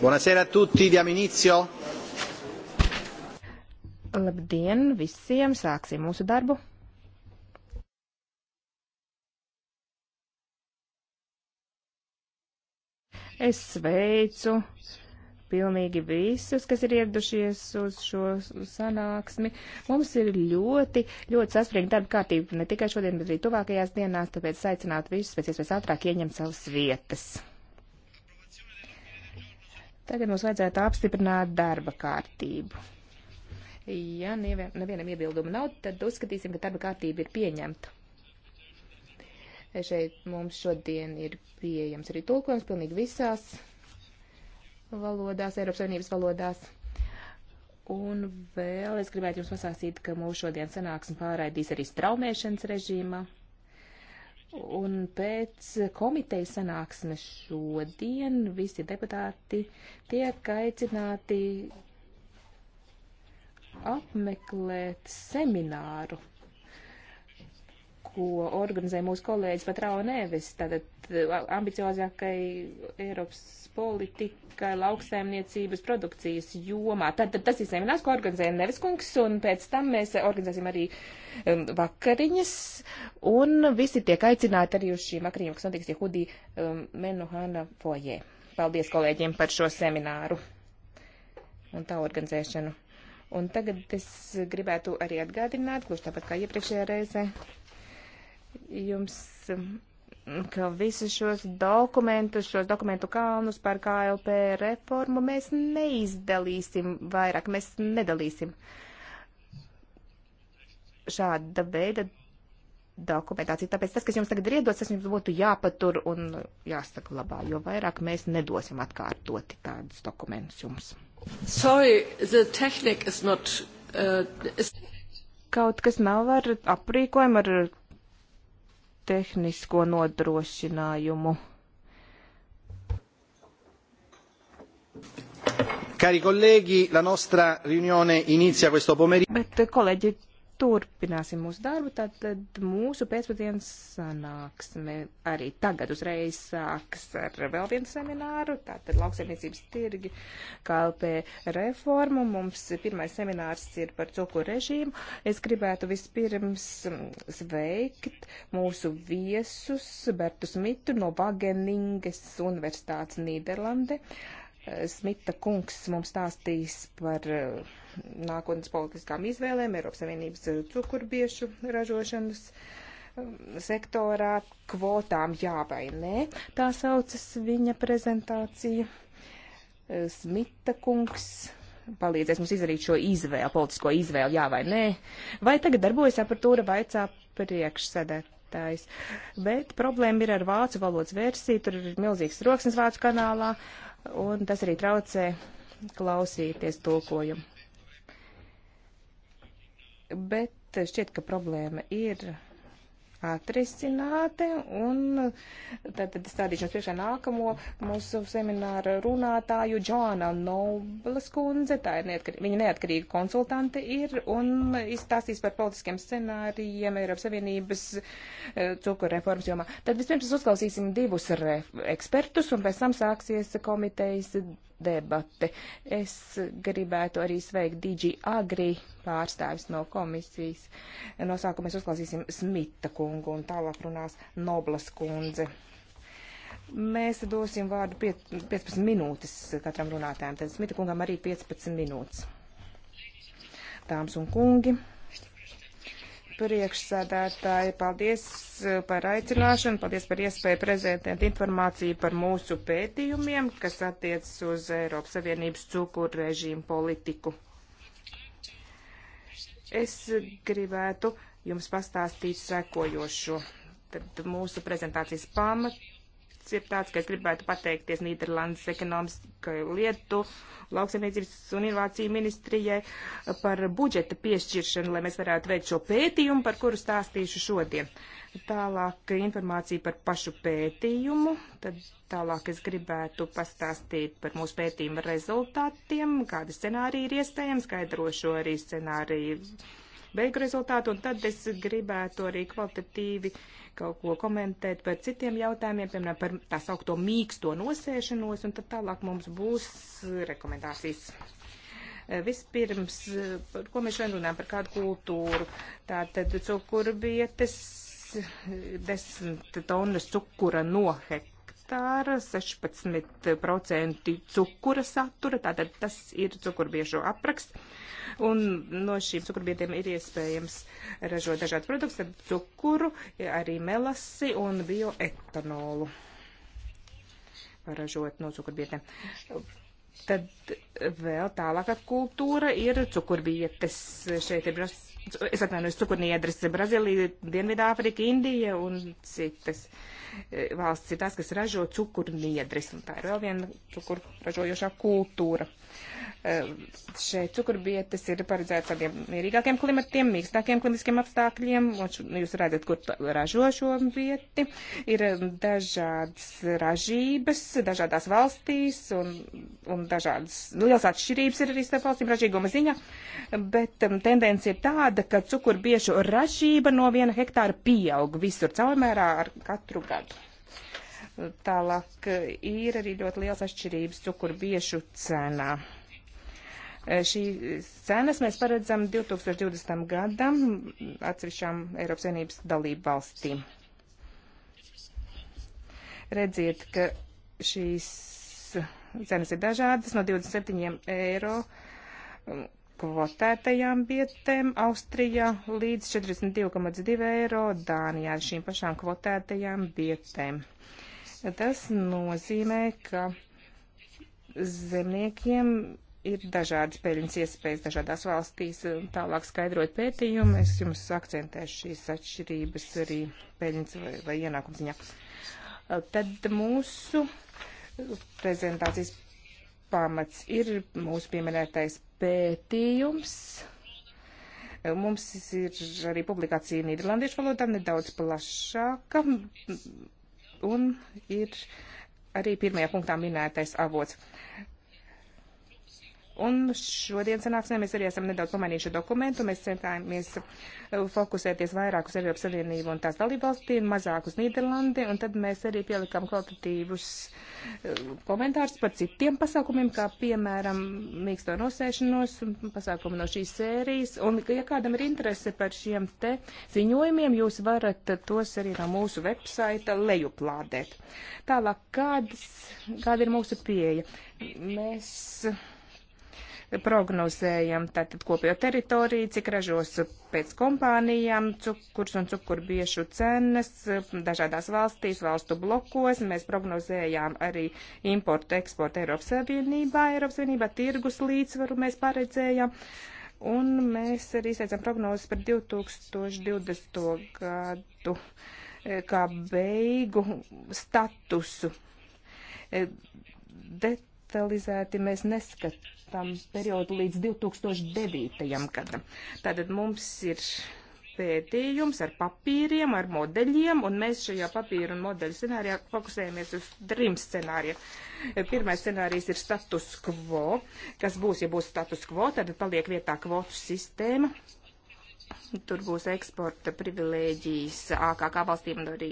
Buonasera a tutti, diamo inizio. Labdien visiem, sāksim mūsu darbu. Es sveicu pilnīgi visus, kas ir ieradušies uz šo sanāksmi. Mums ir ļoti, ļoti saspringta darba kārtība ne tikai šodien, bet arī tuvākajās dienās, tāpēc aicinātu visus pēc iespējas ātrāk ieņemt savas vietas. Tagad mums vajadzētu apstiprināt darba kārtību. Ja nevienam iebildumu nav, tad uzskatīsim, ka darba kārtība ir pieņemta. Šeit mums šodien ir pieejams arī tulkojums pilnīgi visās valodās, Eiropas Savienības valodās. Un vēl es gribētu jums pasāstīt, ka mūsu šodien sanāksme pārraidīs arī straumēšanas režīmā. Un pēc komitejas sanāksmes šodien visi deputāti tiek aicināti apmeklēt semināru ko organizē mūsu kolēģis Patrao Nevis, tātad uh, ambiciozākai Eiropas politikai lauksaimniecības produkcijas jomā. Tātad tas ir seminārs, ko organizē Nevis kungs, un pēc tam mēs organizēsim arī um, vakariņas, un visi tiek aicināti arī uz šīm vakariņām, kas notiks Jehudī um, Menuhana foijē. Paldies kolēģiem par šo semināru un tā organizēšanu. Un tagad es gribētu arī atgādināt, gluži tāpat kā iepriekšējā reizē, jums, ka visus šos dokumentus, šos dokumentu kalnus par KLP reformu mēs neizdalīsim vairāk, mēs nedalīsim. Šāda veida dokumentācija. Tāpēc tas, kas jums tagad ir iedots, tas jums būtu jāpatur un jāsaglabā, jo vairāk mēs nedosim atkārtoti tādus dokumentus jums. Sorry, the technique is not. Uh, is... Kaut kas nav ar aprīkojumu, ar tehnisko nodrošinājumu. Cari colleghi, la nostra riunione inizia questo pomeriggio. Bet, kolēģi, eh, turpināsim mūsu darbu, tad mūsu pēcpusdienas sanāksme arī tagad uzreiz sāks ar vēl vienu semināru, tātad lauksaimniecības tirgi, KLP reformu. Mums pirmais seminārs ir par cukuru režīmu. Es gribētu vispirms sveikt mūsu viesus Bertu Smitu no Vageningas Universitātes Nīderlande. Smita kungs mums stāstīs par uh, nākotnes politiskām izvēlēm Eiropas Savienības eh, cukurbiešu ražošanas um, sektorā kvotām jā vai nē. Tā saucas viņa prezentācija. Eh, Smita kungs palīdzēs mums izdarīt šo izvēlu, politisko izvēlu, jā vai nē. Vai tagad darbojas apatūra vaicā priekšsēdētāji? skatītājs. Bet problēma ir ar vācu valodas versiju, tur ir milzīgs troksnis vācu kanālā, un tas arī traucē klausīties tulkojumu bet šķiet, ka problēma ir atrisināta, un tad, tad stādīšanos priekšā nākamo mūsu semināra runātāju Džoana Noblas kundze, tā ir neatkarīga, viņa neatkarīga konsultante ir, un izstāstīs par politiskiem scenārijiem Eiropas Savienības eh, cukuru reformas jomā. Tad vispirms uzklausīsim divus ekspertus, un pēc tam sāksies komitejas debati. Es gribētu arī sveikt DG Agri pārstāvis no komisijas. No sākuma mēs uzklausīsim Smita kungu un tālāk runās Noblas kundze. Mēs dosim vārdu 15 minūtes katram runātājam, tad Smita kungam arī 15 minūtes. Tāms un kungi priekšsēdētāji, paldies uh, par aicināšanu, paldies par iespēju prezentēt informāciju par mūsu pētījumiem, kas attiecas uz Eiropas Savienības cukuru režīmu politiku. Es gribētu jums pastāstīt sekojošo. Tad mūsu prezentācijas pamatā punkts ir tāds, ka es gribētu pateikties Nīderlandes ekonomiskā lietu lauksaimniecības un inovāciju ministrijai par budžeta piešķiršanu, lai mēs varētu veikt šo pētījumu, par kuru stāstīšu šodien. Tālāk informācija par pašu pētījumu, tad tālāk es gribētu pastāstīt par mūsu pētījuma rezultātiem, kādi scenāriji ir iespējami, skaidrošu arī scenāriju beigu rezultātu, un tad es gribētu arī kvalitatīvi kaut ko komentēt par citiem jautājumiem, piemēram, par tā saukto mīksto nosēšanos, un tad tālāk mums būs rekomendācijas. Vispirms, par ko mēs šodien runājam, par kādu kultūru, tātad cukurbietes, desmit tonnas cukura no hektāra hektāra 16% cukura satura, tātad tas ir cukurbiežu apraksts. Un no šīm cukurbiediem ir iespējams ražot dažādas produktus, tad cukuru, arī melasi un bioetanolu ražot no cukurbietēm. Tad vēl tālākā kultūra ir cukurbietes. Šeit ir, es atvainojos, cukurniedres Brazīlija, Dienvidāfrika, Indija un citas. Uh, valsts ir tās, kas ražo cukurniedres, un tā ir vēl viena cukurražojošā kultūra. Eh, šeit cukurbietes ir paredzētas tādiem mierīgākiem klimatiem, mīkstākiem klimatiskiem apstākļiem. Jūs redzat, kur ražo šo vieti. Ir eh, dažādas ražības, dažādās valstīs un, un dažādas nu, liels atšķirības ir arī starp valstīm ražīguma ziņa. Bet um, tendence ir tāda, ka cukurbiešu ražība no viena hektāra pieaug visur caurmērā ar katru gadu. Tālāk eh, ir arī ļoti liels atšķirības cukurbiešu cenā. Eh, šīs cenas mēs paredzam 2020. gadam atsevišķām Eiropas Savienības dalību valstīm. Redziet, ka šīs cenas ir dažādas no 27 eiro mm, kvotētajām bietēm Austrijā līdz 42,2 eiro Dānijā šīm pašām kvotētajām bietēm. Uh, Tas nozīmē, ka zemniekiem ir dažādas peļņas iespējas dažādās valstīs. Tālāk skaidrot pētījumu, es jums akcentēšu šīs atšķirības arī peļņas vai, vai ienākums ziņā. Tad mūsu prezentācijas pamats ir mūsu pieminētais pētījums. Mums ir arī publikācija Nīderlandiešu valodā, nedaudz plašāka un ir arī pirmajā punktā minētais avots. Un šodien sanāksmē mēs arī esam nedaudz pamainījuši dokumentu. Mēs centāmies uh, fokusēties vairāk uz Eiropas Savienību un tās dalībvalstīm, mazāk uz Nīderlandi, un tad mēs arī pielikām kvalitatīvus uh, komentārus par citiem pasākumiem, kā piemēram mīksto nosēšanos, pasākumu no šīs sērijas. Un, ja kādam ir interese par šiem te ziņojumiem, jūs varat tos arī no mūsu websaita lejuplādēt. Tālāk, kādas, kāda ir mūsu pieeja? Mēs prognozējam tātad kopējo teritoriju, cik ražos pēc kompānijām, cukurs un cukurbiešu cenas dažādās valstīs, valstu blokos. Mēs prognozējām arī importu, eksportu Eiropas Savienībā, Eiropas Savienībā tirgus līdzsvaru mēs paredzējām. Un mēs arī izteicām prognozes par 2020. gadu e, kā beigu statusu e, detalizēti mēs neskat, tam periodu līdz 2009. gadam. Tātad mums ir pētījums ar papīriem, ar modeļiem, un mēs šajā papīra un modeļu scenārijā fokusējamies uz trim scenārijiem. Pirmais scenārijs ir status quo, kas būs, ja būs status quo, tad paliek vietā kvotu sistēma. Tur būs eksporta privilēģijas AKK valstīm un arī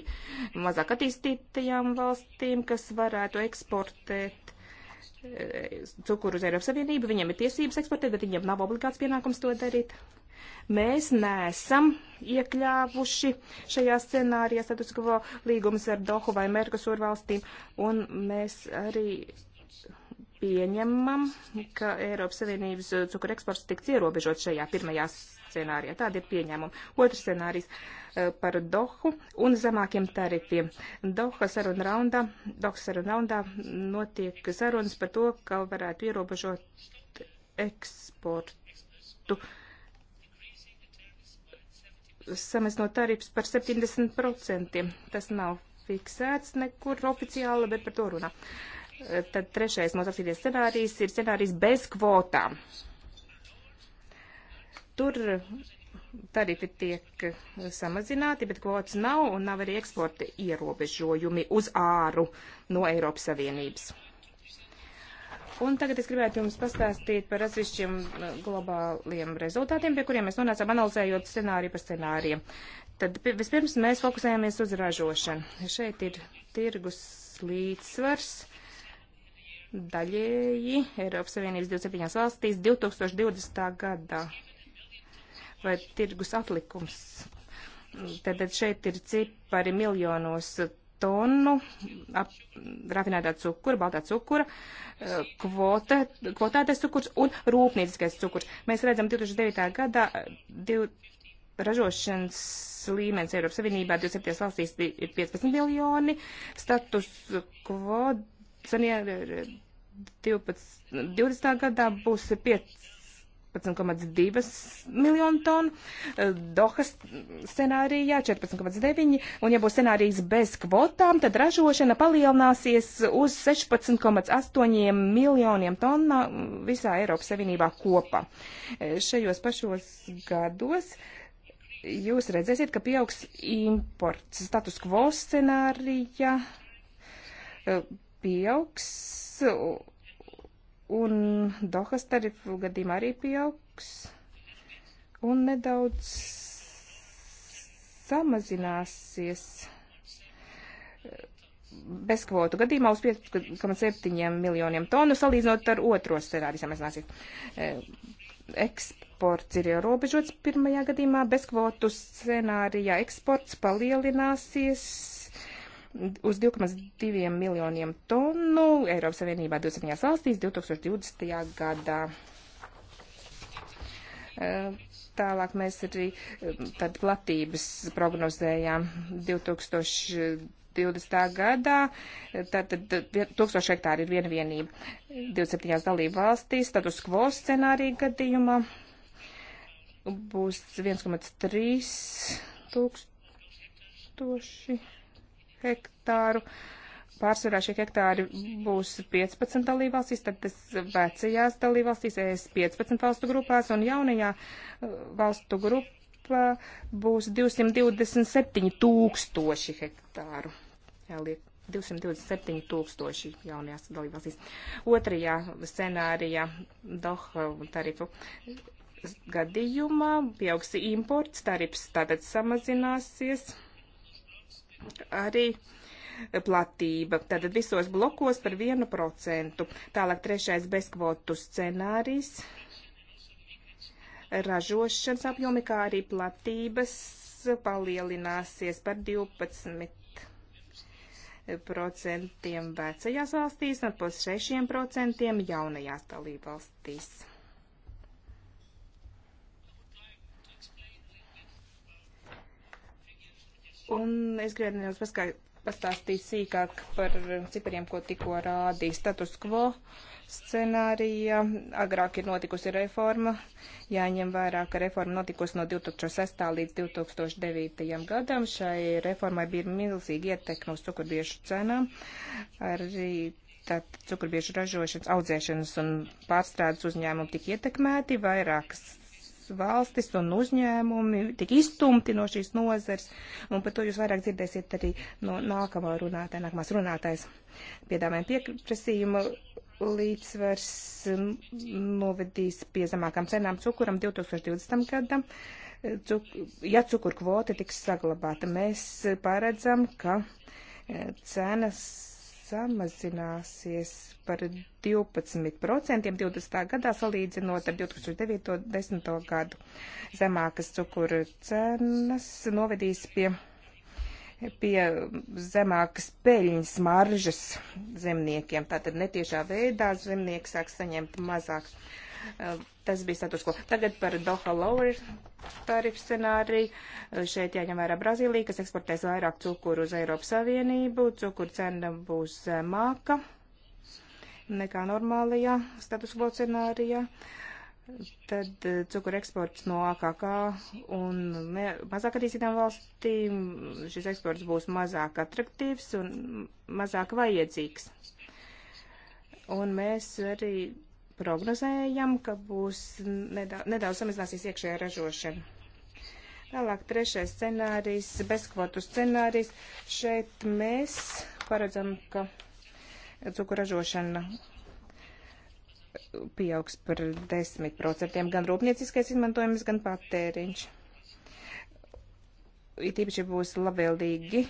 mazāk attīstītajām valstīm, kas varētu eksportēt cukuru uz Eiropas Savienību, viņiem ir tiesības eksportēt, bet viņiem nav obligāts pienākums to darīt. Mēs neesam iekļāvuši šajā scenārijā status quo līgumus ar Dohu vai Merkusur valstīm, un mēs arī pieņemam, ka Eiropas Savienības cukura eksports tiks ierobežots šajā pirmajā scenārijā. Tāda ir pieņēmuma. Otrs scenārijs eh, par Dohu un zemākiem tarifiem. Doha saruna raundā, Doha saruna raundā notiek sarunas par to, ka varētu ierobežot eksportu. Samazinot tarifus par 70%. Tas nav fiksēts nekur oficiāli, bet par to runā. Uh, Eh, tad trešais mūsu apskatīties scenārijs ir scenārijs bez kvotām. Tur tarifi tiek samazināti, bet kvotas nav un nav arī eksporta ierobežojumi uz āru no Eiropas Savienības. Un tagad es gribētu jums pastāstīt par atsevišķiem eh, globāliem rezultātiem, pie kuriem mēs nonācām analizējot scenāriju par scenāriju. Tad vispirms mēs fokusējāmies uz ražošanu. Šeit ir tirgus līdzsvars daļēji Eiropas Savienības 27 valstīs 2020. gadā. Vai tirgus atlikums? Tad šeit ir cipari miljonos tonu ap, rafinētā cukura, baltā cukura, eh, kvota, kvotētais cukurs un rūpnieciskais cukurs. Mēs redzam 2009. gadā eh, div, ražošanas līmenis Eiropas Savienībā 27 valstīs ir 15 miljoni, status kvota Senie 12, eh, 20. Eh, gadā būs 5. 14,2 miljonu tonu, eh, Dohas scenārijā 14,9, un ja būs scenārijs bez kvotām, tad ražošana palielināsies uz 16,8 miljoniem tonnā visā Eiropas Savienībā kopā. Šajos pašos gados jūs redzēsiet, ka pieaugs imports status quo scenārija pieaugs, un Dohas tarifu gadījumā arī pieaugs, un nedaudz samazināsies. Bezkvotu gadījumā uz 5,7 miljoniem tonu salīdzinot ar otro scenāriju samazināsies. E, eksports ir ierobežots pirmajā gadījumā, bezkvotu scenārijā eksports palielināsies uz 2,2 miljoniem tonu Eiropas Savienībā 27 valstīs 2020. gadā. Tālāk mēs arī tad platības prognozējām 2020. 20. gadā, tad, tad 1000 hektāri ir viena vienība 27 dalību valstīs, tad uz kvos scenāriju gadījumā būs 1,3 tūkstoši hektāru. Pārsvarā šie hektāri būs 15 dalībvalstīs, tad tas vecajās dalībvalstīs ES 15 valstu grupās un jaunajā uh, valstu grupā būs 227 tūkstoši hektāru. Jāliek 227 tūkstoši jaunajās dalībvalstīs. Otrajā scenārijā Doha tarifu gadījumā pieaugs imports, tarifs tātad samazināsies arī platība. Tātad visos blokos par 1%. Tālāk trešais bezkvotu scenārijs. Ražošanas apjomi, kā arī platības palielināsies par 12 procentiem vecajās valstīs un par 6% jaunajās dalībvalstīs. Un es gribētu jums pastāstīt sīkāk par um, cipariem, ko tikko rādīja status quo scenārija. Agrāk ir notikusi reforma. Jāņem vērā, ka reforma notikusi no 2006. līdz 2009. gadam. Šai reformai bija milzīgi ietekme uz cukurbiešu cenām. Arī cukurbiešu ražošanas, audzēšanas un pārstrādes uzņēmumi tika ietekmēti. Vairākas valstis un uzņēmumi tik izstumti no šīs nozars, un par to jūs vairāk dzirdēsiet arī no nākamā runātāja, nākamās runātājas piedāvājuma pieprasījuma līdzsvars novedīs pie zemākām cenām cukuram 2020. gadam. Cuk, ja cukur kvota tiks saglabāta, mēs paredzam, ka eh, cenas samazināsies par 12% 20. gadā salīdzinot ar 2009. 10. gadu. Zemākas cukuru cenas novedīs pie pie zemākas peļņas maržas zemniekiem. Tātad netiešā veidā zemnieks sāks saņemt mazāk. Uh, Tas bija status quo. Tagad par Doha Lower tarifu scenāriju. Šeit jāņem vērā Brazīlija, kas eksportēs vairāk cukuru uz Eiropas Savienību. Cukuru cena būs zemāka nekā normālajā status quo scenārijā. Tad cukuru eksports no AKK un ne, mazāk attīstītām valstīm šis eksports būs mazāk atraktīvs un mazāk vajadzīgs. Un mēs arī prognozējam, ka būs nedaudz, nedaudz samazināsies iekšējā ražošana. Tālāk trešais scenārijs, bezkvotu scenārijs. Šeit mēs paredzam, ka cukuru ražošana pieaugs par 10%, gan rūpnieciskais izmantojums, gan patēriņš it īpaši būs labvēlīgi,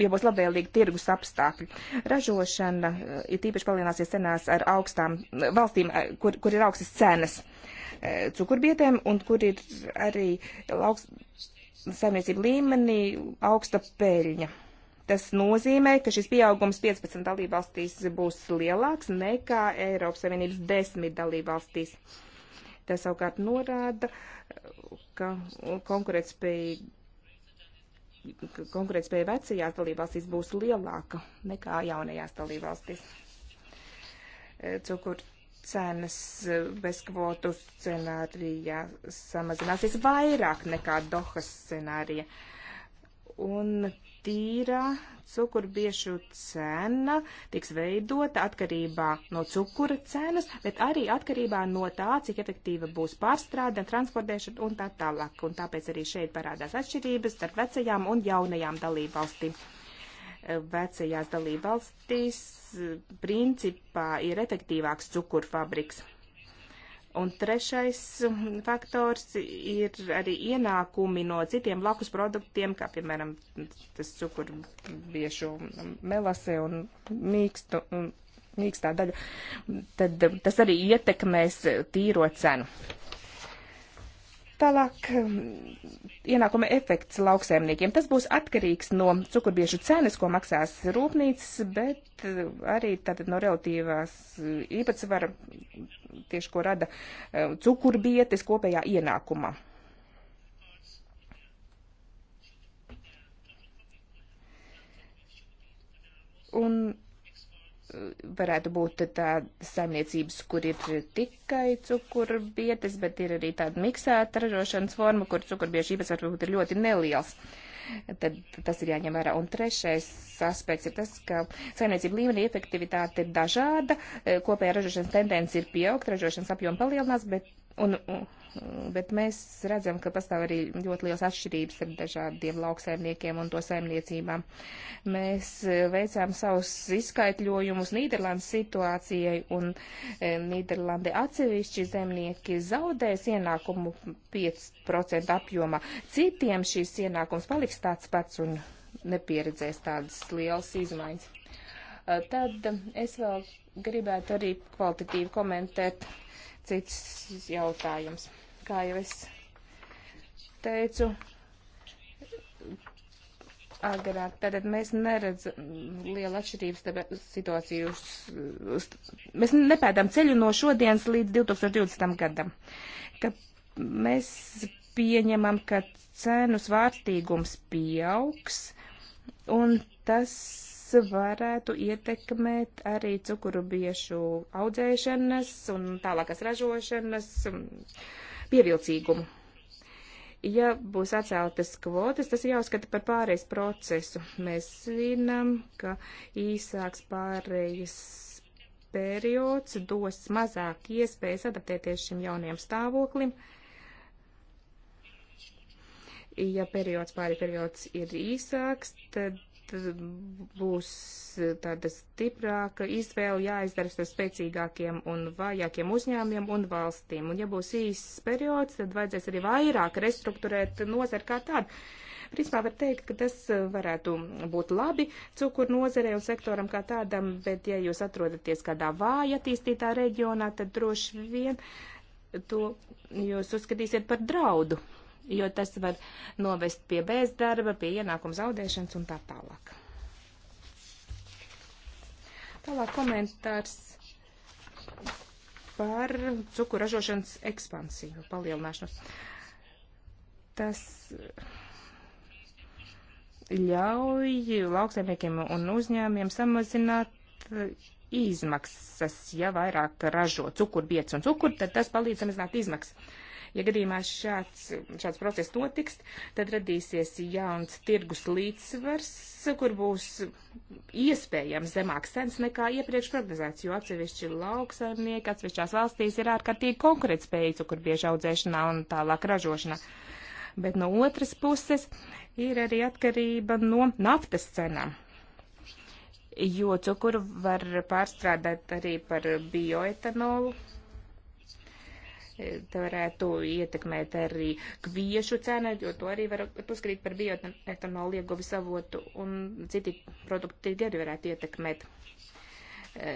ja būs labvēlīgi tirgus apstākļi. Ražošana eh, it īpaši palielināsies cenās ar augstām eh, valstīm, eh, kur, kur ir augstas cenas cukurbietēm un kur ir arī lauks saimniecība līmenī augsta peļņa. Tas nozīmē, ka šis pieaugums 15 dalībvalstīs būs lielāks nekā Eiropas Savienības 10 dalībvalstīs. Tas savukārt norāda, ka konkurētspējīga konkurētspēja vecajās dalībvalstīs būs lielāka nekā jaunajās dalībvalstīs. E, cukur cenas e, bezkvotu scenārijā samazināsies vairāk nekā Dohas scenārija. Un tīrā cukurbiešu cena tiks veidota atkarībā no cukura cenas, bet arī atkarībā no tā, cik efektīva būs pārstrāde, transportēšana un tā tālāk. Un tāpēc arī šeit parādās atšķirības starp vecajām un jaunajām dalībvalstīm. Vecajās dalībvalstīs eh, principā ir efektīvāks cukurfabriks Un trešais mm, faktors ir arī ienākumi no citiem blakus produktiem, kā piemēram tas cukurbiešu melase un mīkstu, mīkstā daļa. Tad tas arī ietekmēs tīro cenu. Tālāk um, ienākuma efekts lauksēmniekiem. Tas būs atkarīgs no cukurbiešu cenas, ko maksās rūpnīcas, bet uh, arī tātad no relatīvās uh, īpatsvara, tieši ko rada uh, cukurbietes kopējā ienākumā. Un varētu būt tādas saimniecības, kur ir tikai cukurbietes, bet ir arī tāda miksēta ražošanas forma, kur cukurbiešu īpatsvars varbūt ir ļoti neliels. Tad tas ir jāņem vērā. Un trešais aspekts ir tas, ka saimniecība līmenī efektivitāte ir dažāda, kopējā ražošanas tendence ir pieaugt, ražošanas apjoma palielinās, bet Un, bet mēs redzam, ka pastāv arī ļoti liels atšķirības starp dažādiem lauksaimniekiem un to saimniecībām. Mēs e, veicām savus izskaitļojumus Nīderlandes situācijai, un e, Nīderlandi atsevišķi zemnieki zaudēs ienākumu 5% apjomā. Citiem šīs ienākums paliks tāds pats un nepieredzēs tādas lielas izmaiņas. E, tad es vēl gribētu arī kvalitatīvi komentēt uh, cits jautājums. Kā jau es teicu, agrāk. Tātad mēs neredzam lielu atšķirību starp situāciju. Mēs nepēdām ceļu no šodienas līdz 2020. gadam. Ka mēs pieņemam, ka cenu svārstīgums pieaugs, un tas varētu ietekmēt arī cukurubiešu audzēšanas un tālākas ražošanas um, pievilcīgumu. Ja būs atceltas kvotas, tas ir jāuzskata par pārējais procesu. Mēs zinām, ka īsāks pārējais periods dos mazāk iespējas adaptēties šim jaunajam stāvoklim. Ja periods pāri periods ir īsāks, tad būs eh, tāda stiprāka izvēle jāizdara starp spēcīgākiem un vājākiem uzņēmiem un valstīm. Un ja būs īsts periods, tad vajadzēs arī vairāk restruktūrēt nozari kā tādu. Principā var teikt, ka tas eh, varētu būt labi cukur nozarē un sektoram kā tādam, bet ja jūs atrodaties kādā vāja attīstītā reģionā, tad droši vien to jūs uzskatīsiet par draudu jo tas var novest pie bezdarba, pie ienākuma zaudēšanas un tā tālāk. Tālāk komentārs par cukuru ražošanas ekspansiju, palielināšanos. Tas ļauj lauksaimniekiem un uzņēmiem samazināt izmaksas. Ja vairāk ražo cukurbietas un cukuru, tad tas palīdz samazināt izmaksas. Ja gadījumā šāds, šāds process notiks, tad radīsies jauns tirgus līdzsvars, kur būs iespējams zemāks cenas nekā iepriekš prognozēts, jo atsevišķi lauksaimnieki atsevišķās valstīs ir ārkārtīgi konkurētspējas cukurbieža audzēšanā un tālāk ražošanā bet no otras puses ir arī atkarība no naftas cenām. Jo cukuru var pārstrādāt arī par bioetanolu, Tā varētu ietekmēt arī kviešu cenu, jo to arī var uzskatīt par bioetanolu ieguvi savotu, un citi produkti arī varētu ietekmēt e,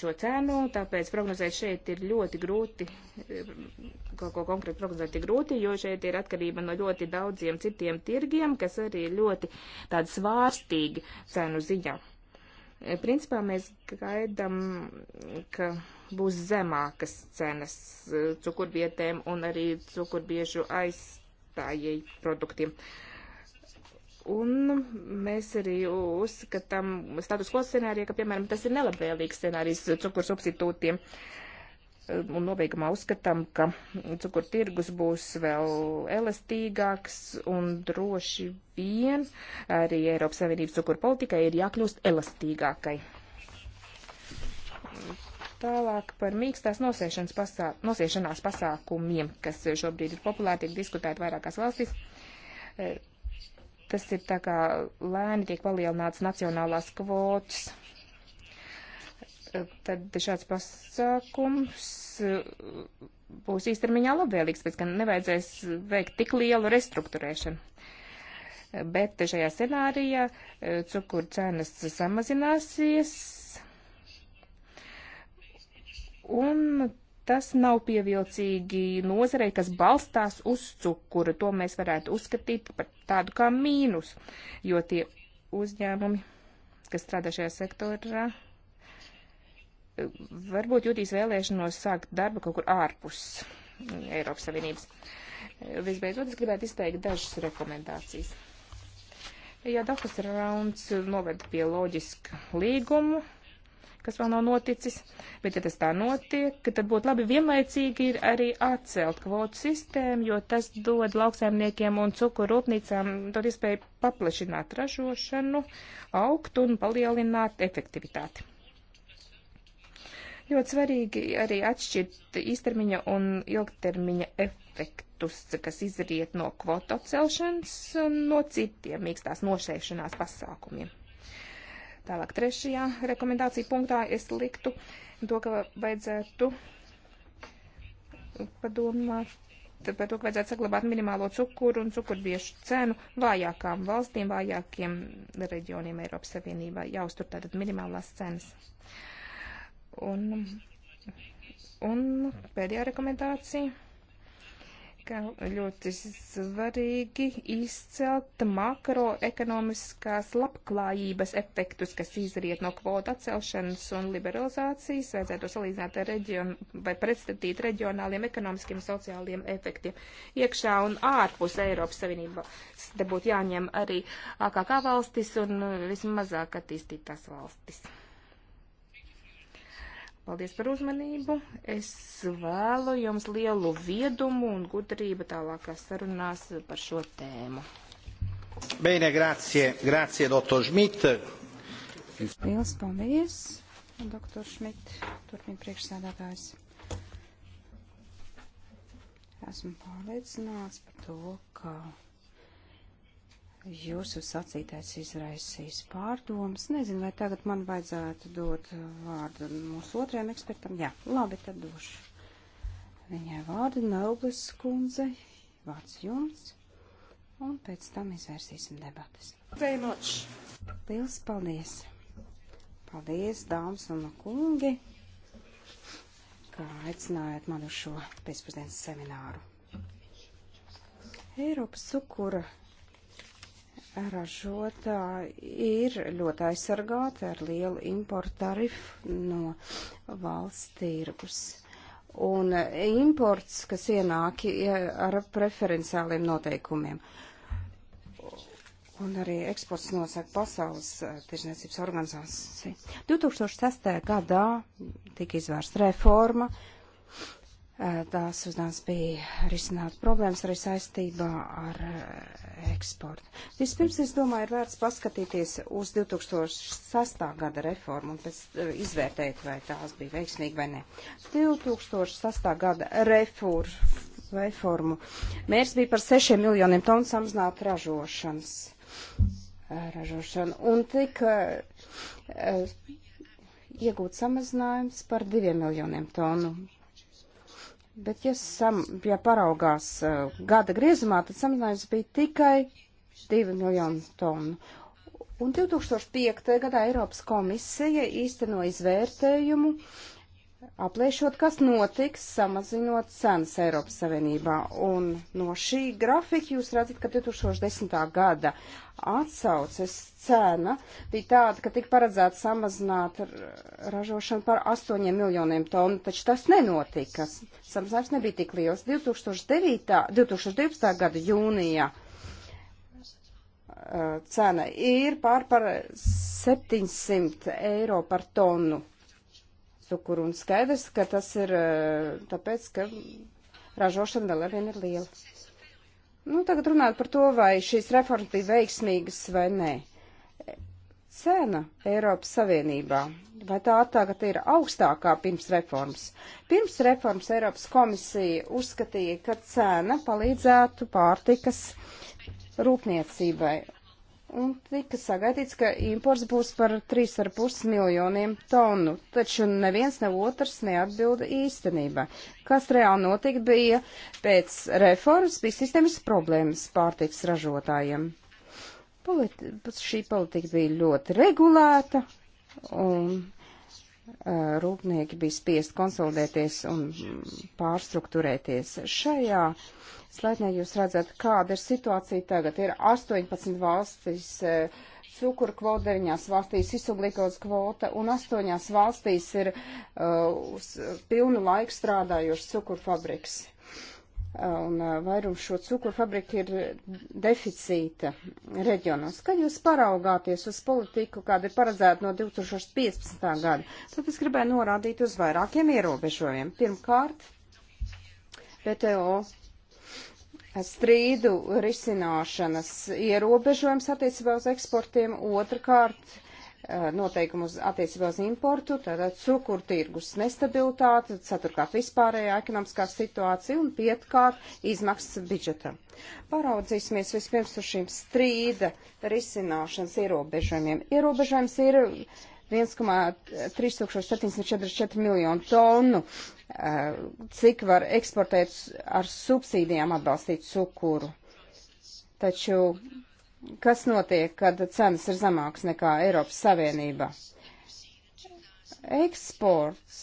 šo cenu, tāpēc prognozēt šeit ir ļoti grūti, e, kaut ko konkrēti prognozēt ir grūti, jo šeit ir atkarība no ļoti daudziem citiem tirgiem, kas arī ir ļoti tādi svārstīgi cenu ziņā. E, principā mēs gaidām, ka būs zemākas cenas e, cukurvietēm un arī cukurbiežu aizstājēji produktiem. Un mēs arī uzskatām status quo scenāriju, ka, piemēram, tas ir nelabvēlīgs scenārijs cukuru substitūtiem. Uh, Un nobeigumā uzskatām, ka cukurtirgus būs vēl elastīgāks un droši vien arī Eiropas Savienības cukurpolitikai ir jākļūst elastīgākai. Tālāk par mīkstās pasā nosiešanās pasākumiem, kas šobrīd ir populāri, tiek diskutēti vairākās valstīs. Eh, tas ir tā kā lēni tiek palielināts nacionālās kvotas tad šāds pasākums uh, būs īstermiņā labvēlīgs, pēc gan nevajadzēs veikt tik lielu restruktūrēšanu. Bet šajā scenārijā uh, cukuru cenas samazināsies, un tas nav pievilcīgi nozarei, kas balstās uz cukuru. To mēs varētu uzskatīt par tādu kā mīnus, jo tie uzņēmumi, kas strādā šajā sektorā, varbūt jūtīs vēlēšanos sākt darbu kaut kur ārpus Eiropas Savienības. Visbeidzot, es gribētu izteikt dažas rekomendācijas. Ja Dafas rauns noved pie loģiska līgumu, kas vēl nav noticis, bet ja tas tā notiek, tad būtu labi vienlaicīgi ir arī atcelt kvotu sistēmu, jo tas dod lauksaimniekiem un cukurūpnīcām dod iespēju paplašināt ražošanu, augt un palielināt efektivitāti. Ļoti svarīgi arī atšķirt īstermiņa un ilgtermiņa efektus, kas izriet no kvotu atcelšanas un no citiem mīkstās nošēšanās pasākumiem. Tālāk trešajā rekomendācija punktā es liktu to, ka vajadzētu padomāt par to, ka vajadzētu saglabāt minimālo cukuru un cukurbiešu cenu vājākām valstīm, vājākiem reģioniem Eiropas Savienībā. Jāuztur tātad minimālās cenas. Un, un pēdējā rekomendācija ka ļoti svarīgi izcelt makroekonomiskās labklājības efektus, kas izriet no kvotu atcelšanas un liberalizācijas, vajadzētu salīdzināt ar reģionu vai pretstatīt reģionāliem ekonomiskiem sociāliem efektiem iekšā un ārpus Eiropas Savienības. Te būtu jāņem arī AKK valstis un vismazāk attīstītās valstis. Paldies par uzmanību. Es vēlu jums lielu viedumu un gudrību tālākās sarunās par šo tēmu. Bene, grazie, grazie, doktor Šmit. Liels paldies, doktor Šmit, turpina priekšsēdētājs. Esmu pārliecināts par to, ka Jūsu sacītais izraisīs pārdomas. Nezinu, vai tagad man vajadzētu dot vārdu mūsu otrajam ekspertam. Jā, labi, tad došu. Viņai vārdu Nauglis kundze, vārds jums, un pēc tam izvērsīsim debatas. Liels paldies! Paldies, dāmas un kungi, ka aicinājāt mani uz šo pēcpusdienas semināru. Eiropas cukura ražotāji ir ļoti aizsargāti ar lielu importu tarifu no valsts tirgus. Un imports, kas ienāk ar preferenciāliem noteikumiem. Un arī eksports nosaka pasaules eh, tirsniecības organizācija. 2006. gadā tika izvērsta reforma, uh, Eh, tās uzdevums bija risināt problēmas arī saistībā ar eh, eksportu. Vispirms, es domāju, ir vērts paskatīties uz 2006. gada reformu un pēc eh, izvērtēt, vai tās bija veiksmīgi vai nē. 2006. gada refur, reformu mērs bija par 6 miljoniem tonu samazināt ražošanas. Ražošanu. Un tika iegūt samazinājums par 2 miljoniem tonu Bet, ja, sam, ja paraugās uh, gada griezumā, tad samazinājums bija tikai 2 miljonu tonu. Un 2005. gadā Eiropas komisija īsteno izvērtējumu uh, aplēšot, kas notiks, samazinot cenas Eiropas Savienībā. Un no šī grafika jūs redzat, ka 2010. gada atsauces cena bija tāda, ka tika paredzēta samazināt ražošanu par 8 miljoniem tonu, taču tas nenotika. Samazinājums nebija tik liels. 2009, 2012. gada jūnijā uh, cena ir pār par 700 eiro par tonu cukuru. Un skaidrs, ka tas ir eh, tāpēc, ka ražošana vēl arvien ir liela. Nu, tagad runāt par to, vai šīs reformas bija veiksmīgas vai nē. Cena Eiropas Savienībā, vai tā tagad ir augstākā pirms reformas? Pirms reformas Eiropas komisija uzskatīja, ka cena palīdzētu pārtikas rūpniecībai un tika sagaidīts, ka imports būs par 3,5 miljoniem tonu, taču neviens ne otrs neatbilda īstenībā. Kas reāli notika bija pēc reformas, bija sistēmas problēmas pārtiks ražotājiem. Politi šī politika bija ļoti regulēta, un rūpnieki bija spiest konsolidēties un pārstruktūrēties. Šajā slaidnē jūs redzat, kāda ir situācija tagad. Ir 18 valstis cukuru kvota, 9 valstīs izsuglīkots kvota un 8 valstīs ir uh, pilnu laiku strādājuši cukuru fabriks un uh, vairums šo cukuru fabriku ir deficīta reģionos. Kad jūs paraugāties uz politiku, kāda ir paredzēta no 2015. gada, tad es gribēju norādīt uz vairākiem ierobežojumiem. Pirmkārt, PTO strīdu risināšanas ierobežojums attiecībā uz eksportiem, otrkārt, Eh, noteikumus attiecībā uz importu, tātad cukurtirgus nestabilitāte, ceturkārt vispārējā ekonomiskā situācija un pietkārt izmaksas budžetam. Paraudzīsimies vispirms uz šīm strīda risināšanas ierobežojumiem. Ierobežojums ir 1,3744 miljonu tonu, eh, cik var eksportēt ar subsīdijām atbalstīt cukuru. Taču kas notiek, kad cenas ir zemākas nekā Eiropas Savienībā. Eksports,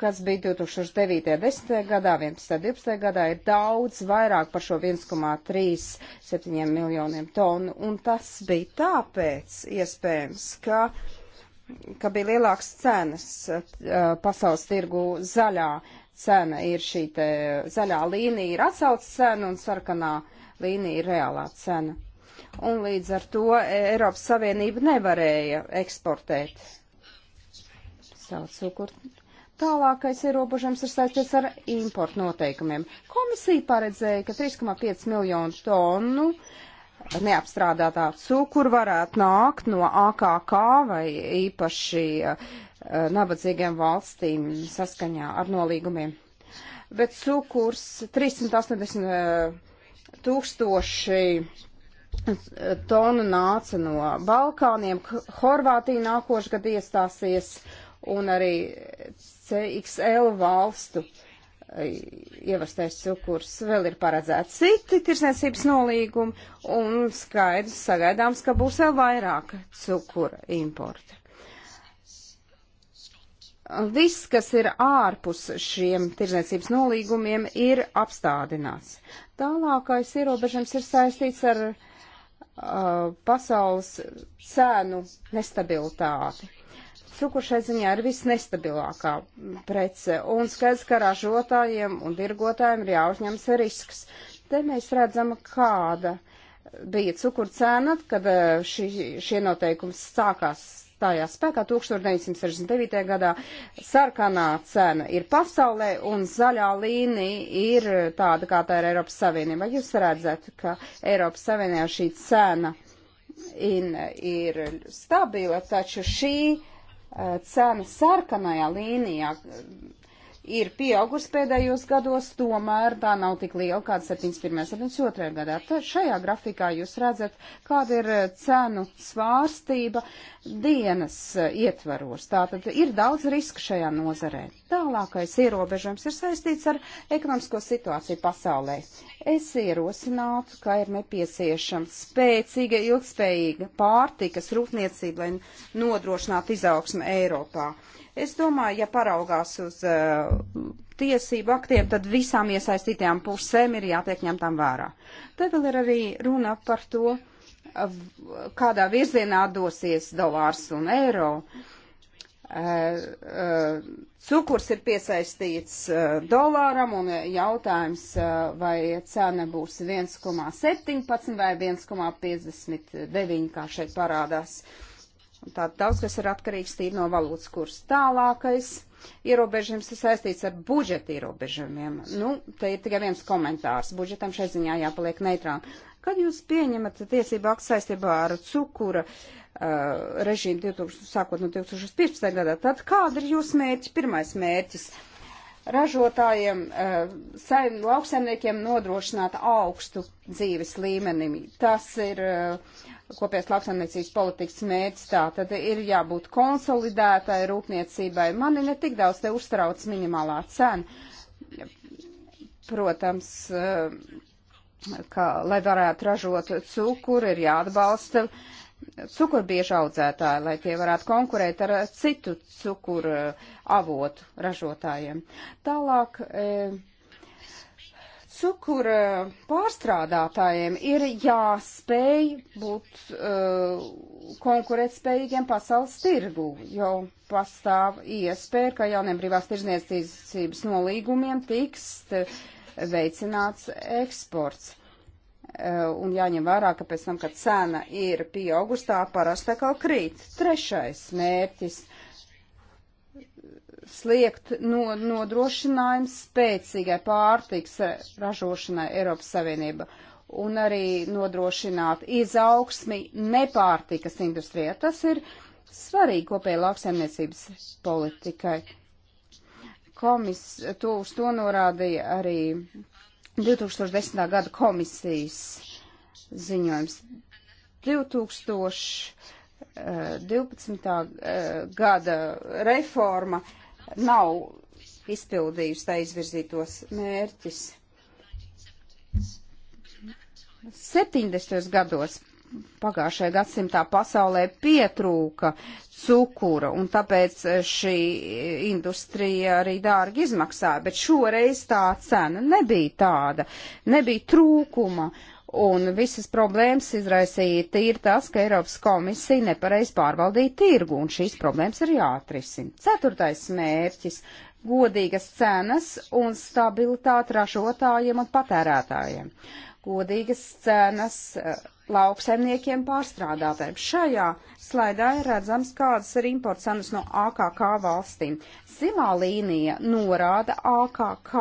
kas bija 2009. 10. gadā, 11. 12. gadā, ir daudz vairāk par šo 1,37 miljoniem tonu, un tas bija tāpēc iespējams, ka, ka bija lielāks cenas uh, pasaules tirgu zaļā cena ir šī te zaļā līnija ir atsaucas cena un sarkanā līnija ir reālā cena un līdz ar to Eiropas Savienība nevarēja eksportēt savu cukuru. Tālākais ierobežojums ir saistīts ar importu noteikumiem. Komisija paredzēja, ka 3,5 miljonu tonu neapstrādātā cukuru varētu nākt no AKK vai īpaši uh, nabadzīgiem valstīm saskaņā ar nolīgumiem. Bet cukurs 380 uh, eh, tūkstoši tonu nāca no Balkāniem, Horvātija nākošu gadu iestāsies un arī CXL valstu ievastais cukurs vēl ir paredzēts citi tirsniecības nolīgumi un skaidrs sagaidāms, ka būs vēl vairāk cukura importa. Viss, kas ir ārpus šiem tirsniecības nolīgumiem, ir apstādināts. Tālākais ierobežams ir saistīts ar uh, Uh, pasaules cēnu nestabilitāti. Cukuršai ziņā ir visnestabilākā prece, un skaidrs, ka ražotājiem un tirgotājiem ir jāuzņems risks. Te mēs redzam, kāda bija cukuru cēna, kad uh, šī, šie noteikumi sākās stājās spēkā 1969. gadā. Sarkanā cena ir pasaulē un zaļā līnija ir tāda, kā tā ir Eiropas Savienībā. Jūs redzat, ka Eiropas Savienībā šī cena in, ir stabila, taču šī eh, cena sarkanajā līnijā ir pieaugusi pēdējos gados, tomēr tā nav tik liela kāda 71. 72. gadā. Tad šajā grafikā jūs redzat, kāda ir eh, cenu svārstība dienas eh, ietvaros. Tātad ir daudz riska šajā nozarē. Tālākais ierobežojums ir saistīts ar ekonomisko situāciju pasaulē. Es ierosinātu, ka ir nepieciešama spēcīga, ilgspējīga pārtikas rūpniecība, lai nodrošinātu izaugsmu Eiropā. Uh, Es domāju, ja paraugās uz uh, tiesību aktiem, tad visām iesaistītajām pusēm ir jātiek ņemtām vērā. Te vēl ir arī runa par to, uh, kādā virzienā dosies dolārs un eiro. Uh, uh, cukurs ir piesaistīts uh, dolāram un jautājums, uh, vai cena būs 1,17 vai 1,59, kā šeit parādās. Uh, Tātad daudz, kas ir atkarīgs tīri no valūtas kursa. Tālākais ierobežojums ir saistīts ar budžeta ierobežojumiem. Nu, te ir tikai viens komentārs. Budžetam šai ziņā jāpaliek neitrām. Kad jūs pieņemat tiesību aktu saistībā ar cukura uh, režīmu 2000, sākot no 2015. gadā, tad kāda ir jūsu mērķis? Pirmais mērķis - ražotājiem, uh, saim, lauksaimniekiem nodrošināt augstu dzīves līmenim. Tas ir uh, kopējās lauksaimniecības politikas mērķis. Tā tad ir jābūt konsolidētai rūpniecībai. Mani ne tik daudz te uztrauc minimālā cena. Protams, eh, ka, lai varētu ražot cukuru, ir jāatbalsta cukurbiežu audzētāji, lai tie varētu konkurēt ar eh, citu cukuru eh, avotu ražotājiem. Tālāk. E, cukura e, pārstrādātājiem ir jāspēj būt uh, konkurētspējīgiem pasaules tirgu, jo pastāv iespēja, ka jauniem brīvās tirzniecības nolīgumiem tiks veicināts eksports. Uh, un jāņem vērā, ka pēc tam, kad cena ir pieaugusi, tā parasti atkal krīt. Trešais mērķis sliegt no, nodrošinājumu spēcīgai pārtiks ražošanai Eiropas Savienība un arī nodrošināt izaugsmi nepārtikas industrijā. Tas ir svarīgi kopēja lauksaimniecības politikai. Komis, to, uz to norādīja arī 2010. gada komisijas ziņojums. 2012. Eh, eh, gada reforma nav izpildījusi tā izvirzītos mērķis. 70. gados pagājušajā gadsimtā pasaulē pietrūka cukura, un tāpēc šī industrija arī dārgi izmaksāja, bet šoreiz tā cena nebija tāda, nebija trūkuma. Uh, Un visas problēmas izraisīja tīri tas, ka Eiropas komisija nepareiz pārvaldīja tirgu, un šīs problēmas ir jāatrisina. Ceturtais mērķis - godīgas cenas un stabilitāte ražotājiem un patērētājiem. Godīgas cenas eh, lauksaimniekiem pārstrādātājiem. Šajā slaidā ir redzams, kādas ir imports cenas no AKK valstīm. Zilā līnija norāda AKK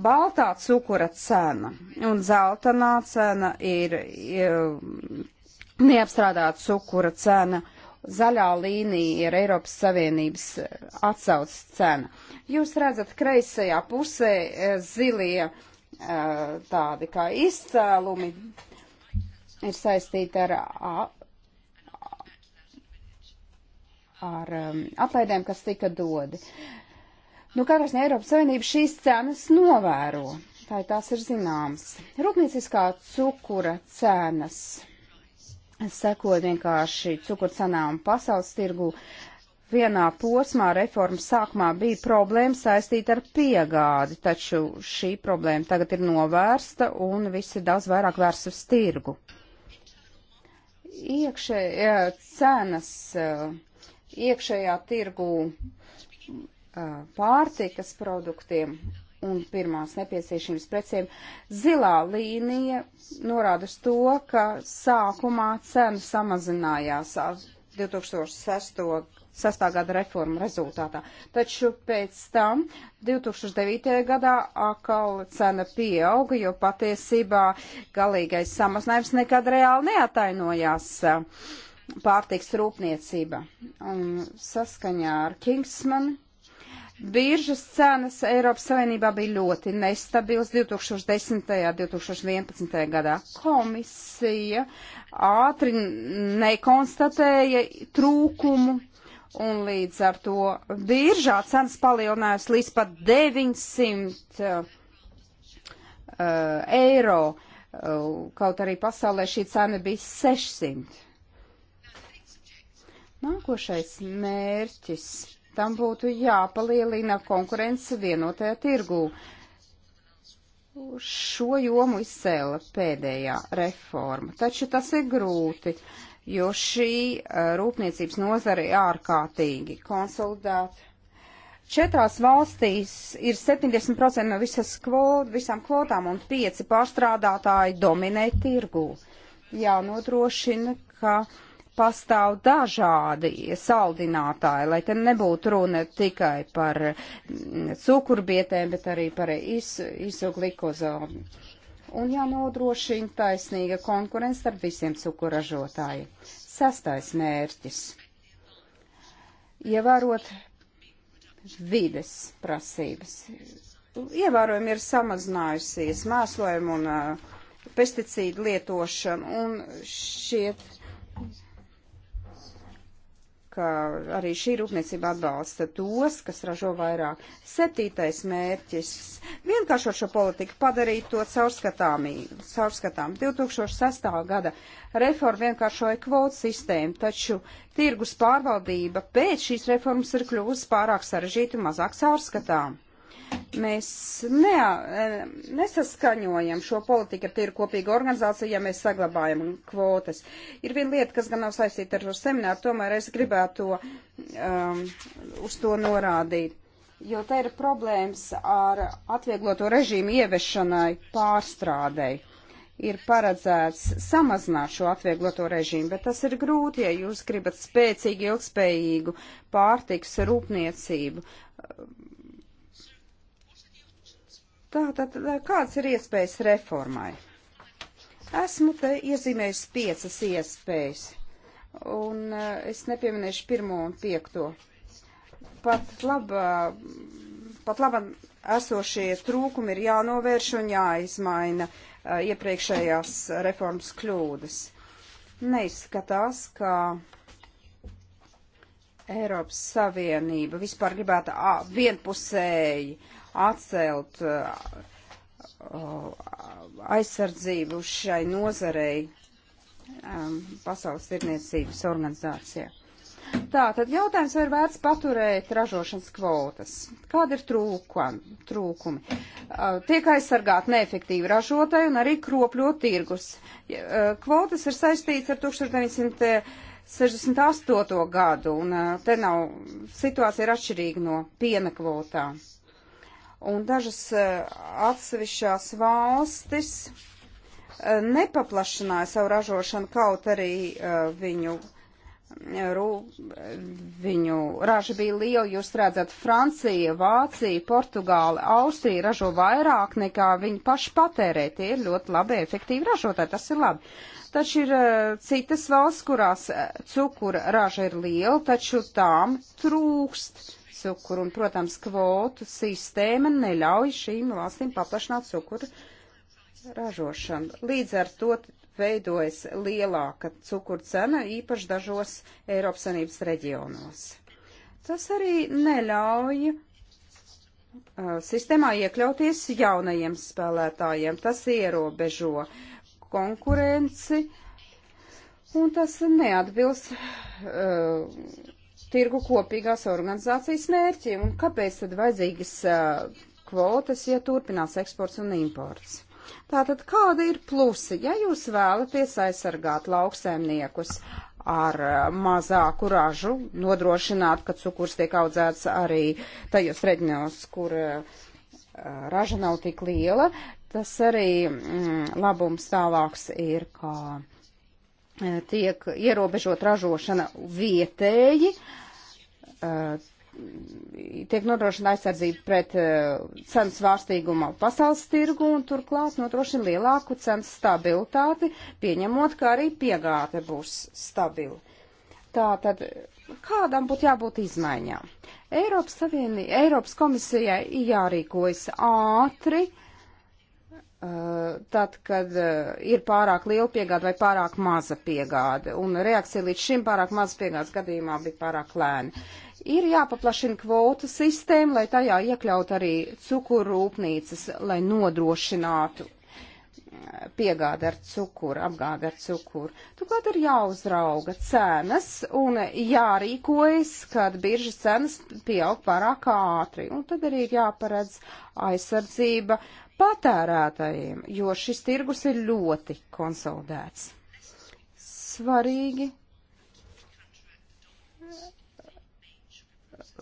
Baltā cukura cena un zeltainā cena ir neapstrādāta cukura cena. Zaļā līnija ir Eiropas Savienības e, atsaucas cena. Jūs redzat, kreisajā pusē e, zilie e, tādi kā izcēlumi ir saistīti ar, ar, ar atlaidēm, kas tika dodi. Uh, Nu, katrā ziņā Eiropas Savienība šīs cenas novēro. Tā tās ir zināmas. Rūpnieciskā cukura cenas sekot vienkārši cukura cenām pasaules tirgu. Vienā posmā reformas sākumā bija problēma saistīta ar piegādi, taču šī problēma tagad ir novērsta un viss ir daudz vairāk vērsts uz tirgu. Iekšē, cenas iekšējā tirgu pārtikas produktiem un pirmās nepieciešamības precēm. Zilā līnija norāda uz to, ka sākumā cena samazinājās 2006. gada reforma rezultātā, taču pēc tam 2009. gadā atkal cena pieauga, jo patiesībā galīgais samazinājums nekad reāli neatainojās uh, pārtiks rūpniecība. Un saskaņā ar Kingsmanu Biržas cenas Eiropas Savienībā bija ļoti nestabils 2010. un 2011. gadā. Komisija ātri nekonstatēja trūkumu un līdz ar to biržā cenas palielinājās līdz pat 900 uh, uh, eiro, uh, kaut arī pasaulē šī cena bija 600. Nākošais mērķis tam būtu jāpalielina konkurence vienotajā tirgū. Šo jomu izcēla pēdējā reforma, taču tas ir grūti, jo šī eh, rūpniecības nozara ir ārkārtīgi konsolidēta. Četrās valstīs ir 70% no visas kvot, visām kvotām un pieci pārstrādātāji dominē tirgū. Jānodrošina, ka uh, pastāv dažādi saldinātāji, lai te nebūtu runa tikai par cukurbietēm, bet arī par iz, izoglikozālu. Un jānodrošina taisnīga konkurence starp visiem cukuražotājiem. Sastais mērķis. Ievērot vides prasības. Ievērojami ir samazinājusies mēslojuma un uh, pesticīdu lietošana un šiet ka arī šī rūpniecība atbalsta tos, kas ražo vairāk. Septītais mērķis - vienkāršot šo politiku, padarīt to caurskatām. 2006. gada reforma vienkāršoja kvotu sistēmu, taču tirgus pārvaldība pēc šīs reformas ir kļuvusi pārāk sarežģīta un mazāk caurskatām. Mēs ne, eh, nesaskaņojam šo politiku ar tīru kopīgu organizāciju, ja mēs saglabājam kvotas. Ir viena lieta, kas gan nav saistīta ar šo semināru, tomēr es gribētu to, um, uz to norādīt jo te ir problēmas ar atviegloto režīmu ieviešanai pārstrādei. Ir paredzēts samazināt šo atviegloto režīmu, bet tas ir grūti, ja jūs gribat spēcīgu, ilgspējīgu pārtiks rūpniecību. Tātad, eh, kāds ir iespējas reformai? Esmu te iezīmējis piecas iespējas, un eh, es nepieminēšu pirmo un piekto. Pat laba, pat laba esošie trūkumi ir jānovērš un jāizmaina eh, iepriekšējās reformas kļūdas. Neizskatās, ka Eiropas Savienība vispār gribētu vienpusēji atcelt uh, aizsardzību šai nozarei um, Pasaules tirniecības organizācijā. Tā, tad jautājums, vai ir vērts paturēt ražošanas kvotas? Kāda ir trūkam, trūkumi? Uh, tiek aizsargāt neefektīvi ražotāji un arī kropļo tirgus. Uh, kvotas ir saistīts ar 1900. 68. gadu, un te nav situācija ir atšķirīga no piena kvotām un dažas eh, atsevišķās valstis eh, nepaplašināja savu ražošanu, kaut arī eh, viņu, rū, viņu raža bija liela. Jūs redzat, Francija, Vācija, Portugāla, Austrija ražo vairāk nekā viņi paši patērē. Tie ir ļoti labi, efektīvi ražotāji, tas ir labi. Taču ir citas valsts, kurās cukura raža ir liela, taču tām trūkst cukuru. Un, protams, kvotu sistēma neļauj šīm valstīm paplašināt cukuru ražošanu. Līdz ar to veidojas lielāka cukuru cena, īpaši dažos Eiropas Sanības reģionos. Tas arī neļauj uh, sistēmā iekļauties jaunajiem spēlētājiem. Tas ierobežo konkurenci, un tas neatbilst uh, tirgu kopīgās organizācijas mērķiem. Un kāpēc tad vajadzīgas kvotas, ja turpinās eksports un imports? Tātad kāda ir plusi, ja jūs vēlaties aizsargāt lauksēmniekus ar mazāku ražu, nodrošināt, ka cukurs tiek audzēts arī tajos reģionos, kur raža nav tik liela, tas arī mm, labums tālāks ir, kā tiek ierobežot ražošana vietēji, uh, Uh, tiek nodrošina aizsardzība pret uh, cenu svārstīgumu pasaules tirgu un turklāt nodrošina lielāku cenu stabilitāti, pieņemot, ka arī piegāde būs stabila. Tātad kādam būtu jābūt izmaiņām? Eiropas, Savienī, Eiropas komisijai jārīkojas ātri, uh, Eh, tad, kad eh, ir pārāk liela piegāda vai pārāk maza piegāda, un reakcija līdz šim pārāk maza piegādas gadījumā bija pārāk lēna. Ir jāpaplašina kvotu sistēma, lai tajā iekļaut arī cukurrūpnīcas, lai nodrošinātu eh, piegāda ar cukuru, apgāda ar cukuru. Turklāt ir jāuzrauga cenas un jārīkojas, kad biržas cenas pieaug pārāk ātri. Un tad arī ir jāparedz aizsardzība patērētājiem, jo šis tirgus ir ļoti konsolidēts. Svarīgi,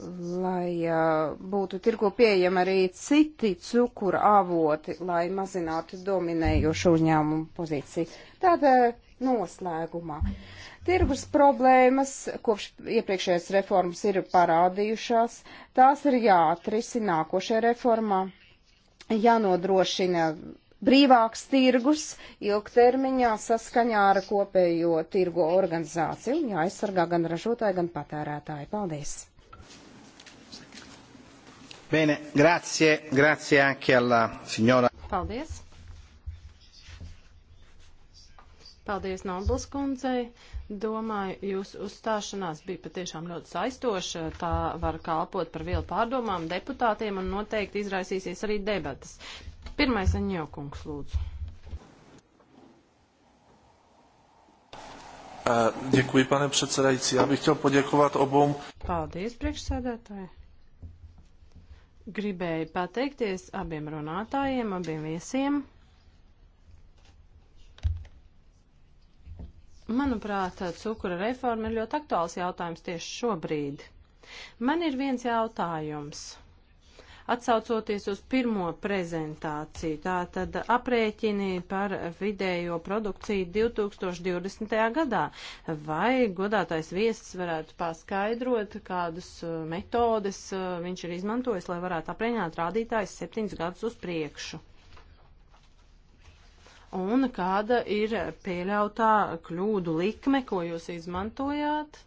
lai uh, būtu tirgu pieejami arī citi cukura avoti, lai mazinātu dominējošu uzņēmumu pozīciju. Tātad noslēgumā. Tirgus problēmas kopš iepriekšējās reformas ir parādījušās, tās ir jāatrisina nākošajā reformā jānodrošina brīvāks tirgus ilgtermiņā saskaņā ar kopējo tirgo organizāciju un jāaizsargā gan ražotāji, gan patērētāji. Paldies! Bene, grazie, grazie anche alla signora. Paldies! Paldies Noblas kundzei. Domāju, jūsu uzstāšanās bija patiešām ļoti saistoša. Tā var kalpot par vielu pārdomām deputātiem un noteikti izraisīsies arī debatas. Pirmais Aņokungs, lūdzu. Eh, děkuji, pane předsedající. Já bych chtěl poděkovat obou. Paldies, priekšsēdētāji. Gribēju pateikties abiem runātājiem, abiem viesiem. Manuprāt, cukura reforma ir ļoti aktuāls jautājums tieši šobrīd. Man ir viens jautājums atsaucoties uz pirmo prezentāciju, tā tad aprēķini par vidējo produkciju 2020. gadā. Vai godātais viesis varētu paskaidrot, kādas uh, metodes uh, viņš ir izmantojis, lai varētu aprēķināt rādītājs septiņus gadus uz priekšu? un kāda ir pieļautā kļūdu likme, ko jūs izmantojāt,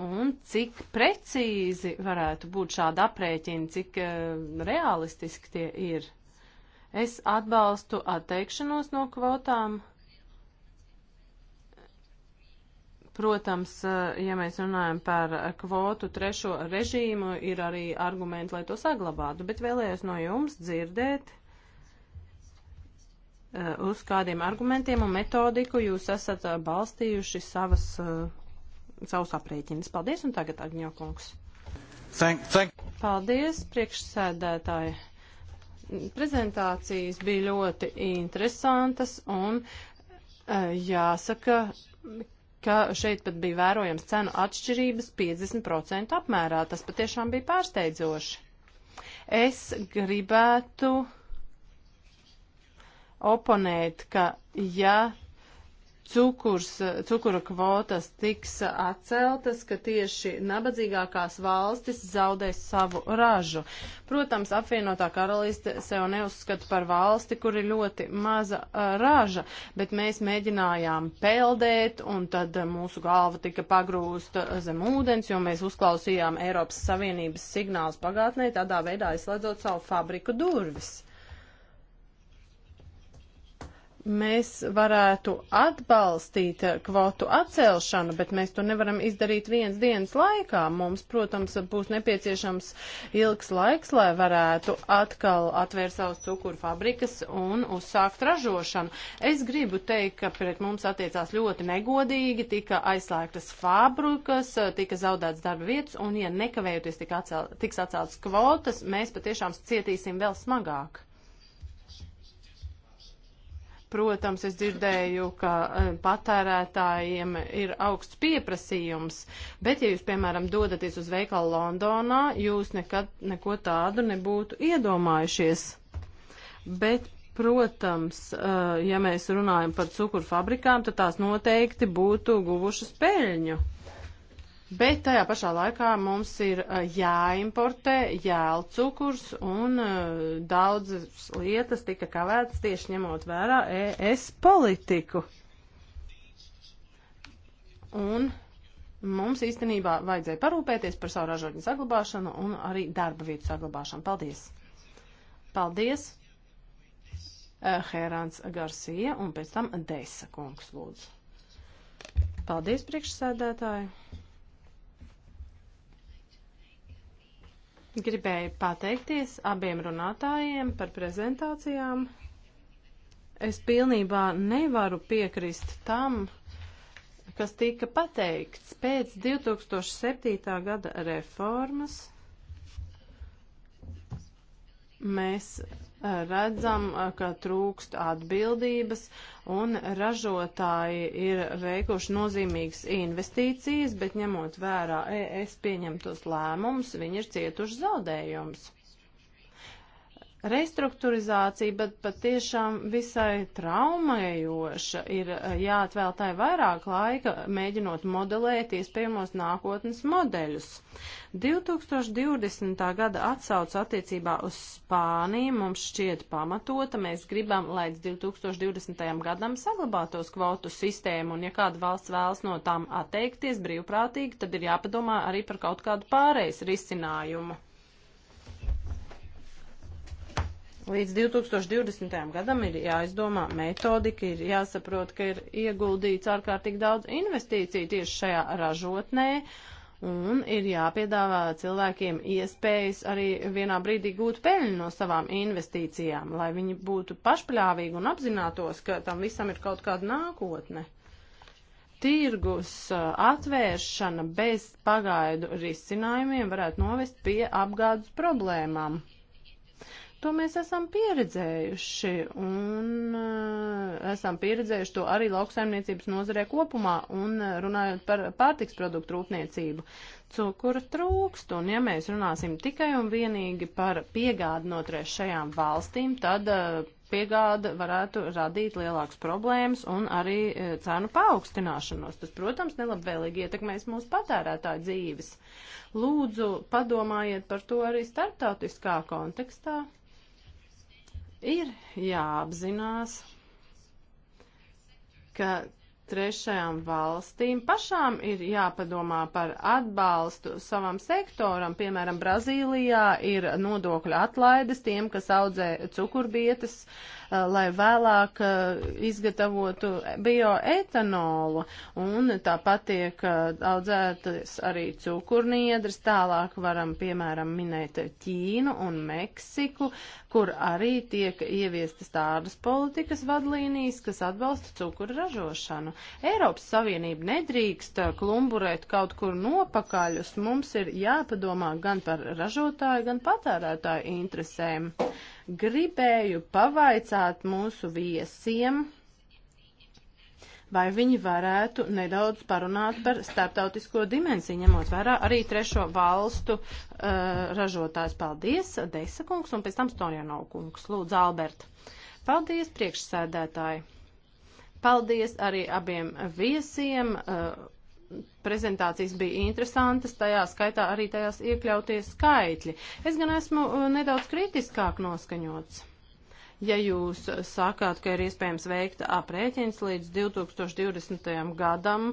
un cik precīzi varētu būt šāda aprēķina, cik uh, realistiski tie ir. Es atbalstu atteikšanos no kvotām. Protams, eh, ja mēs runājam par kvotu trešo režīmu, ir arī argumenti, lai to saglabātu, bet vēlējos no jums dzirdēt, Uh, uz kādiem argumentiem un metodiku jūs esat uh, balstījuši savas, uh, savus aprēķinus. Paldies, un tagad Agņokungs. Thank, thank. Paldies, priekšsēdētāji. Prezentācijas bija ļoti interesantas un jāsaka, ka šeit pat bija vērojams cenu atšķirības 50% apmērā. Tas patiešām bija pārsteidzoši. Es gribētu uh, oponēt, ka ja cukurs, cukura kvotas tiks atceltas, ka tieši nabadzīgākās valstis zaudēs savu ražu. Protams, apvienotā karaliste sev neuzskata par valsti, kur ir ļoti maza uh, raža, bet mēs mēģinājām peldēt, un tad uh, mūsu galva tika pagrūsta uh, zem ūdens, jo mēs uzklausījām Eiropas Savienības signālus pagātnē, tādā veidā izslēdzot savu fabriku durvis mēs varētu atbalstīt kvotu atcelšanu, bet mēs to nevaram izdarīt viens dienas laikā. Mums, protams, būs nepieciešams ilgs laiks, lai varētu atkal atvērt savus cukuru fabrikas un uzsākt ražošanu. Es gribu teikt, ka pret mums attiecās ļoti negodīgi, tika aizslēgtas fabrikas, tika zaudēts darba vietas, un ja nekavējoties tika atcel, tiks atceltas kvotas, mēs patiešām cietīsim vēl smagāk. Protams, es dzirdēju, ka eh, patērētājiem ir augsts pieprasījums, bet ja jūs, piemēram, dodaties uz veikalu Londonā, jūs nekad neko tādu nebūtu iedomājušies. Bet Protams, eh, ja mēs runājam par cukuru fabrikām, tad tās noteikti būtu guvušas peļņu. Bet tajā pašā laikā mums ir jāimportē jēlcukurs un daudzas lietas tika kavētas tieši ņemot vērā ES politiku. Un mums īstenībā vajadzēja parūpēties par savu ražotņu saglabāšanu un arī darba vietu saglabāšanu. Paldies! Paldies! Hērāns Garsija un pēc tam Desa kungs lūdzu. Paldies, priekšsēdētāji! Gribēju pateikties abiem runātājiem par prezentācijām. Es pilnībā nevaru piekrist tam, kas tika pateikts pēc 2007. gada reformas. Mēs redzam, ka trūkst atbildības un ražotāji ir veikuši nozīmīgas investīcijas, bet ņemot vērā ES pieņemtos lēmumus, viņi ir cietuši zaudējums restruktūrizācija, bet patiešām visai traumējoša ir eh, jāatvēl tai vairāk laika, mēģinot modelēt iespējamos nākotnes modeļus. 2020. gada atsauca attiecībā uz Spāniju mums šķiet pamatota. Mēs gribam, lai līdz 2020. gadam saglabātos kvotu sistēmu, un ja kāda valsts vēlas no tām atteikties brīvprātīgi, tad ir jāpadomā arī par kaut kādu pārējais risinājumu. Līdz 2020. gadam ir jāizdomā metodika, ir jāsaprot, ka ir ieguldīts ārkārtīgi daudz investīciju tieši šajā ražotnē, un ir jāpiedāvā cilvēkiem iespējas arī vienā brīdī gūt peļņu no savām investīcijām, lai viņi būtu pašpļāvīgi un apzinātos, ka tam visam ir kaut kāda nākotne. Tirgus atvēršana bez pagaidu risinājumiem varētu novest pie apgādes problēmām. To mēs esam pieredzējuši, un uh, esam pieredzējuši to arī lauksaimniecības nozarē kopumā, un eh, runājot par pārtiks produktu rūpniecību. Cukura trūkst, un ja mēs runāsim tikai un vienīgi par piegādi no trešajām valstīm, tad uh, eh, piegāda varētu radīt lielākas problēmas un arī uh, cenu paaugstināšanos. Tas, protams, nelabvēlīgi ietekmēs mūsu patērētāju dzīves. Lūdzu, padomājiet par to arī starptautiskā kontekstā. Ir jāapzinās, ka trešajām valstīm pašām ir jāpadomā par atbalstu savam sektoram. Piemēram, Brazīlijā ir nodokļu atlaides tiem, kas audzē cukurbietas, eh, lai vēlāk eh, izgatavotu bioetanolu. Un tāpat tiek eh, audzētas arī cukurniedras. Tālāk varam, piemēram, minēt Ķīnu un Meksiku, kur arī tiek ieviestas tādas politikas vadlīnijas, kas atbalsta cukuru ražošanu. Eiropas Savienība nedrīkst uh, klumburēt kaut kur nopakaļus. Mums ir jāpadomā gan par ražotāju, gan patērētāju interesēm. Gribēju pavaicāt mūsu viesiem, vai viņi varētu nedaudz parunāt par starptautisko dimensiju, ņemot vērā arī trešo valstu uh, ražotājs. Paldies, Deisa kungs, un pēc tam Stojanov kungs. Lūdzu, Alberta. Paldies, priekšsēdētāji. Paldies arī abiem viesiem. Eh, prezentācijas bija interesantas, tajā skaitā arī tajās iekļauties skaitļi. Es gan esmu eh, nedaudz kritiskāk noskaņots. Ja jūs sakāt, ka ir iespējams veikt aprēķins līdz 2020. gadam,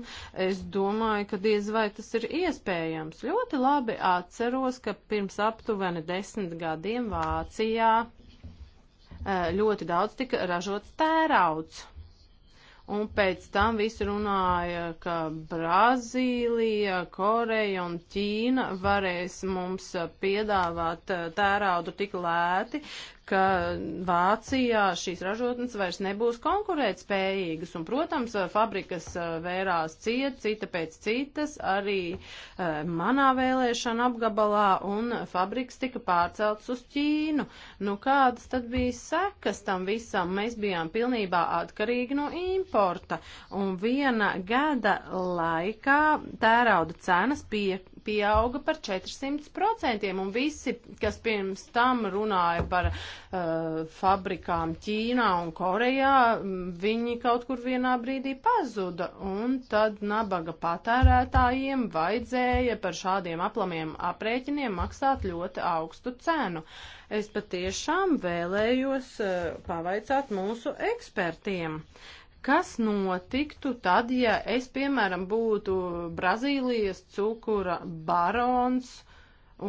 es domāju, ka diez vai tas ir iespējams. Ļoti labi atceros, ka pirms aptuveni desmit gadiem Vācijā eh, ļoti daudz tika ražots tērauds. Un pēc tam visi runāja, ka Brazīlija, Koreja un Ķīna varēs mums piedāvāt eh, tēraudu tik lēti, ka Vācijā šīs ražotnes vairs nebūs konkurētspējīgas, un, protams, fabrikas eh, vērās ciet, cita pēc citas, arī eh, manā vēlēšana apgabalā, un fabrikas tika pārceltas uz Ķīnu. Nu, kādas tad bija sekas tam visam? Mēs bijām pilnībā atkarīgi no importa, un viena gada laikā tērauda cenas pie, pieauga par 400%, un visi, kas pirms tam runāja par uh, fabrikām Ķīnā un Korejā, viņi kaut kur vienā brīdī pazuda, un tad nabaga patērētājiem vajadzēja par šādiem aplamiem aprēķiniem maksāt ļoti augstu cenu. Es patiešām vēlējos uh, pavaicāt mūsu ekspertiem. Uh, Kas notiktu tad, ja es, piemēram, būtu Brazīlijas cukura barons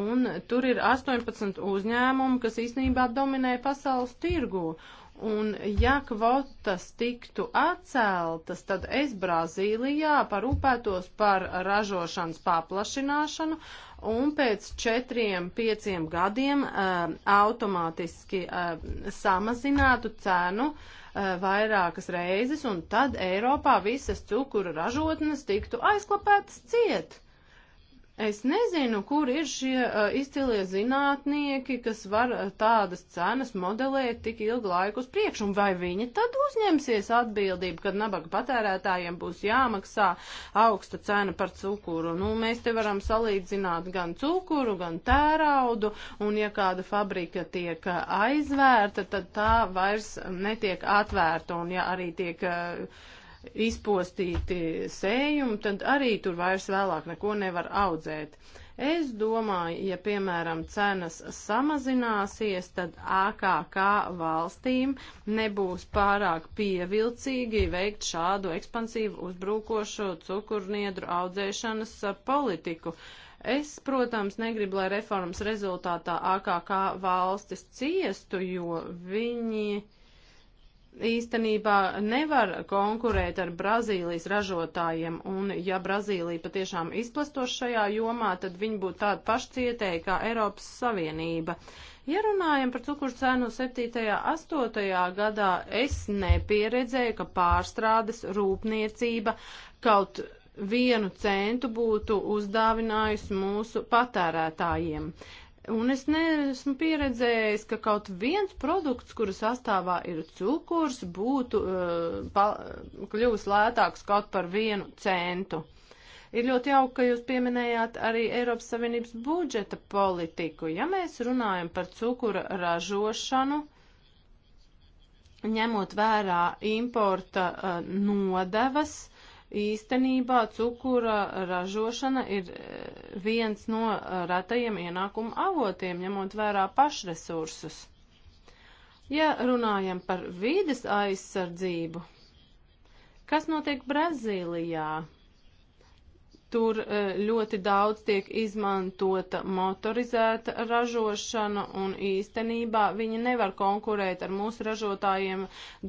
un tur ir 18 uzņēmumu, kas īsnībā dominē pasaules tirgu? Un ja kvotas tiktu atceltas, tad es Brazīlijā parūpētos par ražošanas paplašināšanu un pēc četriem, pieciem gadiem uh, automātiski uh, samazinātu cenu uh, Eh, vairākas reizes, un tad Eiropā visas cukuru ražotnes tiktu aizklapētas ciet. Es nezinu, kur ir šie uh, izcilie zinātnieki, kas var uh, tādas cenas modelēt tik ilgu laiku uz priekšu, un vai viņi tad uzņemsies atbildību, kad nabaga patērētājiem būs jāmaksā augsta cena par cukuru. Nu, mēs te varam salīdzināt gan cukuru, gan tēraudu, un ja kāda fabrika tiek uh, aizvērta, tad tā vairs netiek atvērta, un ja arī tiek. Uh, izpostīti sējumi, tad arī tur vairs vēlāk neko nevar audzēt. Es domāju, ja piemēram cenas samazināsies, tad AKK valstīm nebūs pārāk pievilcīgi veikt šādu ekspansīvu uzbrūkošo cukurniedru audzēšanas politiku. Es, protams, negribu, lai reformas rezultātā AKK valstis ciestu, jo viņi īstenībā nevar konkurēt ar Brazīlijas ražotājiem, un ja Brazīlija patiešām izplastos šajā jomā, tad viņi būtu tādi pašcietēji kā Eiropas Savienība. Ja runājam par cukuru cenu 7. 8. gadā, es nepieredzēju, ka pārstrādes rūpniecība kaut vienu centu būtu uzdāvinājusi mūsu patērētājiem. Uh, Un es neesmu pieredzējis, ka kaut viens produkts, kura sastāvā ir cukurs, būtu uh, kļuvis lētāks kaut par vienu centu. Ir ļoti jauki, ka jūs pieminējāt arī Eiropas Savienības budžeta politiku. Ja mēs runājam par cukura ražošanu, ņemot vērā importa uh, nodevas, uh, īstenībā cukura ražošana ir eh, viens no eh, retajiem ienākumu avotiem, ņemot vērā pašresursus. Ja runājam par vīdes aizsardzību, kas notiek Brazīlijā? Tur e, ļoti daudz tiek izmantota motorizēta ražošana un īstenībā viņi nevar konkurēt ar mūsu ražotājiem,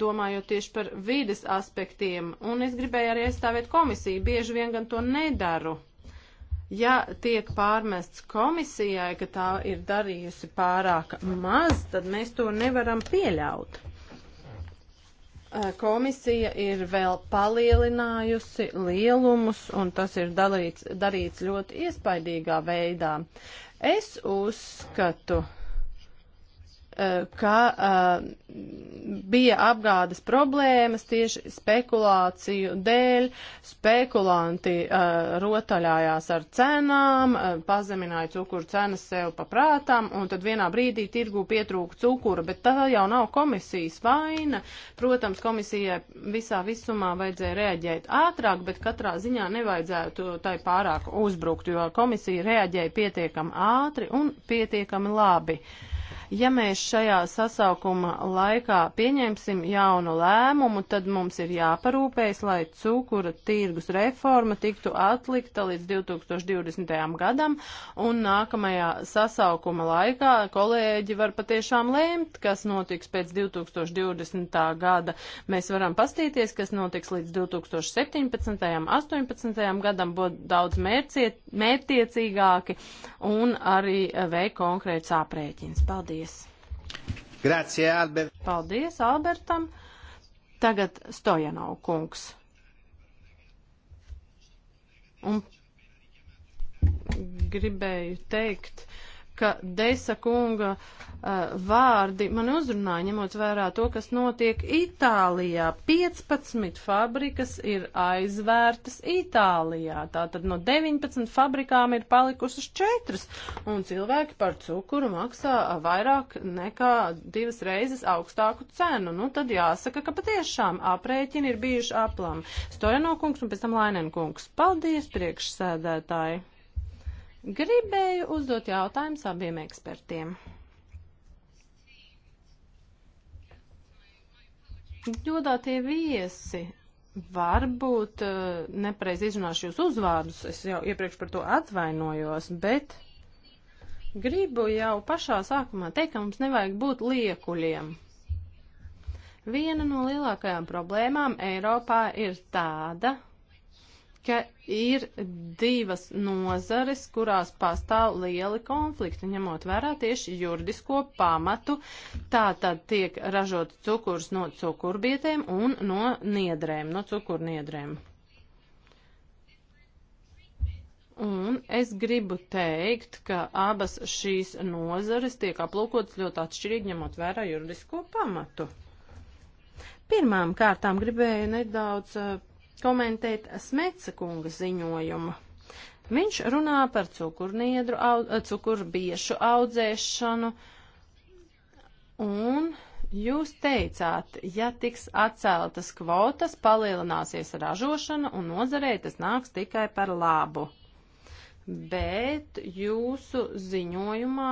domājot tieši par vides aspektiem. Un es gribēju arī aizstāvēt komisiju, bieži vien gan to nedaru. Ja tiek pārmests komisijai, ka tā ir darījusi pārāk maz, tad mēs to nevaram pieļaut komisija ir vēl palielinājusi lielumus, un tas ir dalīts, darīts ļoti iespaidīgā veidā. Es uzskatu, Eh, ka uh, bija apgādes problēmas tieši spekulāciju dēļ. Spekulanti uh, rotaļājās ar cenām, uh, pazemināja cukuru cenas sev paprātām, un tad vienā brīdī tirgu pietrūka cukura, bet tā jau nav komisijas vaina. Protams, komisijai visā visumā vajadzēja reaģēt ātrāk, bet katrā ziņā nevajadzētu tai pārāk uzbrukt, jo komisija reaģēja pietiekami ātri un pietiekami labi. Uh, Ja mēs šajā sasaukuma laikā pieņemsim jaunu lēmumu, tad mums ir jāparūpējas, lai cukura tirgus reforma tiktu atlikta līdz 2020. gadam, un nākamajā sasaukuma laikā kolēģi var patiešām lēmt, kas notiks pēc 2020. gada. Mēs varam pastīties, kas notiks līdz 2017. 18. gadam, būt daudz mērciet, mērtiecīgāki un arī veikt konkrēts aprēķins. Paldies! Paldies! Grazie, Albert! Paldies Albertam! Tagad Stojanov kungs. Un gribēju teikt, ka Desa kunga uh, vārdi man uzrunāja, ņemot vērā to, kas notiek Itālijā. 15 fabrikas ir aizvērtas Itālijā, tātad no 19 fabrikām ir palikušas 4, un cilvēki par cukuru maksā vairāk nekā divas reizes augstāku cenu. Nu, tad jāsaka, ka patiešām aprēķini ir bijuši aplami. Stojanokungs un pēc tam Lainenkungs. Paldies, priekšsēdētāji! Gribēju uzdot jautājumus abiem ekspertiem. Ļodātie viesi, varbūt eh, nepareiz izrunāšu jūs uzvārdus, es jau iepriekš par to atvainojos, bet gribu jau pašā sākumā teikt, ka mums nevajag būt liekuļiem. Viena no lielākajām problēmām Eiropā ir tāda, ka ir divas nozares, kurās pastāv lieli konflikti, ņemot vērā tieši juridisko pamatu. Tā tad tiek ražots cukurs no cukurbietēm un no niedrēm, no cukurniedrēm. Un es gribu teikt, ka abas šīs nozares tiek aplūkotas ļoti atšķirīgi, ņemot vērā juridisko pamatu. Pirmām kārtām gribēju nedaudz eh, komentēt Smeca kunga ziņojumu. Viņš runā par cukurniedru, aud, eh, cukurbiešu audzēšanu, un jūs teicāt, ja tiks atceltas kvotas, palielināsies ražošana, un nozarei tas nāks tikai par labu. Bet jūsu ziņojumā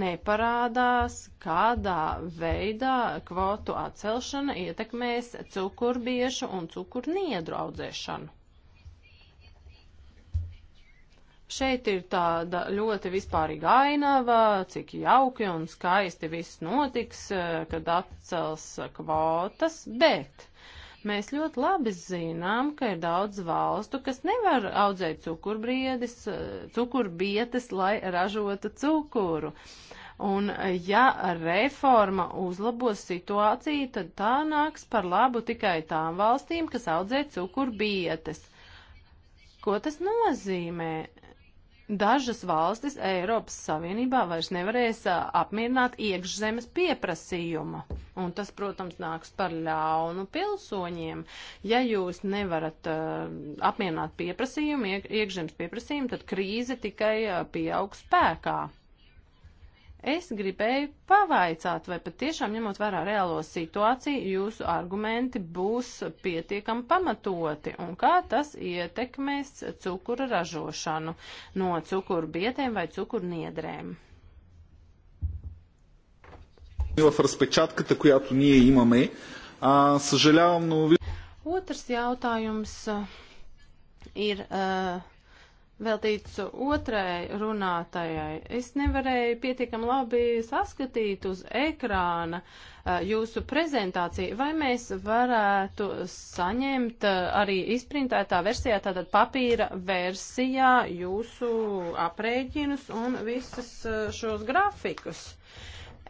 neparādās, kādā veidā kvotu atcelšana ietekmēs cukurbiešu un cukurniedru audzēšanu. Šeit ir tāda ļoti vispārīga ainava, cik jauki un skaisti viss notiks, eh, kad atcels kvotas, bet Mēs ļoti labi zinām, ka ir daudz valstu, kas nevar audzēt cukurbriedes, cukurbietes, lai ražotu cukuru. Un ja reforma uzlabos situāciju, tad tā nāks par labu tikai tām valstīm, kas audzē cukurbietes. Ko tas nozīmē? Dažas valstis Eiropas Savienībā vairs nevarēs apmierināt iekšzemes pieprasījumu. Un tas, protams, nāks par ļaunu pilsoņiem. Ja jūs nevarat uh, apmierināt pieprasījumu, iek, iekšzemes pieprasījumu, tad krīze tikai uh, pieaug spēkā. Es gribēju pavaicāt, vai patiešām ņemot vērā reālo situāciju, jūsu argumenti būs pietiekami pamatoti un kā tas ietekmēs cukura ražošanu no cukuru bietēm vai cukuru niedrēm. В разпечатката, която ние имаме, а, съжалявам, но... Otrs jautājums ir uh, veltīts otrai runātājai. Es nevarēju pietiekam labi saskatīt uz ekrāna uh, jūsu prezentāciju. Vai mēs varētu saņemt uh, arī izprintētā versijā, tātad papīra versijā jūsu aprēķinus un visas uh, šos grafikus?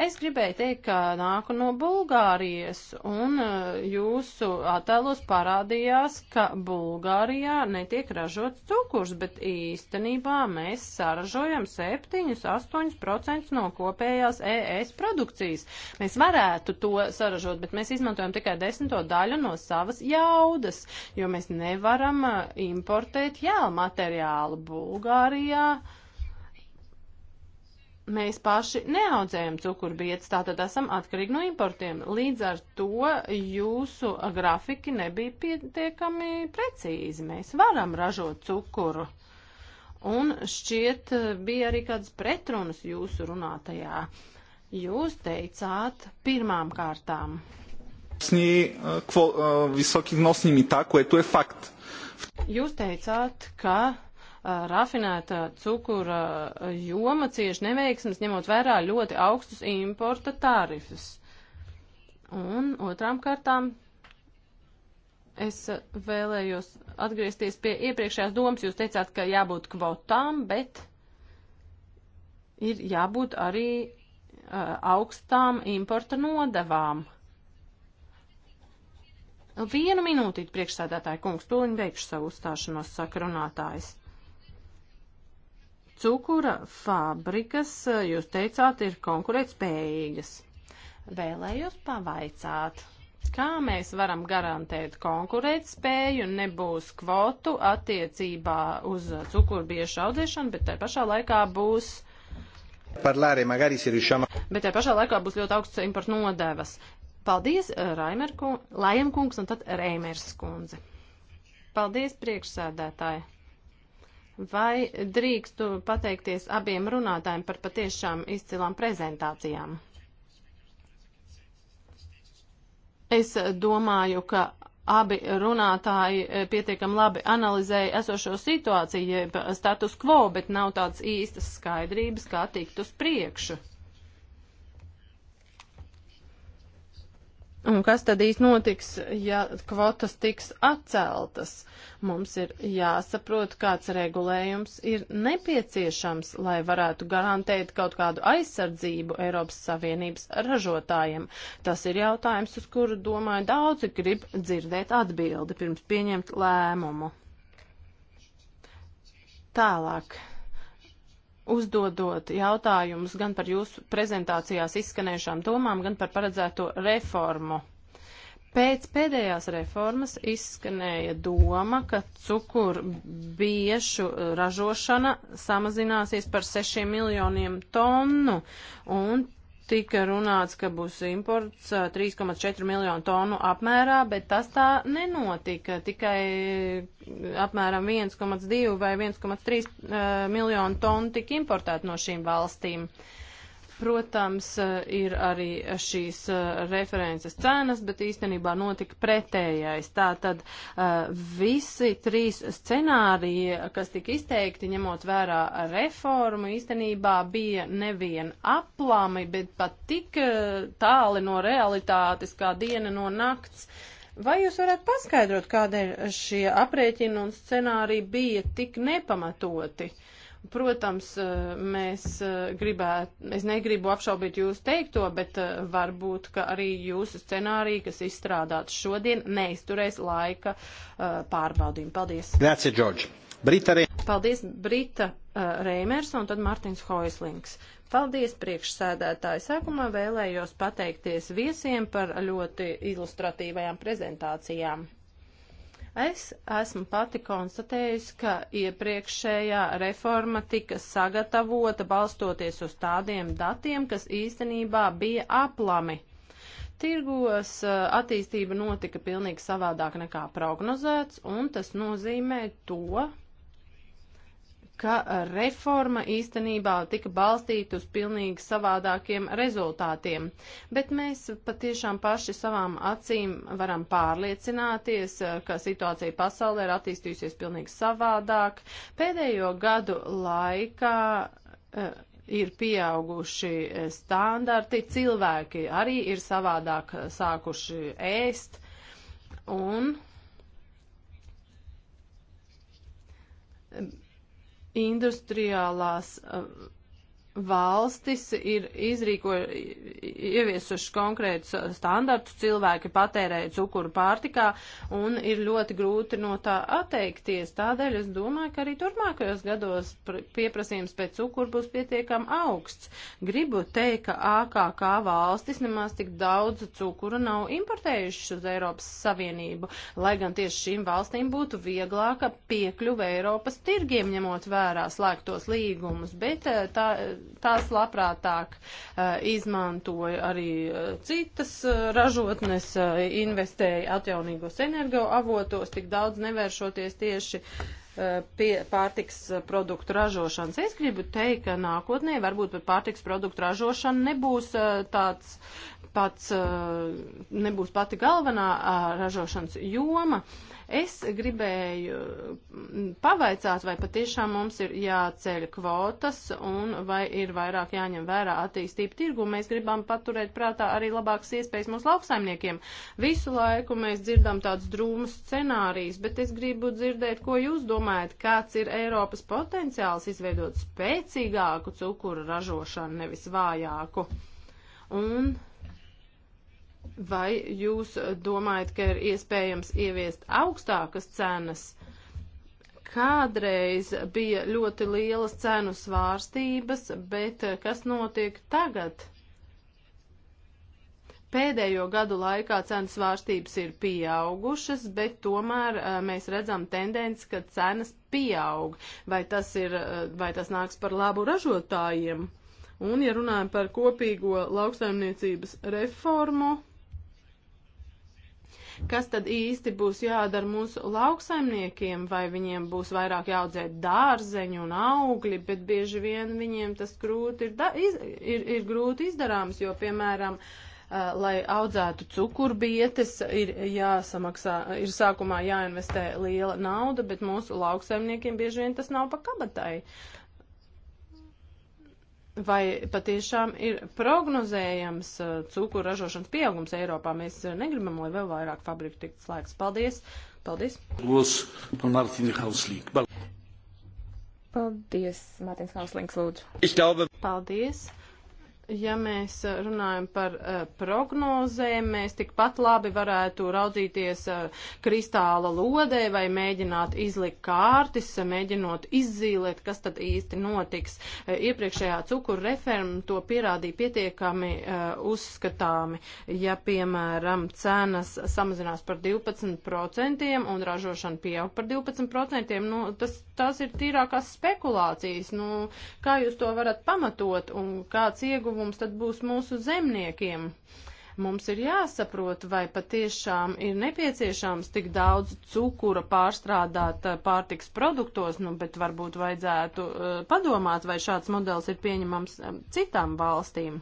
Es gribēju teikt, ka nāku no Bulgārijas, un eh, jūsu attēlos parādījās, ka Bulgārijā netiek ražots cukurs, bet īstenībā mēs saražojam 7-8% no kopējās ES produkcijas. Mēs varētu to saražot, bet mēs izmantojam tikai desmito daļu no savas jaudas, jo mēs nevaram eh, importēt jēlu materiālu Bulgārijā. Uh, mēs paši neaudzējam cukurbietas, tātad esam atkarīgi no importiem. Līdz ar to jūsu grafiki nebija pietiekami precīzi. Mēs varam ražot cukuru. Un šķiet bija arī kādas pretrunas jūsu runātajā. Jūs teicāt pirmām kārtām. Eh, eh, Visoki vnosni mitā, ko tu e fakt. Jūs teicāt, ka rafinēta cukura joma cieši neveiksmes, ņemot vērā ļoti augstus importa tarifus. Un otrām kārtām es vēlējos atgriezties pie iepriekšējās domas. Jūs teicāt, ka jābūt kvotām, bet ir jābūt arī uh, augstām importa nodevām. Vienu minūti priekšsēdētāja kungs, tūliņ beigšu savu uzstāšanos sakrunātājs. Cukura fabrikas, eh, jūs teicāt, ir konkurētspējīgas. Vēlējos pavaicāt, kā mēs varam garantēt konkurētspēju, nebūs kvotu attiecībā uz cukurbiešu audzēšanu, bet tai pašā laikā būs parlare, magari se riusciamo. Bet tajā pašā laikā būs ļoti augsts importu nodevas. Paldies, eh, Raimer kungs, Lajam kungs un tad Reimers kundze. Paldies, priekšsēdētāji. Vai drīkstu pateikties abiem runātājiem par patiešām izcilām prezentācijām? Es domāju, ka abi runātāji eh, pietiekam labi analizēja esošo situāciju, status quo, bet nav tādas īstas skaidrības, kā tikt uz priekšu. Un kas tad īsti notiks, ja kvotas tiks atceltas? Mums ir jāsaprot, kāds regulējums ir nepieciešams, lai varētu garantēt kaut kādu aizsardzību Eiropas Savienības ražotājiem. Tas ir jautājums, uz kuru, domāju, daudzi grib dzirdēt atbildi pirms pieņemt lēmumu. Tālāk uzdodot jautājumus gan par jūsu prezentācijās izskanējušām domām, gan par paredzēto reformu. Pēc pēdējās reformas izskanēja doma, ka cukurbiešu ražošana samazināsies par 6 miljoniem tonu, un tika runāts, ka būs imports 3,4 miljonu tonu apmērā, bet tas tā nenotika. Tikai apmēram 1,2 vai 1,3 miljonu tonu tika importēt no šīm valstīm. Uh, Protams, eh, ir arī šīs eh, references cenas, bet īstenībā notika pretējais. Tātad eh, visi trīs scenāriji, kas tika izteikti, ņemot vērā reformu, īstenībā bija nevien aplami, bet pat tik tāli no realitātes kā diena no nakts. Vai jūs varētu paskaidrot, kādēļ šie aprēķini un scenāriji bija tik nepamatoti? Uh, Protams, eh, mēs eh, gribētu, es negribu apšaubīt jūs teikto, bet eh, varbūt, ka arī jūsu scenārija, kas izstrādāts šodien, neizturēs laika pārbaudījumu. Paldies! Grazie, George! Brita Re... Paldies, Brita Reimers un tad Martins Hoislings. Paldies priekšsēdētāji. Sākumā vēlējos pateikties viesiem par ļoti ilustratīvajām prezentācijām. Es esmu pati konstatējusi, ka iepriekšējā reforma tika sagatavota balstoties uz tādiem datiem, kas īstenībā bija aplami. Tirgos eh, attīstība notika pilnīgi savādāk nekā prognozēts, un tas nozīmē to, ka reforma īstenībā tika balstīta uz pilnīgi savādākiem rezultātiem. Bet mēs patiešām paši savām acīm varam pārliecināties, ka situācija pasaulē ir attīstījusies pilnīgi savādāk. Pēdējo gadu laikā. Uh, ir pieauguši eh, standarti, cilvēki arī ir savādāk eh, sākuši ēst, un industriālās. Uh, valstis ir izrīkojuši, ieviesuši konkrētus standartus, cilvēki patērēja cukuru pārtikā un ir ļoti grūti no tā atteikties. Tādēļ es domāju, ka arī turpmākajos gados pieprasījums pēc cukuru būs pietiekam augsts. Gribu teikt, ka AKK valstis nemaz tik daudz cukuru nav importējušas uz Eiropas Savienību, lai gan tieši šīm valstīm būtu vieglāka piekļuve Eiropas tirgiem, ņemot vērā slēgtos līgumus. Bet tā tās labprātāk eh, izmantoja arī eh, citas eh, ražotnes, investēja atjaunīgos energoavotos, tik daudz nevēršoties tieši pie pārtiks produktu ražošanas. Es gribu teikt, ka nākotnē varbūt par pārtiks produktu ražošanu nebūs tāds pats, nebūs pati galvenā ražošanas joma. Uh, Es gribēju mm, pavaicāt, vai patiešām mums ir jāceļ kvotas un vai ir vairāk jāņem vērā attīstība tirgu. Mēs gribam paturēt prātā arī labākas iespējas mūsu lauksaimniekiem. Visu laiku mēs dzirdam tādus drūmus scenārijus, bet es gribu dzirdēt, ko jūs domājat, kāds ir Eiropas potenciāls izveidot spēcīgāku cukuru ražošanu, nevis vājāku. Un Vai jūs domājat, ka ir iespējams ieviest augstākas cenas? Kādreiz bija ļoti lielas cenu svārstības, bet eh, kas notiek tagad? Pēdējo gadu laikā cenas svārstības ir pieaugušas, bet tomēr uh, mēs redzam tendenci, ka cenas pieaug. Vai tas, ir, uh, vai tas nāks par labu ražotājiem? Un, ja runājam par kopīgo lauksaimniecības reformu, Kas tad īsti būs jādara mūsu lauksaimniekiem, vai viņiem būs vairāk jāaudzēt dārzeņu un augļi, bet bieži vien viņiem tas grūti ir, da, iz, ir, ir grūti izdarāms, jo, piemēram, lai audzētu cukurbietes, ir jāsamaksā, ir sākumā jāinvestē liela nauda, bet mūsu lauksaimniekiem bieži vien tas nav pa kabatai vai patiešām ir prognozējams uh, cukuru ražošanas pieaugums Eiropā. Mēs uh, negribam, lai vēl vairāk fabriku tiktu slēgts. Paldies! Paldies! Paldies, Mārtiņš Hauslings, lūdzu. Glaube... Paldies! ja mēs uh, runājam par uh, prognozēm, mēs tikpat labi varētu raudzīties uh, kristāla lodē vai mēģināt izlikt kārtis, mēģinot izzīlēt, kas tad īsti notiks. Uh, iepriekšējā cukuru reforma to pierādīja pietiekami uh, uzskatāmi. Ja, piemēram, cenas samazinās par 12% un ražošana pieaug par 12%, nu, tas, tas ir tīrākās spekulācijas. Nu, kā jūs to varat pamatot un kāds ieguvums? ieguvums tad būs mūsu zemniekiem. Mums ir jāsaprot, vai patiešām ir nepieciešams tik daudz cukura pārstrādāt eh, pārtiks produktos, nu, bet varbūt vajadzētu eh, padomāt, vai šāds modelis ir pieņemams eh, citām valstīm.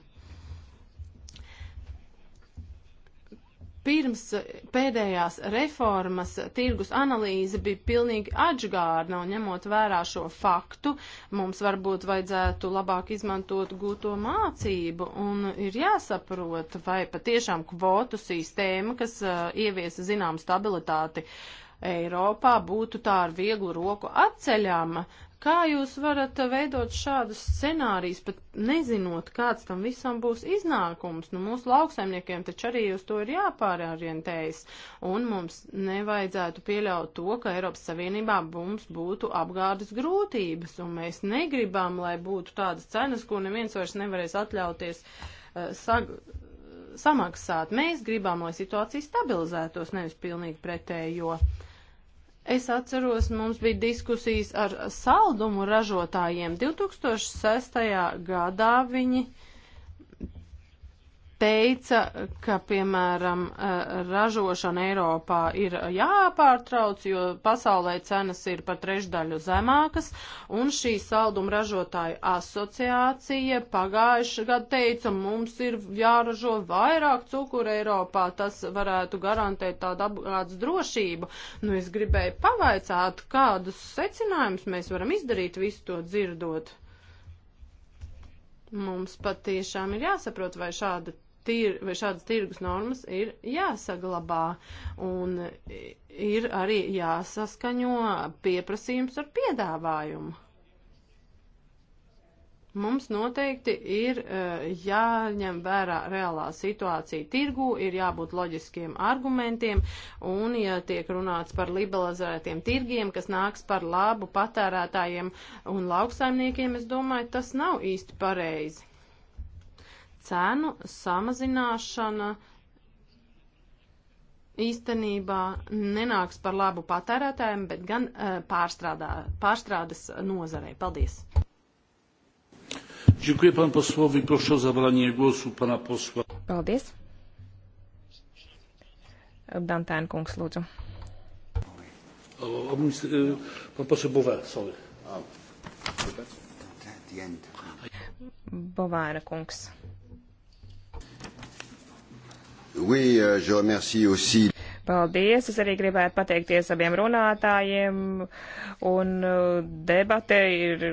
Pirms eh, pēdējās reformas tirgus analīze bija pilnīgi atžgārna un ņemot vērā šo faktu, mums varbūt vajadzētu labāk izmantot gūto mācību un ir jāsaprot, vai patiešām kvotu sistēma, kas uh, ieviesa zinām stabilitāti, uh, Eiropā būtu tā ar vieglu roku atceļama. Kā jūs varat veidot šādus scenārijus, pat nezinot, kāds tam visam būs iznākums? Nu, mūsu lauksaimniekiem taču arī uz to ir jāpārorientējas, un mums nevajadzētu pieļaut to, ka Eiropas Savienībā mums būtu apgādes grūtības, un mēs negribam, lai būtu tādas cenas, ko neviens vairs nevarēs atļauties uh, sag samaksāt. Mēs gribam, lai situācija stabilizētos, nevis pilnīgi pretējo. Jo Es atceros, mums bija diskusijas ar saldumu ražotājiem. 2006. gadā viņi uh, teica, ka, piemēram, eh, ražošana Eiropā ir jāpārtrauc, jo pasaulē cenas ir par trešdaļu zemākas, un šī salduma ražotāju asociācija pagājuši gadu teica, mums ir jāražo vairāk cukura Eiropā, tas varētu garantēt tādu apgādes drošību. Nu, es gribēju pavaicāt, kādus secinājumus mēs varam izdarīt visu to dzirdot. Mums patiešām ir jāsaprot, vai šāda tir, vai šādas tirgus normas ir jāsaglabā un ir arī jāsaskaņo pieprasījums ar piedāvājumu. Mums noteikti ir eh, jāņem vērā reālā situācija tirgū, ir jābūt loģiskiem argumentiem, un ja tiek runāts par liberalizētiem tirgiem, kas nāks par labu patērētājiem un lauksaimniekiem, es domāju, tas nav īsti pareizi cenu samazināšana īstenībā nenāks par labu patērētājiem, bet gan uh, pārstrādā, pārstrādes nozarei. Paldies! Dziękuję panu posłowi. Proszę o zabranie głosu pana posła. Paldies. Dantēn kungs, lūdzu. Pan poseł Bovē, sorry. Bovēra kungs. Oui, euh, je remercie aussi. Paldies! Es arī gribētu pateikties abiem runātājiem, un uh, debate ir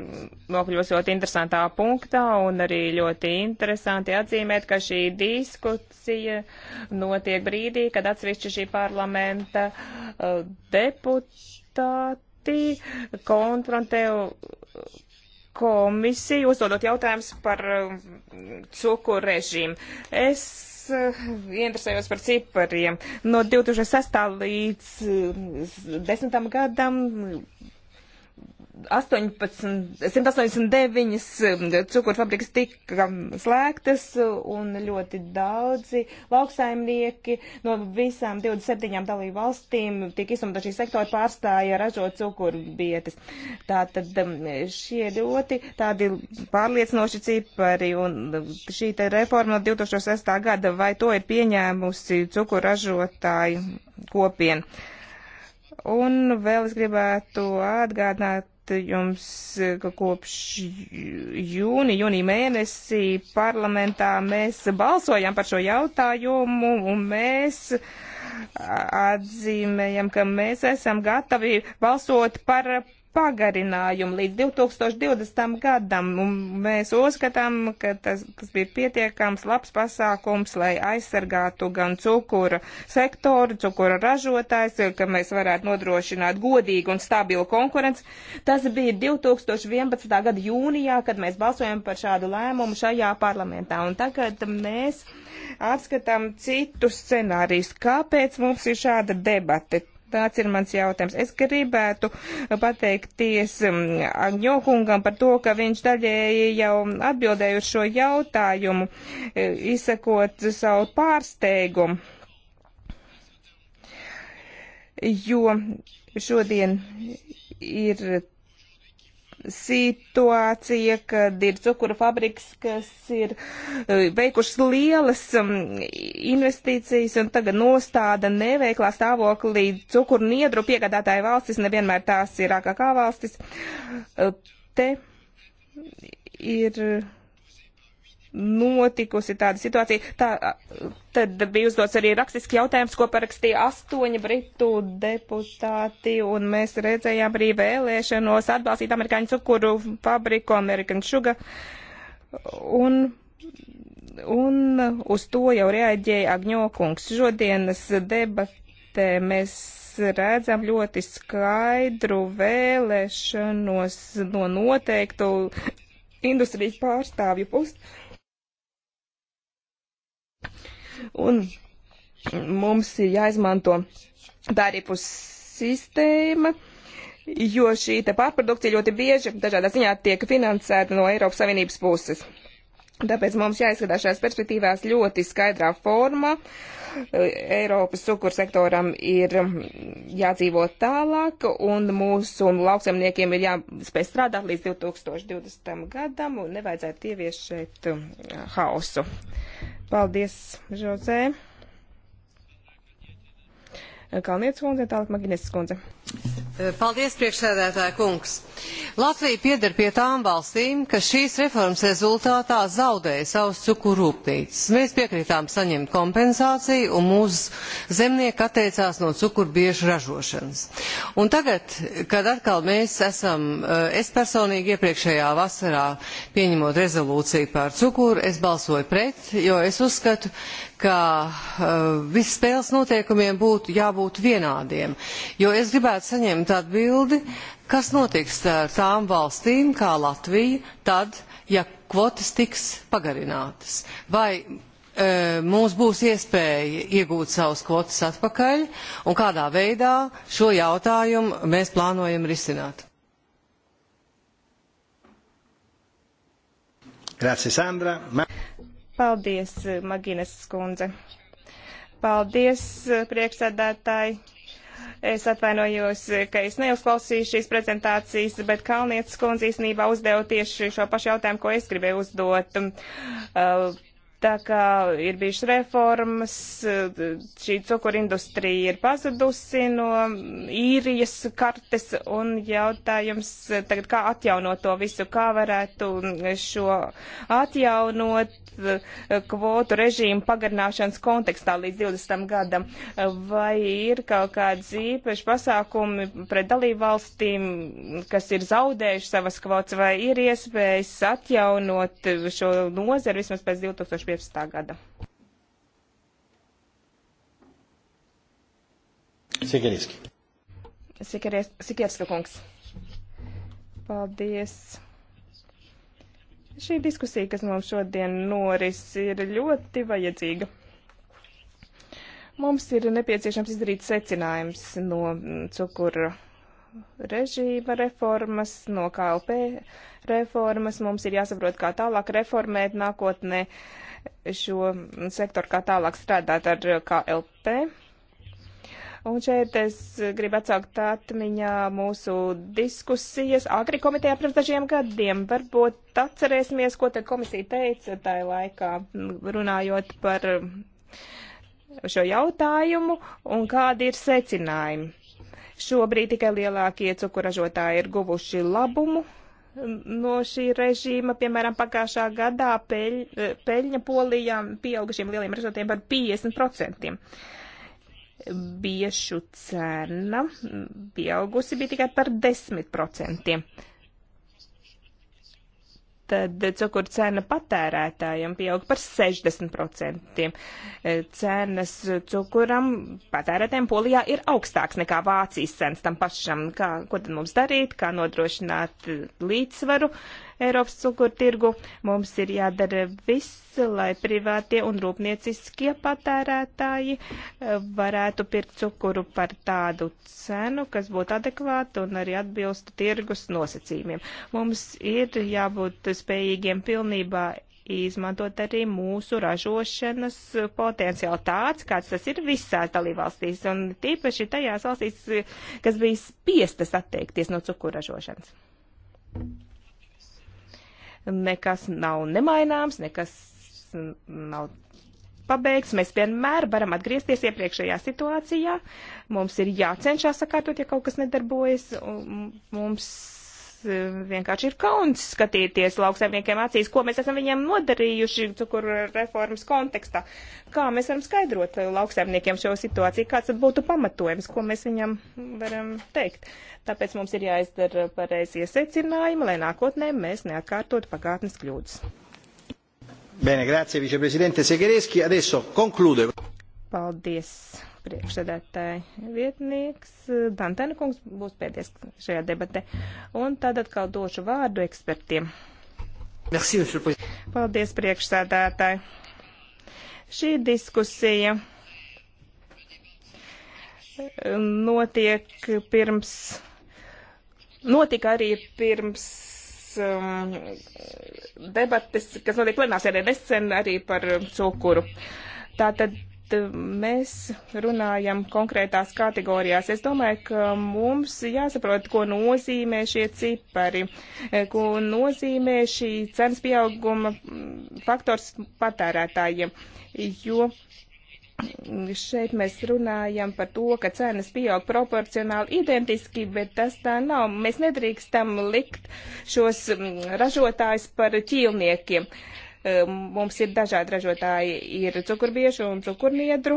nokļuvusi ļoti interesantā punktā, un arī ļoti interesanti atzīmēt, ka šī diskusija notiek brīdī, kad atsevišķi šī parlamenta uh, deputāti konfrontē komisiju, uzdodot jautājumus par uh, cukuru režīmu. Es Eh, interesējos par cipariem. No 2006. līdz 10. Eh, gadam 18, 189 um, cukurfabrikas tika slēgtas un ļoti daudzi lauksaimnieki no visām 27 dalību valstīm tika izsumta šī sektora pārstāja ražot cukurbietes. Tātad um, šie ļoti tādi pārliecinoši cipari un um, šī te reforma no 2006. gada, vai to ir pieņēmusi cukurražotāju kopiena? Un vēl es gribētu atgādināt jums, ka kopš jūni, jūnī mēnesī parlamentā mēs balsojam par šo jautājumu un mēs atzīmējam, ka mēs esam gatavi balsot par pagarinājumu līdz 2020. gadam. Mēs uzskatām, ka tas, tas bija pietiekams labs pasākums, lai aizsargātu gan cukura sektoru, cukura ražotājs, ka mēs varētu nodrošināt godīgu un stabilu konkurenci. Tas bija 2011. gada jūnijā, kad mēs balsojam par šādu lēmumu šajā parlamentā. Un tagad mēs apskatām citus scenārijus. Kāpēc mums ir šāda debate? Tāds ir mans jautājums. Es gribētu pateikties um, Agņokungam par to, ka viņš daļēji jau atbildēja uz šo jautājumu, e, izsakot savu pārsteigumu. Jo šodien ir situācija, kad ir cukura fabriks, kas ir e, veikušas lielas um, investīcijas un tagad nostāda neveiklā stāvoklī cukuru niedru piegādātāju valstis, nevienmēr tās ir AKK valstis. E, te ir notikusi tāda situācija. Tā, tad bija uzdots arī rakstisks jautājums, ko parakstīja astoņi britu deputāti, un mēs redzējām arī vēlēšanos atbalstīt amerikāņu cukuru fabriku American Sugar. Un un uz to jau reaģēja Agņokungs. Šodienas debatē mēs redzam ļoti skaidru vēlēšanos no noteiktu industrijas pārstāvju puses. Un mums ir jāizmanto tarifu sistēma, jo šī te pārprodukcija ļoti bieži dažādā ziņā tiek finansēta no Eiropas Savienības puses. Tāpēc mums jāizskatās šajās perspektīvās ļoti skaidrā formā. Eiropas cukursektoram ir jādzīvo tālāk, un mūsu lauksaimniekiem ir jāspēj strādāt līdz 2020. gadam, un nevajadzētu ievies šeit hm, hausu. Paldies, Žozē! Kalnietes kundze un tālāk Magineses kundze. Eh, paldies, priekšsēdētāja kungs. Latvija pieder pie tām valstīm, kas šīs reformas rezultātā zaudēja savus cukuru rūpnīcas. Mēs piekritām saņemt kompensāciju un mūsu zemnieki atteicās no cukuru biežu ražošanas. Un tagad, kad atkal mēs esam, eh, es personīgi iepriekšējā vasarā pieņemot rezolūciju par cukuru, es balsoju pret, jo es uzskatu, ka uh, viss spēles noteikumiem būtu jābūt vienādiem. Jo es gribētu saņemt atbildi, kas notiks ar tām valstīm kā Latvija tad, ja kvotas tiks pagarinātas. Vai eh, mums būs iespēja iegūt savus kvotas atpakaļ un kādā veidā šo jautājumu mēs plānojam risināt. Grazie, Sandra. Ma... Paldies, Magines skundze. Paldies, priekšsēdētāji. Es atvainojos, ka es neuzklausīju šīs prezentācijas, bet Kalnietes skundze īstenībā uzdeva tieši šo pašu jautājumu, ko es gribēju uzdot. Uh, Tā kā ir bijušas reformas, šī cukurindustrija ir pazudusi no īrijas kartes un jautājums tagad, kā atjaunot to visu, kā varētu šo atjaunot kvotu režīmu pagarināšanas kontekstā līdz 20. gadam. Vai ir kaut kādas īpaši pasākumi pret dalībvalstīm, kas ir zaudējuši savas kvotas, vai ir iespējas atjaunot šo nozeru vismaz pēc 2000? 2015. gada. Sikerieski. Sikerieska kungs. Paldies. Šī diskusija, kas mums šodien noris, ir ļoti vajadzīga. Mums ir nepieciešams izdarīt secinājums no cukura režīma reformas, no KLP reformas. Mums ir jāsaprot, kā tālāk reformēt nākotnē šo sektoru, kā tālāk strādāt ar KLP. Un šeit es gribu atsaukt atmiņā mūsu diskusijas Agri komitejā pirms dažiem gadiem. Varbūt atcerēsimies, ko te komisija teica tajā laikā, runājot par šo jautājumu un kādi ir secinājumi Šobrīd tikai lielākie cukuražotāji ir guvuši labumu mm, no šī režīma. Piemēram, pagājušā gadā peļ, eh, peļņa polijā pieauga šiem lieliem ražotiem par 50%. Biešu cena mm, pieaugusi bija tikai par 10% tad cukuru cena patērētājiem pieaug par 60%. Cenas cukuram patērētājiem Polijā ir augstāks nekā Vācijas cenas tam pašam. Kā, ko tad mums darīt, kā nodrošināt līdzsvaru Eiropas cukuru tirgu. Mums ir jādara viss, lai privātie un rūpnieciskie patērētāji eh, varētu pirkt cukuru par tādu cenu, kas būtu adekvāta un arī atbilstu tirgus nosacījumiem. Mums ir jābūt spējīgiem pilnībā izmantot arī mūsu ražošanas potenciālu tāds, kāds tas ir visās dalībvalstīs, un tīpaši tajās valstīs, kas bija spiestas atteikties no cukuražošanas nekas nav nemaināms, nekas nav pabeigts. Mēs vienmēr varam atgriezties iepriekšējā situācijā. Mums ir jācenšas sakārtot, ja kaut kas nedarbojas. Mums vienkārši ir kauns skatīties lauksaimniekiem acīs, ko mēs esam viņiem nodarījuši cukuru reformas kontekstā. Kā mēs varam skaidrot lauksaimniekiem šo situāciju, kāds būtu pamatojums, ko mēs viņam varam teikt. Tāpēc mums ir jāizdara pareizie secinājumi, lai nākotnē mēs neatkārtotu pagātnes kļūdas. Bene, grazie, viceprezidente Segereski. Adesso conclude. Paldies priekšsēdētāja vietnieks. Eh, Dantēna kungs būs pēdējais šajā debatē. Un tad atkal došu vārdu ekspertiem. Merci, Paldies, priekšsēdētāji. Šī diskusija eh, notiek pirms, notika arī pirms um, debates, kas notiek plenārsēdē nesen arī par cukuru. Tātad Eh, mēs runājam konkrētās kategorijās. Es domāju, ka mums jāsaprot, ko nozīmē šie cipari, eh, ko nozīmē šī cenas pieauguma mm, faktors patērētājiem, jo šeit mēs runājam par to, ka cenas pieaug proporcionāli identiski, bet tas tā nav. Mēs nedrīkstam likt šos mm, ražotājus par ķīlniekiem. Uh, Mums ir dažādi ražotāji, ir cukurbiešu un cukurniedru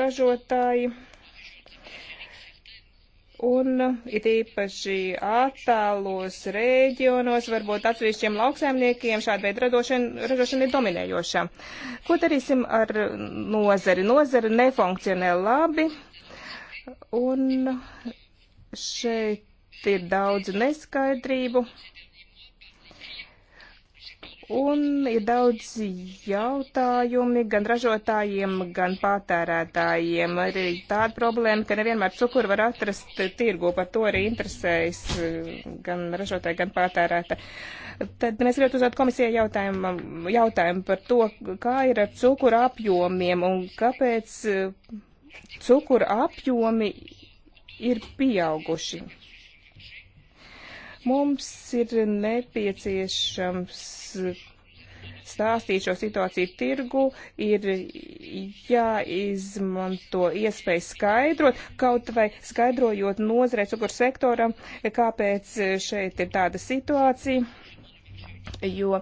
ražotāji. Un it īpaši attālos reģionos, varbūt atsevišķiem lauksaimniekiem šāda veida radošana, ražošana ir dominējoša. Ko darīsim ar nozari? Nozara nefunkcionē labi, un šeit ir daudz neskaidrību. Un ir daudz jautājumi gan ražotājiem, gan patērētājiem. Ir tāda problēma, ka nevienmēr cukuru var atrast tirgu, par to arī interesējas eh, gan ražotāji, gan patērētāji. Tad mēs gribētu uzdot komisijai jautājumu, jautājumu par to, kā ir ar cukuru apjomiem un kāpēc eh, cukuru apjomi ir pieauguši. Mums ir nepieciešams stāstīt šo situāciju tirgu, ir jāizmanto iespēju skaidrot, kaut vai skaidrojot nozarei cukuru sektoram, kāpēc šeit ir tāda situācija. Jo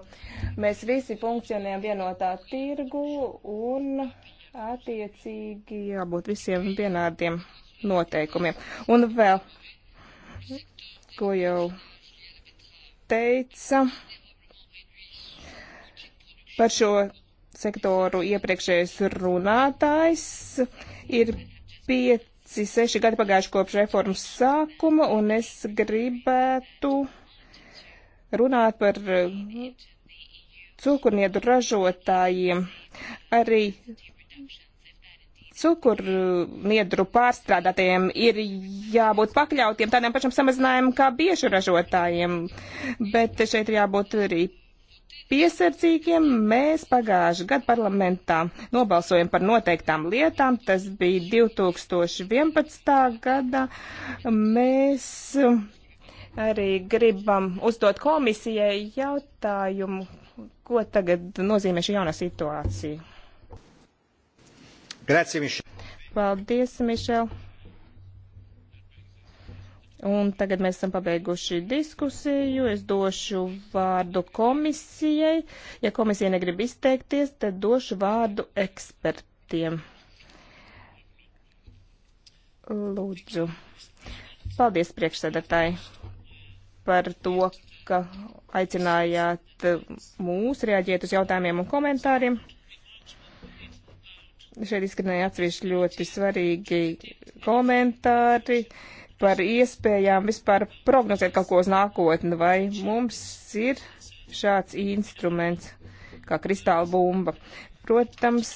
mēs visi funkcionējam vienotā tirgu un attiecīgi jābūt visiem vienādiem noteikumiem. Un vēl, ko jau teica par šo sektoru iepriekšējais runātājs. Ir pieci, seši gadi pagājuši kopš reformas sākuma, un es gribētu runāt par cukurniedu ražotājiem. Arī cukurniedru uh, pārstrādātiem ir jābūt pakļautiem tādiem pašam samazinājumam kā biežu ražotājiem, bet šeit ir jābūt arī piesardzīgiem. Mēs pagājuši gadu parlamentā nobalsojam par noteiktām lietām. Tas bija 2011. gadā. Mēs arī gribam uzdot komisijai jautājumu, ko tagad nozīmē šī jaunā situācija. Grazie, Mišel. Paldies, Mišel. Un tagad mēs esam pabeiguši diskusiju. Es došu vārdu komisijai. Ja komisija negrib izteikties, tad došu vārdu ekspertiem. Lūdzu. Paldies priekšsēdētāji par to, ka aicinājāt mūs reaģēt uz jautājumiem un komentāriem. Šeit izskanēja atsevišķi ļoti svarīgi komentāri par iespējām vispār prognozēt kaut ko uz nākotni, vai mums ir šāds instruments kā kristāla bumba. Protams,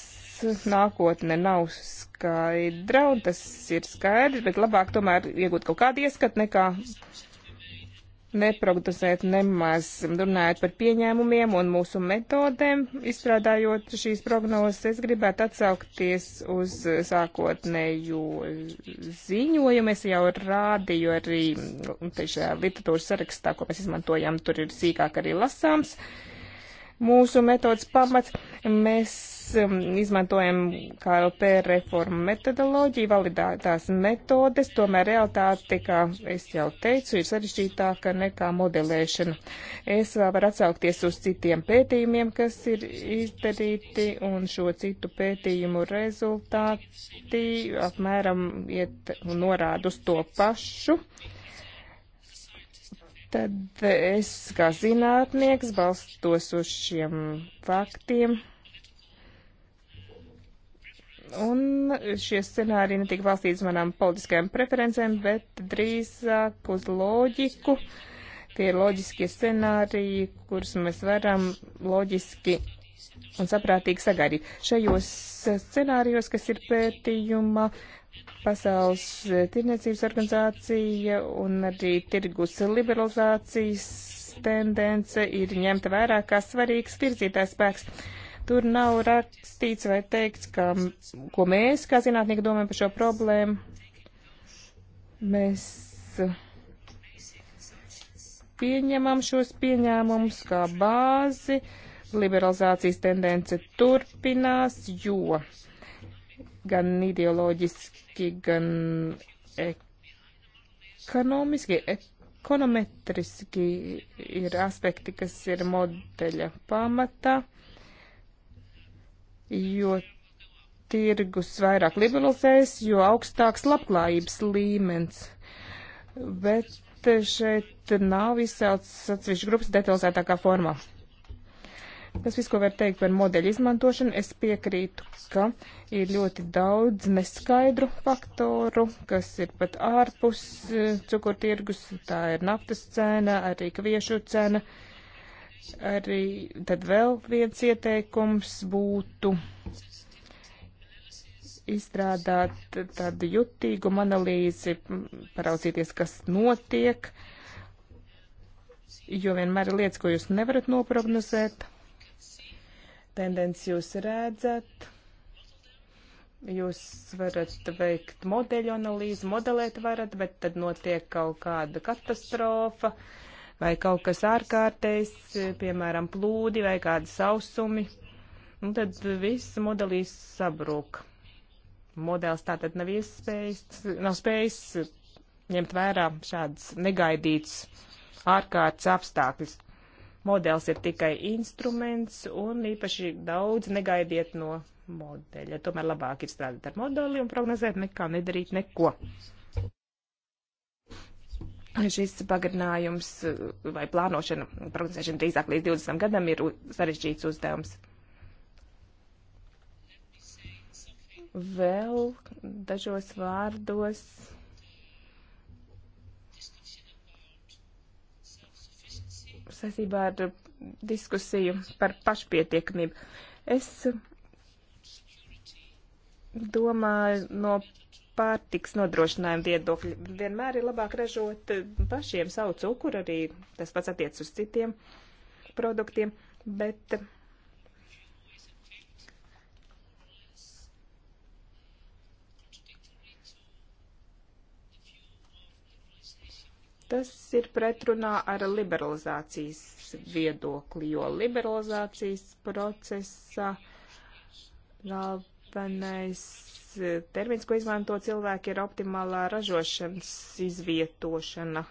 nākotne nav skaidra, un tas ir skaidrs, bet labāk tomēr iegūt kaut kādu ieskatu nekā neprognozēt nemaz. Runājot par pieņēmumiem un mūsu metodēm, izstrādājot šīs prognozes, es gribētu atsaukties uz sākotnēju ziņojumu. Es jau rādīju arī nu, šajā literatūras sarakstā, ko mēs izmantojam, tur ir sīkāk arī lasāms. Uh, mūsu metodas pamats. Mēs um, izmantojam KLP reformu metodoloģiju, validētās metodes, tomēr realitāte, kā es jau teicu, ir sarežģītāka nekā modelēšana. Es vēl varu atsaukties uz citiem pētījumiem, kas ir izdarīti, un šo citu pētījumu rezultāti apmēram iet norāda uz to pašu. Tad es kā zinātnieks balstos uz šiem faktiem. Un šie scenāriji netika balstīti uz manām politiskajām preferencēm, bet drīzāk uz loģiku. Tie ir loģiskie scenāriji, kurus mēs varam loģiski un saprātīgi sagaidīt. Šajos scenārijos, kas ir pētījuma Pasaules eh, tirniecības organizācija un arī tirgus liberalizācijas tendence ir ņemta vērā kā svarīgs virzītājs spēks. Tur nav rakstīts vai teikts, ka, ko mēs, kā zinātnieki, domājam par šo problēmu. Mēs eh, pieņemam šos pieņēmumus kā bāzi, liberalizācijas tendence turpinās, jo gan ideoloģiski, gan ekonomiski, ekonometriski ir aspekti, kas ir modeļa pamatā, jo tirgus vairāk liberalizēs, jo augstāks labklājības līmenis. Bet šeit nav izcelts atsevišķi grupas detalizētākā formā. Tas viss, ko var teikt par modeļu izmantošanu, es piekrītu, ka ir ļoti daudz neskaidru faktoru, kas ir pat ārpus e, cukurtirgus. Tā ir naftas cena, arī kviešu cena. Arī tad vēl viens ieteikums būtu izstrādāt tādu jutīgumu analīzi, paraudzīties, kas notiek, jo vienmēr ir lietas, ko jūs nevarat noprognozēt tendenci jūs redzat. Jūs varat veikt modeļu analīzi, modelēt varat, bet tad notiek kaut kāda katastrofa vai kaut kas ārkārtējs, piemēram, plūdi vai kādi sausumi. Un tad viss modelīs sabrūk. Modelis tātad nav iespējas, nav spējis ņemt vērā šādas negaidītas ārkārtas apstākļus. Modelis ir tikai instruments un īpaši daudz negaidiet no modeļa. Tomēr labāk ir strādāt ar modeli un prognozēt nekā nedarīt neko. Šis pagarinājums vai plānošana, prognozēšana drīzāk līdz 20 gadam ir sarežģīts uzdevums. Vēl dažos vārdos saistībā ar diskusiju par pašpietiekamību. Es domāju no pārtiks nodrošinājuma viedokļa. Vienmēr ir labāk ražot pašiem savu cukuru, arī tas pats attiec uz citiem produktiem, bet Tas ir pretrunā ar liberalizācijas viedokli, jo liberalizācijas procesa galvenais eh, termins, ko izmanto cilvēki, ir optimālā ražošanas izvietošana.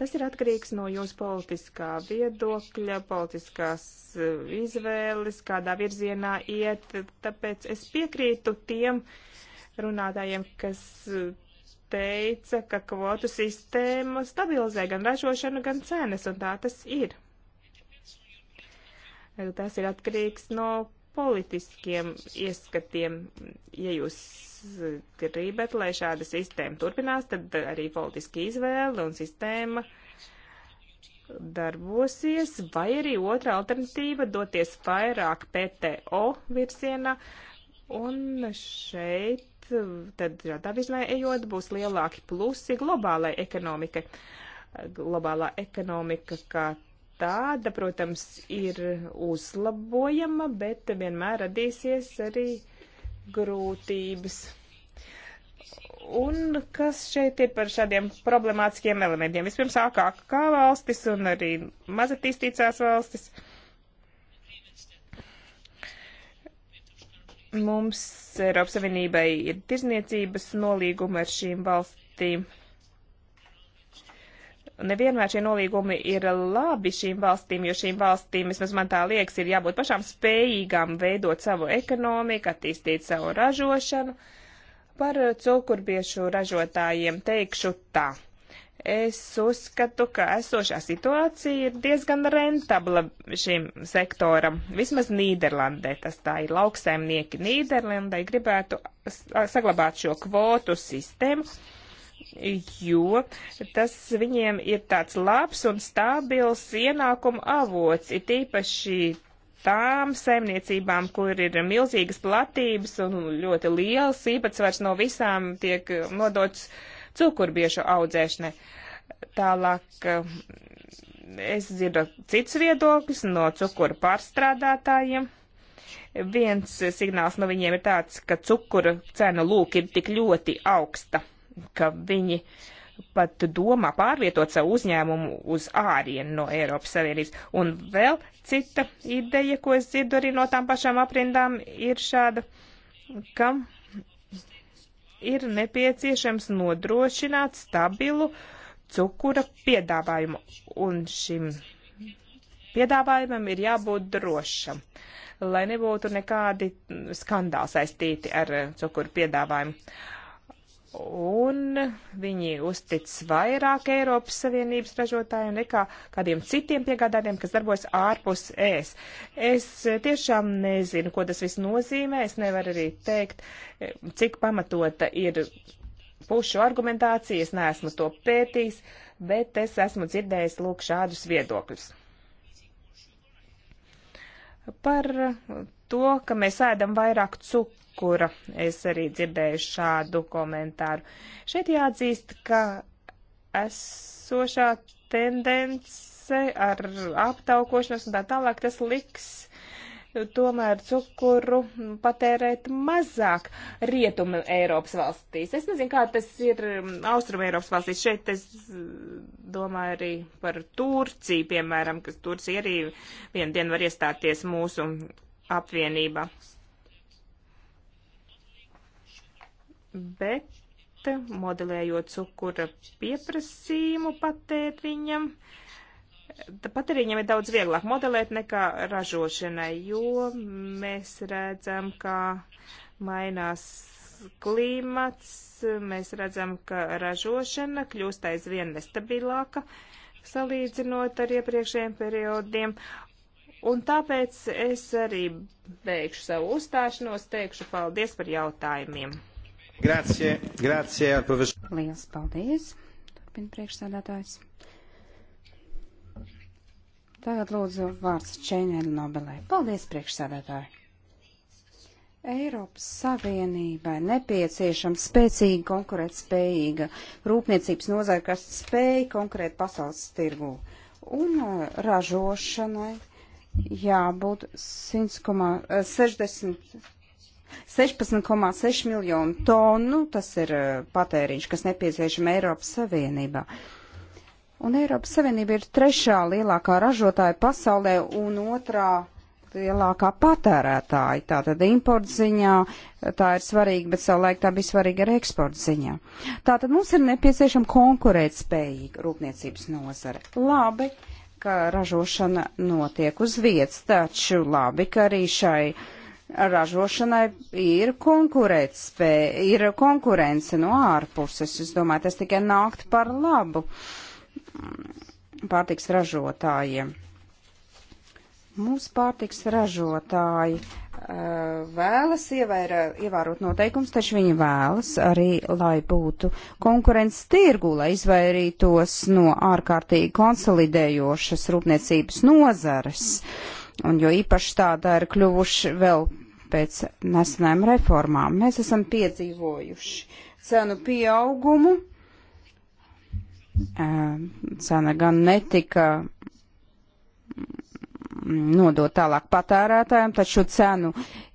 Tas ir atkarīgs no jūsu politiskā viedokļa, politiskās eh, izvēles, kādā virzienā iet. Tāpēc es piekrītu tiem runātājiem, kas eh, teica, ka kvotu sistēma stabilizē gan ražošanu, gan cenas, un tā tas ir. Tas ir atkarīgs no politiskiem ieskatiem. Ja jūs gribat, lai šāda sistēma turpinās, tad arī politiski izvēle un sistēma darbosies, vai arī otra alternatīva doties vairāk PTO virsienā, Un šeit tad šādā virzienā ejot būs lielāki plusi globālai ekonomikai. Globālā ekonomika kā tāda, protams, ir uzlabojama, bet vienmēr radīsies arī grūtības. Un kas šeit ir par šādiem problemātiskiem elementiem? Vispirms AKK valstis un arī mazatīstīcās valstis. Uh, Mums Eiropas Savienībai ir tirzniecības nolīgumi ar šīm valstīm. Nevienmēr šie nolīgumi ir labi šīm valstīm, jo šīm valstīm, vismaz man tā liekas, ir jābūt pašām spējīgām veidot savu ekonomiku, attīstīt savu ražošanu. Par cukurbiešu ražotājiem teikšu tā Es uzskatu, ka esošā situācija ir diezgan rentabla šim sektoram. Vismaz Nīderlandē tas tā ir. Lauksaimnieki Nīderlandē gribētu saglabāt šo kvotu sistēmu jo tas viņiem ir tāds labs un stabils ienākuma avots, it īpaši tām saimniecībām, kur ir milzīgas platības un ļoti liels īpatsvars no visām tiek nodots uh, cukurbiešu audzēšanai. Tālāk eh, es dzirdu cits viedoklis no cukuru pārstrādātājiem. Viens signāls no viņiem ir tāds, ka cukura cena lūk ir tik ļoti augsta, ka viņi pat domā pārvietot savu uzņēmumu uz ārienu no Eiropas Savienības. Un vēl cita ideja, ko es dzirdu arī no tām pašām aprindām, ir šāda, ka ir nepieciešams nodrošināt stabilu cukura piedāvājumu, un šim piedāvājumam ir jābūt drošam, lai nebūtu nekādi skandāli saistīti ar cukuru piedāvājumu un viņi uztic vairāk Eiropas Savienības ražotājiem nekā kādiem citiem piegādātiem, kas darbojas ārpus ēs. Es tiešām nezinu, ko tas viss nozīmē. Es nevaru arī teikt, cik pamatota ir pušu argumentācija. Es neesmu to pētījis, bet es esmu dzirdējis lūk šādus viedokļus. Par to, ka mēs ēdam vairāk cukura. Es arī dzirdēju šādu komentāru. Šeit jāatzīst, ka esošā tendence ar aptaukošanos un tā tālāk tas liks tomēr cukuru patērēt mazāk rietumu Eiropas valstīs. Es nezinu, kā tas ir mm, austrumu Eiropas valstīs. Šeit es mm, domāju arī par Turciju, piemēram, kas Turcija arī vienu dienu var iestāties mūsu apvienība. Bet modelējot cukura pieprasījumu patēriņam, patēriņam ir daudz vieglāk modelēt nekā ražošanai, jo mēs redzam, kā mainās klimats, mēs redzam, ka ražošana kļūst aizvien nestabilāka salīdzinot ar iepriekšējiem periodiem, Un tāpēc es arī beigšu savu uzstāšanos, teikšu paldies par jautājumiem. Grācie, grācie, profesor. Liels paldies, turpina priekšsādātājs. Tagad lūdzu vārds Čēnēna Nobelē. Paldies, priekšsādātāji. Eiropas Savienībai nepieciešama spēcīga, konkurētspējīga rūpniecības nozara, kas spēj konkurēt pasaules tirgū un uh, ražošanai jābūt 16,6 eh, miljonu tonu, tas ir eh, patēriņš, kas nepieciešama Eiropas Savienībā. Un Eiropas Savienība ir trešā lielākā ražotāja pasaulē un otrā lielākā patērētāja. Tātad importa ziņā eh, tā ir svarīga, bet savulaik tā bija svarīga arī eksporta ziņā. Tātad mums ir nepieciešama konkurētspējīga rūpniecības nozare. Labi, ka ražošana notiek uz vietas, taču labi, ka arī šai ražošanai ir konkurētspēja, ir konkurence no ārpuses. Es domāju, tas tikai nākt par labu pārtiks ražotājiem. Mūsu pārtiks ražotāji eh, vēlas ievēra, ievērot noteikums, taču viņi vēlas arī, lai būtu konkurences tirgu, lai izvairītos no ārkārtīgi konsolidējošas rūpniecības nozares. Un jo īpaši tādā ir kļuvuši vēl pēc nesenēm reformām. Mēs esam piedzīvojuši cenu pieaugumu. Eh, cena gan netika nodot tālāk patērētājiem, taču cenu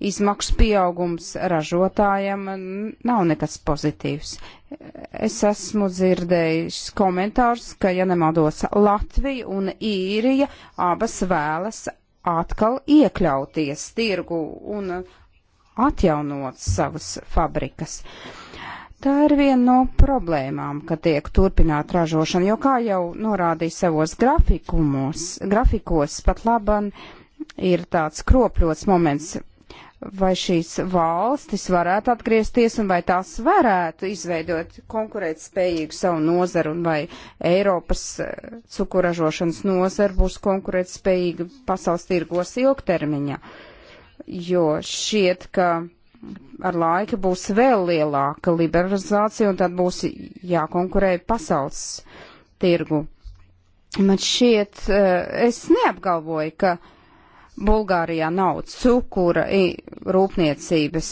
izmaksu pieaugums ražotājiem nav nekas pozitīvs. Es esmu dzirdējis komentārus, ka, ja nemaldos, Latvija un Īrija abas vēlas atkal iekļauties tirgu un atjaunot savas fabrikas. Uh, Tā ir viena no problēmām, ka tiek turpināta ražošana, jo kā jau norādīja savos grafikumos, grafikos, pat laban ir tāds kropļots moments, vai šīs valstis varētu atgriezties un vai tās varētu izveidot konkurēt spējīgu savu nozaru un vai Eiropas eh, cukuražošanas nozara būs konkurēt spējīga pasaules tirgos ilgtermiņā. Jo šķiet, ka ar laiku būs vēl lielāka liberalizācija un tad būs jākonkurē pasaules tirgu. Man šķiet, eh, es neapgalvoju, ka Bulgārijā nav cukura rūpniecības.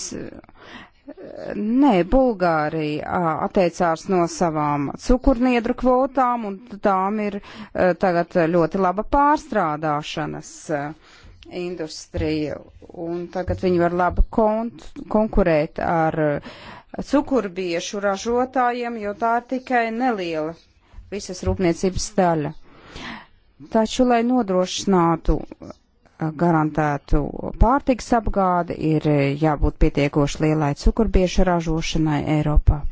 Nē, Bulgārija atteicās no savām cukurniedru kvotām, un tām ir eh, tagad ļoti laba pārstrādāšanas uh, industrija, un tagad viņi var labi konkurēt ar uh, cukurbiešu ražotājiem, jo tā ir tikai neliela visas rūpniecības daļa. Taču, lai nodrošinātu uh, garantētu pārtiks apgādi, ir uh, jābūt pietiekoši lielai cukurbiešu ražošanai Eiropā.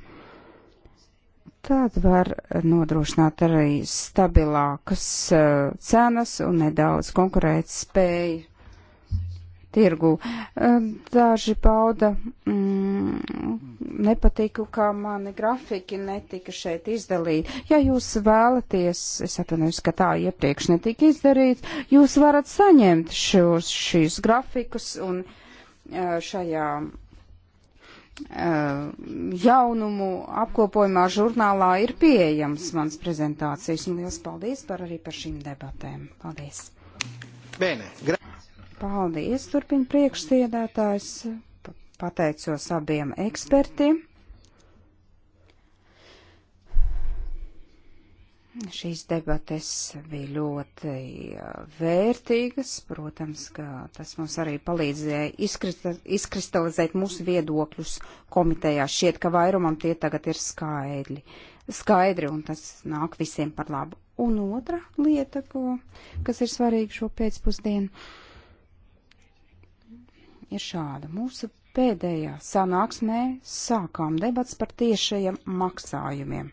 Tad var nodrošināt arī stabilākas uh, cenas un nedaudz konkurēt spēju tirgu. Eh, daži pauda mm, nepatīku, kā mani grafiki netika šeit izdalīti. Ja jūs vēlaties, es atvainojos, ka tā iepriekš netika izdarīts, jūs varat saņemt šos, šīs grafikus un eh, šajā Eh, jaunumu apkopojumā žurnālā ir pieejams mans prezentācijas. Un liels paldies par arī par šīm debatēm. Paldies. Bene. Paldies, turpina priekšsēdētājs. Pateicos abiem ekspertiem. Šīs debates bija ļoti vērtīgas, protams, ka tas mums arī palīdzēja izkrista, izkristalizēt mūsu viedokļus komitejā. Šķiet, ka vairumam tie tagad ir skaidri, skaidri un tas nāk visiem par labu. Un otra lieta, ko, kas ir svarīga šo pēcpusdienu, ir šāda. Mūsu pēdējā sanāksmē sākām debats par tiešajiem maksājumiem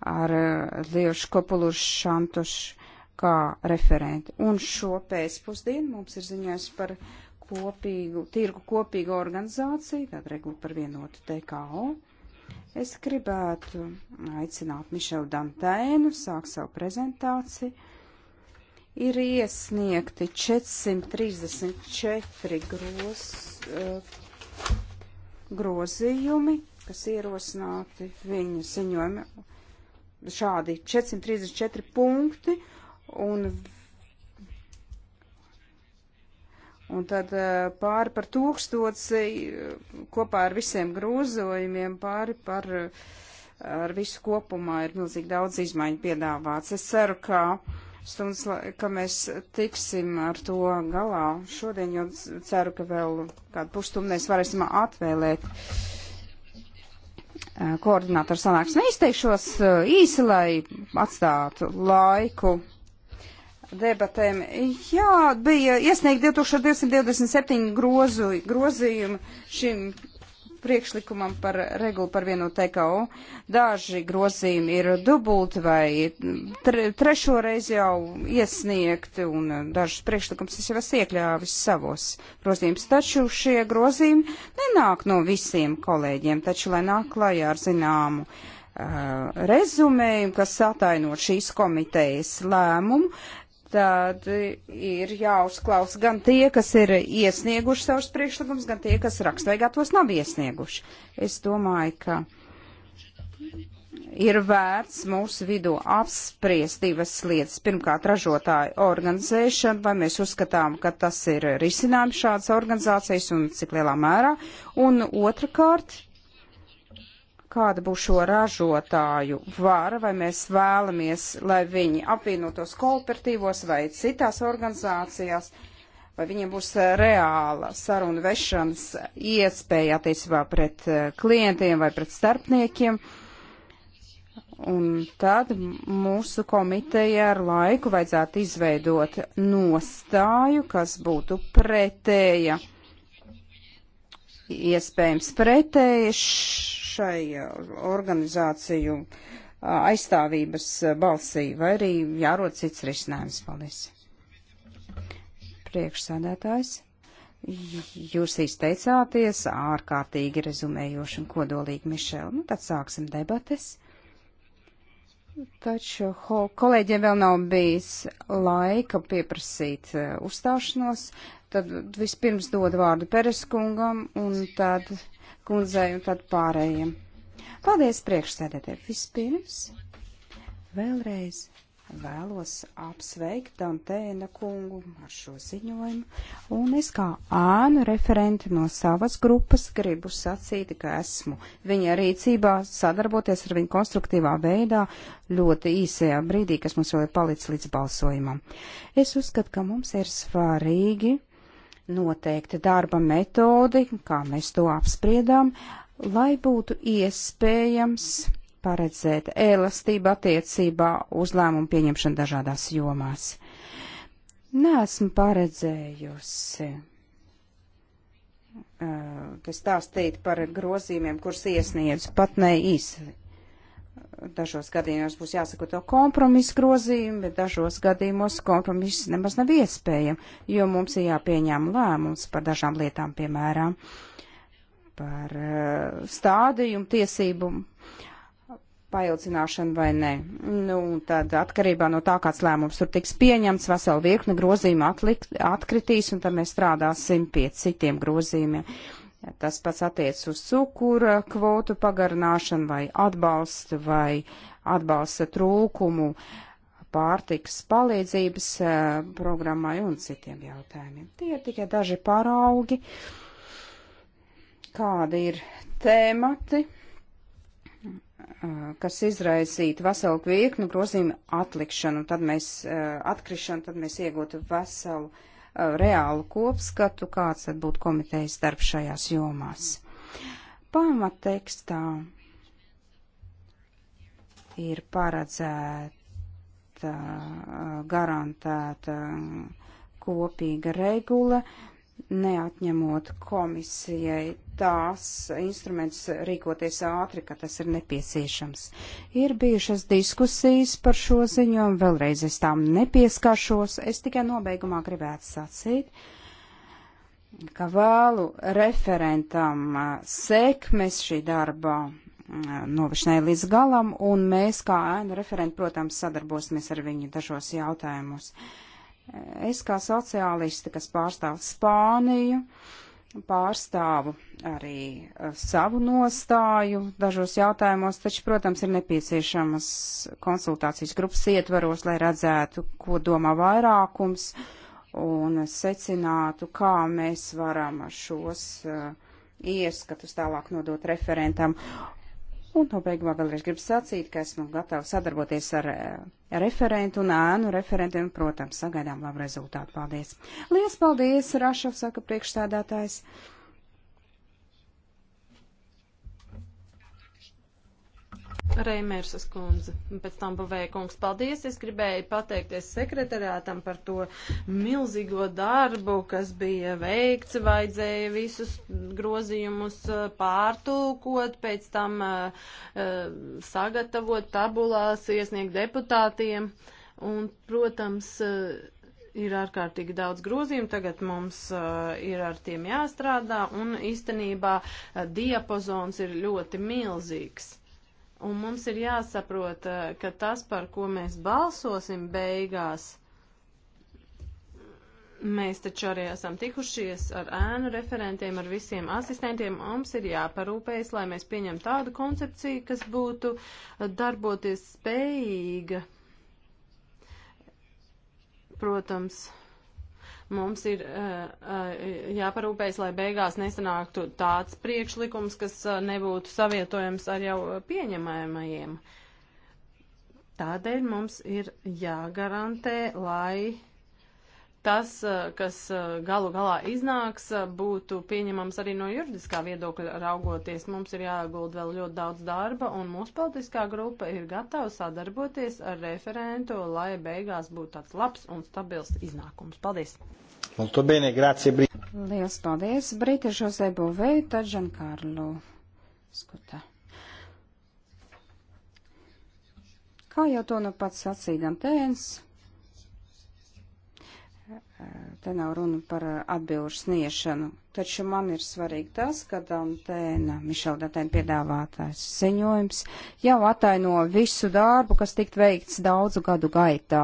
ar eh, Liešu Kopulus Šantušu kā referenti. Un šo pēcpusdienu mums ir ziņās par kopīgu, tirgu kopīgu organizāciju, tāda regula par vienotu TKO. Es gribētu aicināt Mišelu Dantēnu, sāk savu prezentāciju. Ir iesniegti 434 groz, eh, grozījumi, kas ierosināti viņa ziņojumi šādi 434 punkti un Un tad eh, pāri par tūkstots eh, kopā ar visiem grūzojumiem, pāri par eh, ar visu kopumā ir milzīgi daudz izmaiņu piedāvāts. Es ceru, ka, stundas, ka mēs tiksim ar to galā šodien, jo ceru, ka vēl kādu pusstundu mēs varēsim atvēlēt. Uh, Eh, koordinātoru sanāksmē. Izteikšos eh, īsi, lai atstātu laiku debatēm. Jā, bija iesniegt 2227 grozu, grozījumi šim priekšlikumam par regulu par vienotu EKO. Daži grozījumi ir dubulti vai tre, trešo reizi jau iesniegti, un dažus priekšlikumus es jau esmu iekļāvis savos grozījumus. Taču šie grozījumi nenāk no visiem kolēģiem, taču lai nāk klajā ar zināmu uh, rezumējumu, kas atainot šīs komitejas lēmumu, tad ir jāuzklaus gan tie, kas ir iesnieguši savus priekšlikumus, gan tie, kas rakstveigā tos nav iesnieguši. Es domāju, ka ir vērts mūsu vidū apspriest divas lietas. Pirmkārt, ražotāju organizēšana, vai mēs uzskatām, ka tas ir risinājums šādas organizācijas un cik lielā mērā. Un otrkārt, kāda būs šo ražotāju vara, vai mēs vēlamies, lai viņi apvienotos kooperatīvos vai citās organizācijās, vai viņiem būs eh, reāla saruna vešanas iespēja attiecībā pret eh, klientiem vai pret starpniekiem. Un tad mūsu komiteja ar laiku vajadzētu izveidot nostāju, kas būtu pretēja, iespējams pretēja šai uh, organizāciju uh, aizstāvības uh, balsī, vai arī jārod cits risinājums. Paldies. Priekšsādētājs. Jūs izteicāties ārkārtīgi rezumējoši un kodolīgi, Mišel. Nu, tad sāksim debates. Taču ho, kolēģiem vēl nav bijis laika pieprasīt uh, uzstāšanos. Tad vispirms dod vārdu Pereskungam un tad kundzei un tad pārējiem. Paldies priekšsēdētē. Vispirms vēlreiz vēlos apsveikt Dantēna kungu ar šo ziņojumu, un es kā ānu referenti no savas grupas gribu sacīt, ka esmu viņa rīcībā sadarboties ar viņu konstruktīvā veidā ļoti īsajā brīdī, kas mums vēl ir palicis līdz balsojumam. Es uzskatu, ka mums ir svarīgi noteikti darba metodi, kā mēs to apspriedām, lai būtu iespējams paredzēt elastību attiecībā uz lēmumu pieņemšanu dažādās jomās. Nesmu paredzējusi. Kas eh, stāstīt par grozījumiem, kurus iesniedz pat ne īsi Dažos gadījumos būs jāsaka to kompromisu grozījumu, bet dažos gadījumos kompromiss nemaz nav iespējams, jo mums ir jāpieņem lēmums par dažām lietām, piemēram, par eh, stādījumu tiesību paildzināšanu vai nē. Nu, tad atkarībā no tā, kāds lēmums tur tiks pieņemts, vesela virkne grozījumu atlikt, atkritīs, un tad mēs strādāsim pie citiem grozījumiem Tas pats attiec uz cukura kvotu pagarināšanu vai atbalstu vai atbalsta trūkumu pārtiks palīdzības e, programmai un citiem jautājumiem. Tie ir tikai daži paraugi, kādi ir tēmati e, kas izraisītu veselu virkni grozījumu atlikšanu, tad mēs e, atkrišanu, tad mēs iegūtu veselu reālu kopskatu, kāds tad būtu komitejas darbs šajās jomās. Pamatekstā ir paredzēta, garantēta kopīga regula, uh, neatņemot komisijai tās instruments rīkoties ātri, ka tas ir nepieciešams. Ir bijušas diskusijas par šo ziņojumu, vēlreiz es tām nepieskaršos, es tikai nobeigumā gribētu sacīt, ka vēlu referentam sekmes šī darba novišanai līdz galam, un mēs kā ēnu referenti, protams, sadarbosimies ar viņu dažos jautājumus. Uh, Es kā sociālisti, kas pārstāv Spāniju, pārstāvu arī eh, savu nostāju dažos jautājumos, taču, protams, ir nepieciešamas konsultācijas grupas ietvaros, lai redzētu, ko domā vairākums un secinātu, kā mēs varam šos uh, ieskatus tālāk nodot referentam. Un nobeigumā vēlreiz gribu sacīt, ka esmu gatava sadarboties ar, ar eh, referentu un ēnu referentiem, protams, sagaidām labu rezultātu. Paldies! Lielas paldies, Rašov, saka priekšstādātājs! Reimērsas kundze, pēc tam pavēja kungs, paldies. Es gribēju pateikties sekretariātam par to milzīgo darbu, kas bija veikts, vajadzēja visus grozījumus uh, pārtulkot, pēc tam uh, uh, sagatavot tabulās, iesniegt deputātiem. Un, protams, uh, ir ārkārtīgi daudz grozījumu, tagad mums uh, ir ar tiem jāstrādā, un īstenībā uh, diapazons ir ļoti milzīgs. Un mums ir jāsaprot, eh, ka tas, par ko mēs balsosim beigās, mēs taču arī esam tikušies ar ēnu referentiem, ar visiem asistentiem. Mums ir jāparūpējas, lai mēs pieņem tādu koncepciju, kas būtu eh, darboties spējīga. Protams, Mums ir eh, eh, jāparūpējas, lai beigās nesanāktu tāds priekšlikums, kas eh, nebūtu savietojams ar jau pieņemamajiem. Tādēļ mums ir jāgarantē, lai tas, eh, kas eh, galu galā iznāks, eh, būtu pieņemams arī no juridiskā viedokļa raugoties. Mums ir jāieguld vēl ļoti daudz darba, un mūsu politiskā grupa ir gatava sadarboties ar referentu, lai beigās būtu tāds labs un stabils iznākums. Paldies! Molto bene, grazie, Brita. Lielas paldies, Brita Žozē Bovei, tad Žankārlu Skuta. Kā jau to nu pats sacīdam tēns? Te nav runa par atbilžu sniešanu, taču man ir svarīgi tas, ka Dantēna, Mišela Dantēna piedāvātais ziņojums jau ataino visu darbu, kas tikt veikts daudzu gadu gaitā.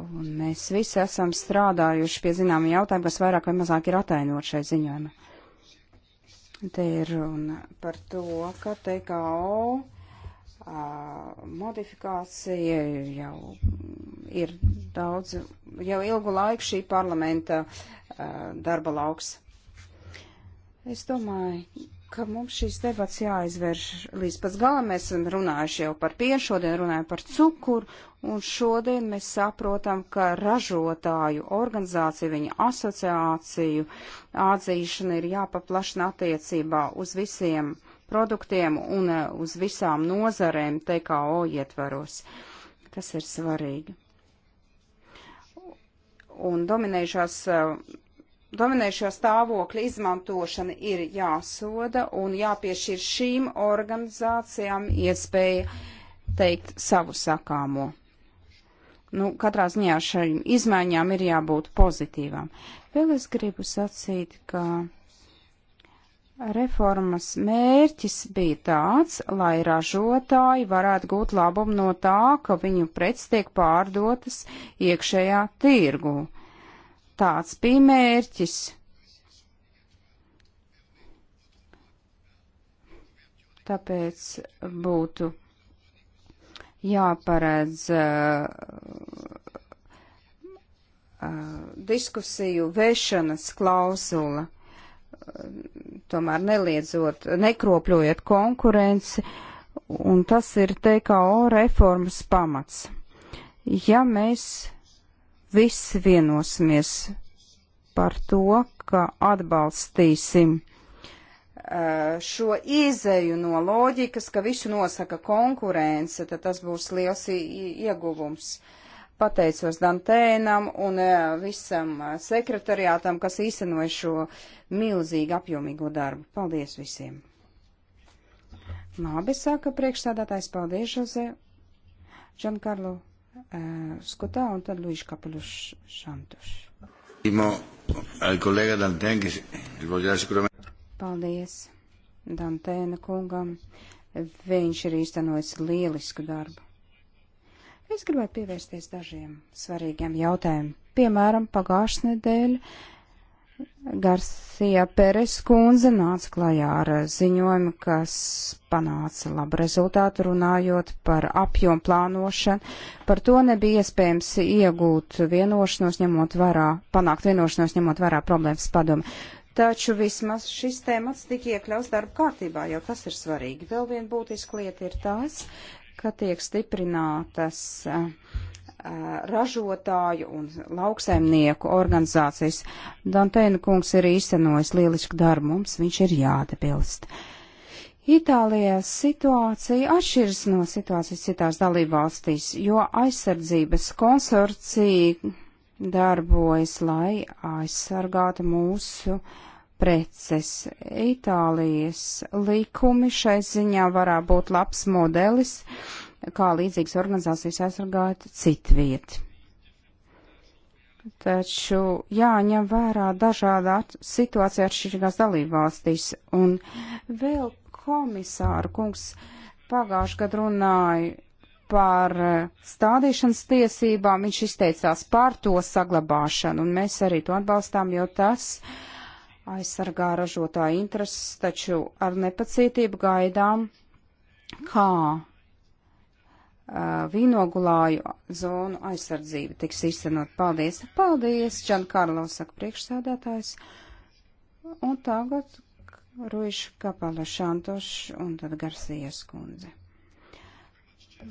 Un mēs visi esam strādājuši pie zināma jautājuma, kas vairāk vai mazāk ir atainot šai ziņojumā. Te ir runa par to, ka TKO modifikācija jau ir daudz, jau ilgu laiku šī parlamenta darba lauks. Es domāju, ka mums šīs debats jāizvērš līdz pēc galam. Mēs esam runājuši jau par pienu, šodien runājam par cukuru, un šodien mēs saprotam, ka ražotāju organizāciju, viņa asociāciju atzīšana ir jāpaplašina attiecībā uz visiem produktiem un e, uz visām nozarēm TKO ietvaros. Tas ir svarīgi. Un dominējušās, e, dominējušā stāvokļa izmantošana ir jāsoda un jāpiešķir šīm organizācijām iespēja teikt savu sakāmo. Nu, katrā ziņā šīm izmaiņām ir jābūt pozitīvām. Vēl es gribu sacīt, ka Reformas mērķis bija tāds, lai ražotāji varētu gūt labumu no tā, ka viņu preces tiek pārdotas iekšējā tirgu. Tāds bija mērķis. Tāpēc būtu jāparedz uh, uh, diskusiju vešanas klauzula tomēr neliedzot, nekropļojot konkurenci, un tas ir TKO reformas pamats. Ja mēs visi vienosimies par to, ka atbalstīsim eh, šo izēju no loģikas, ka visu nosaka konkurence, tad tas būs liels ieguvums. Uh, pateicos Dantēnam un e, visam e, sekretariātam, kas īstenoja šo milzīgu apjomīgo darbu. Paldies visiem! Labi, saka priekšstādātājs, paldies, Žoze, Žankarlo uh, e, Skutā un tad Luīš Kapeluš Šantuš. Paldies Dantēna kungam. Viņš ir īstenojis lielisku darbu. Es gribētu pievērsties dažiem svarīgiem jautājumiem. Piemēram, pagājušas nedēļa Garcia Peres kundze nāca klajā ar ziņojumu, kas panāca labu rezultātu runājot par apjomu plānošanu. Par to nebija iespējams iegūt vienošanos, ņemot vērā, panākt vienošanos, ņemot vērā problēmas padomu. Taču vismaz šis temats tika iekļauts darba kārtībā, jo tas ir svarīgi. Vēl viena būtiska lieta ir tās, ka tiek stiprinātas ražotāju un lauksaimnieku organizācijas. Dantēna kungs ir īstenojis lielisku darbu, mums viņš ir jāatbilst. Itālijā situācija atšķiras no situācijas citās dalībvalstīs, jo aizsardzības konsorcija darbojas, lai aizsargātu mūsu uh, preces. Itālijas likumi šai ziņā varētu būt labs modelis, kā līdzīgas organizācijas aizsargātu citvieti. Taču jāņem vērā dažādā situācija atšķirīgās dalībvalstīs. Un vēl komisāra kungs pagājuši gadu runāja par eh, stādīšanas tiesībām, viņš izteicās par to saglabāšanu, un mēs arī to atbalstām, jo tas uh, aizsargā ražotāju intereses, taču ar nepacietību gaidām, kā vīnogulāju zonu aizsardzība tiks izcenot. Paldies! Paldies, Čan Karlo, saka priekšsēdētājs. Un tagad Ruiša Kapala Šantoš un tad Garcijas kundze.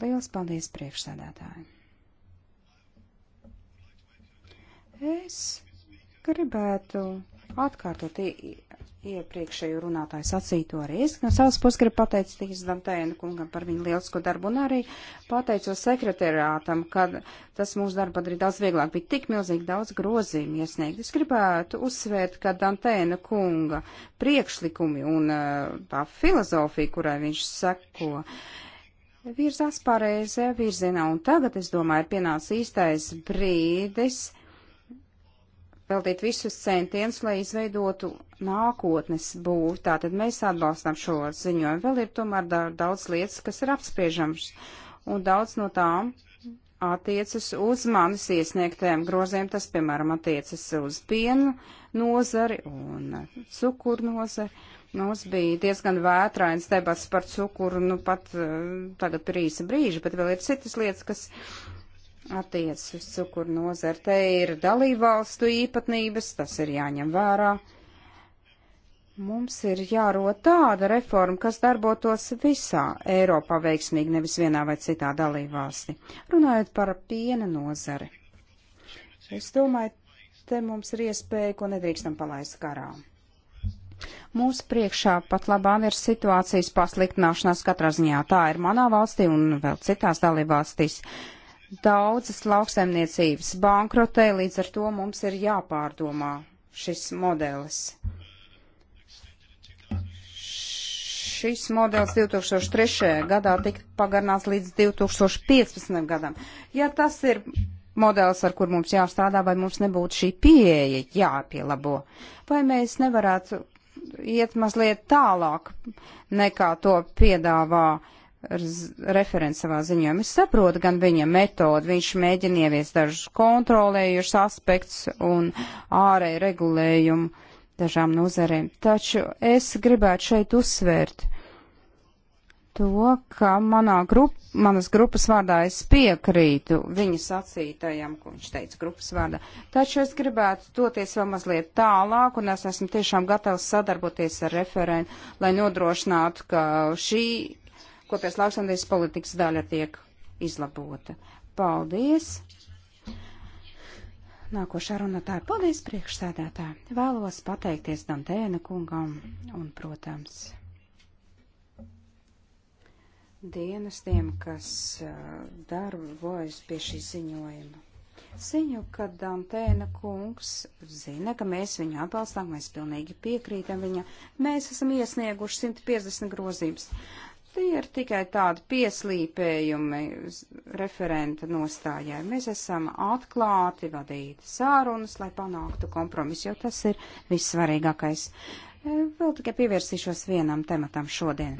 Liels paldies priekšsēdētāji! Es gribētu Atkārtot iepriekšēju runātāju sacīto arī es, no savas puses gribu pateicties Dantēna kungam par viņu lielisko darbu un arī pateicos sekretariātam, ka tas mūsu darbu padarīja daudz vieglāk, bija tik milzīgi daudz grozījumu iesniegt. Es gribētu uzsvērt, ka Dantēna kunga priekšlikumi un tā filozofija, kurai viņš seko, virzās pareizajā virzienā, un tagad, es domāju, ir pienācis īstais brīdis veltīt visus centienus, lai izveidotu nākotnes būvu. Tātad mēs atbalstām šo ziņojumu. Vēl ir tomēr daudz lietas, kas ir apspriežams, un daudz no tām attiecas uz manis iesniegtēm grozēm. Tas, piemēram, attiecas uz pienu nozari un cukuru nozari. Nu, mums bija diezgan vētrains debats par cukuru, nu pat eh, tagad par īsa brīža, bet vēl ir citas lietas, kas attiecas uz cukuru nozaru. Te ir dalībvalstu īpatnības, tas ir jāņem vērā. Mums ir jāro tāda reforma, kas darbotos visā Eiropā veiksmīgi, nevis vienā vai citā dalībvalsti. Runājot par piena nozari. Es domāju, te mums ir iespēja, ko nedrīkstam palaist garā. Mūsu priekšā pat labāk ir situācijas pasliktināšanās katrā ziņā. Tā ir manā valstī un vēl citās dalībvalstīs. valstīs Daudzas lauksaimniecības bankrotē, līdz ar to mums ir jāpārdomā šis modelis. šis modelis 2003. gadā tika pagarnāts līdz 2015. gadam. Ja tas ir modelis, ar kur mums jāstrādā, vai mums nebūtu šī pieeja jāpielabo, vai mēs nevarētu iet mazliet tālāk nekā to piedāvā referents savā ziņojumā. Es saprotu gan viņa metodu, viņš mēģina ieviest dažus kontrolējušus aspektus un ārēju regulējumu dažām nozarēm. Taču es gribētu šeit uzsvērt to, ka manā grup, manas grupas vārdā es piekrītu viņa sacītajam, ko viņš teica grupas vārdā. Taču es gribētu doties vēl mazliet tālāk, un es esmu tiešām gatavs sadarboties ar referentu, lai nodrošinātu, ka šī kopies lauksaimniecības politikas daļa tiek izlabota. Paldies! Nākošā runātāja, paldies priekšsēdētā. Vēlos pateikties Dantēna kungam un, protams, dienestiem, kas darbojas pie šī ziņojuma. Ziņu, ka Dantēna kungs zina, ka mēs viņu atbalstām, mēs pilnīgi piekrītam viņa. Mēs esam iesnieguši 150 grozības. Uh, Tie ir tikai tādi pieslīpējumi referenta nostājai. Mēs esam atklāti vadīt sārunas, lai panāktu kompromisu, jo tas ir vissvarīgākais. E, vēl tikai pievērsīšos vienam tematam šodien.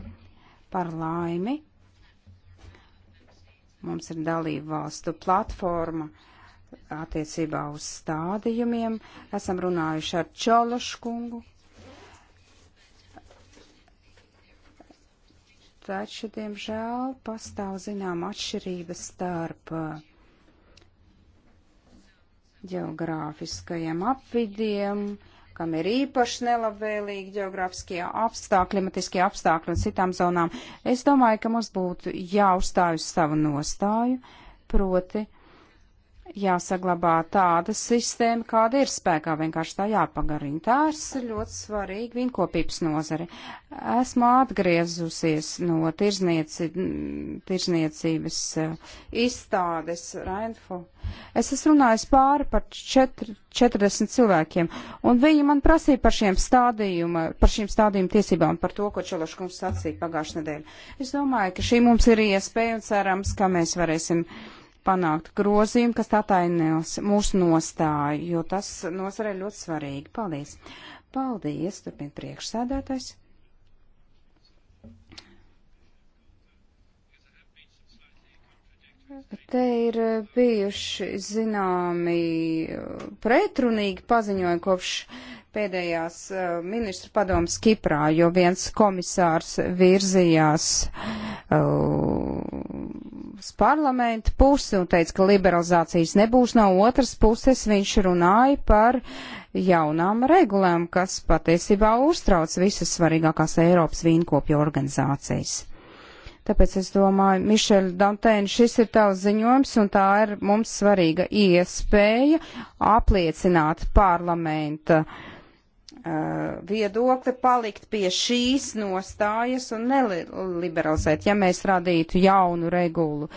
Par laimi. Mums ir dalību valstu platforma attiecībā uz stādījumiem. Esam runājuši ar Čološkungu, taču, diemžēl, pastāv zinām atšķirības starp uh, geogrāfiskajiem apvidiem, kam ir īpaši nelabvēlīgi geogrāfiskie apstākļi, klimatiskie apstākļi un citām zonām. Es domāju, ka mums būtu jāuzstāj uz savu nostāju, proti jāsaglabā tāda sistēma, kāda ir spēkā, vienkārši tā jāpagarina. Tā ir ļoti svarīga vienkopības nozare. Esmu atgriezusies no tirznieci, tirzniecības eh, izstādes Rainfo. Es esmu runājis pāri par četri, 40 cilvēkiem, un viņi man prasīja par šiem stādījuma, par šīm stādījuma tiesībām, par to, ko Čeloškums sacīja pagājušajā nedēļā. Es domāju, ka šī mums ir iespēja un cerams, ka mēs varēsim uh, panākt grozījumu, kas atainos mūsu nostāju, jo tas nosarē ļoti svarīgi. Paldies! Paldies! Turpin priekšsēdētājs. Te ir bijuši zināmi pretrunīgi paziņojumi kopš pēdējās uh, ministru padomas Kiprā, jo viens komisārs virzījās uh, uz parlamentu pusi un teica, ka liberalizācijas nebūs no otras puses. Viņš runāja par jaunām regulēm, kas patiesībā uztrauc visas svarīgākās Eiropas vīnkopju organizācijas. Tāpēc es domāju, Mišeļ Dantēn, šis ir tavs ziņojums un tā ir mums svarīga iespēja apliecināt parlamenta uh, Uh, viedokli palikt pie šīs nostājas un neliberalizēt. Ja mēs radītu jaunu regulu,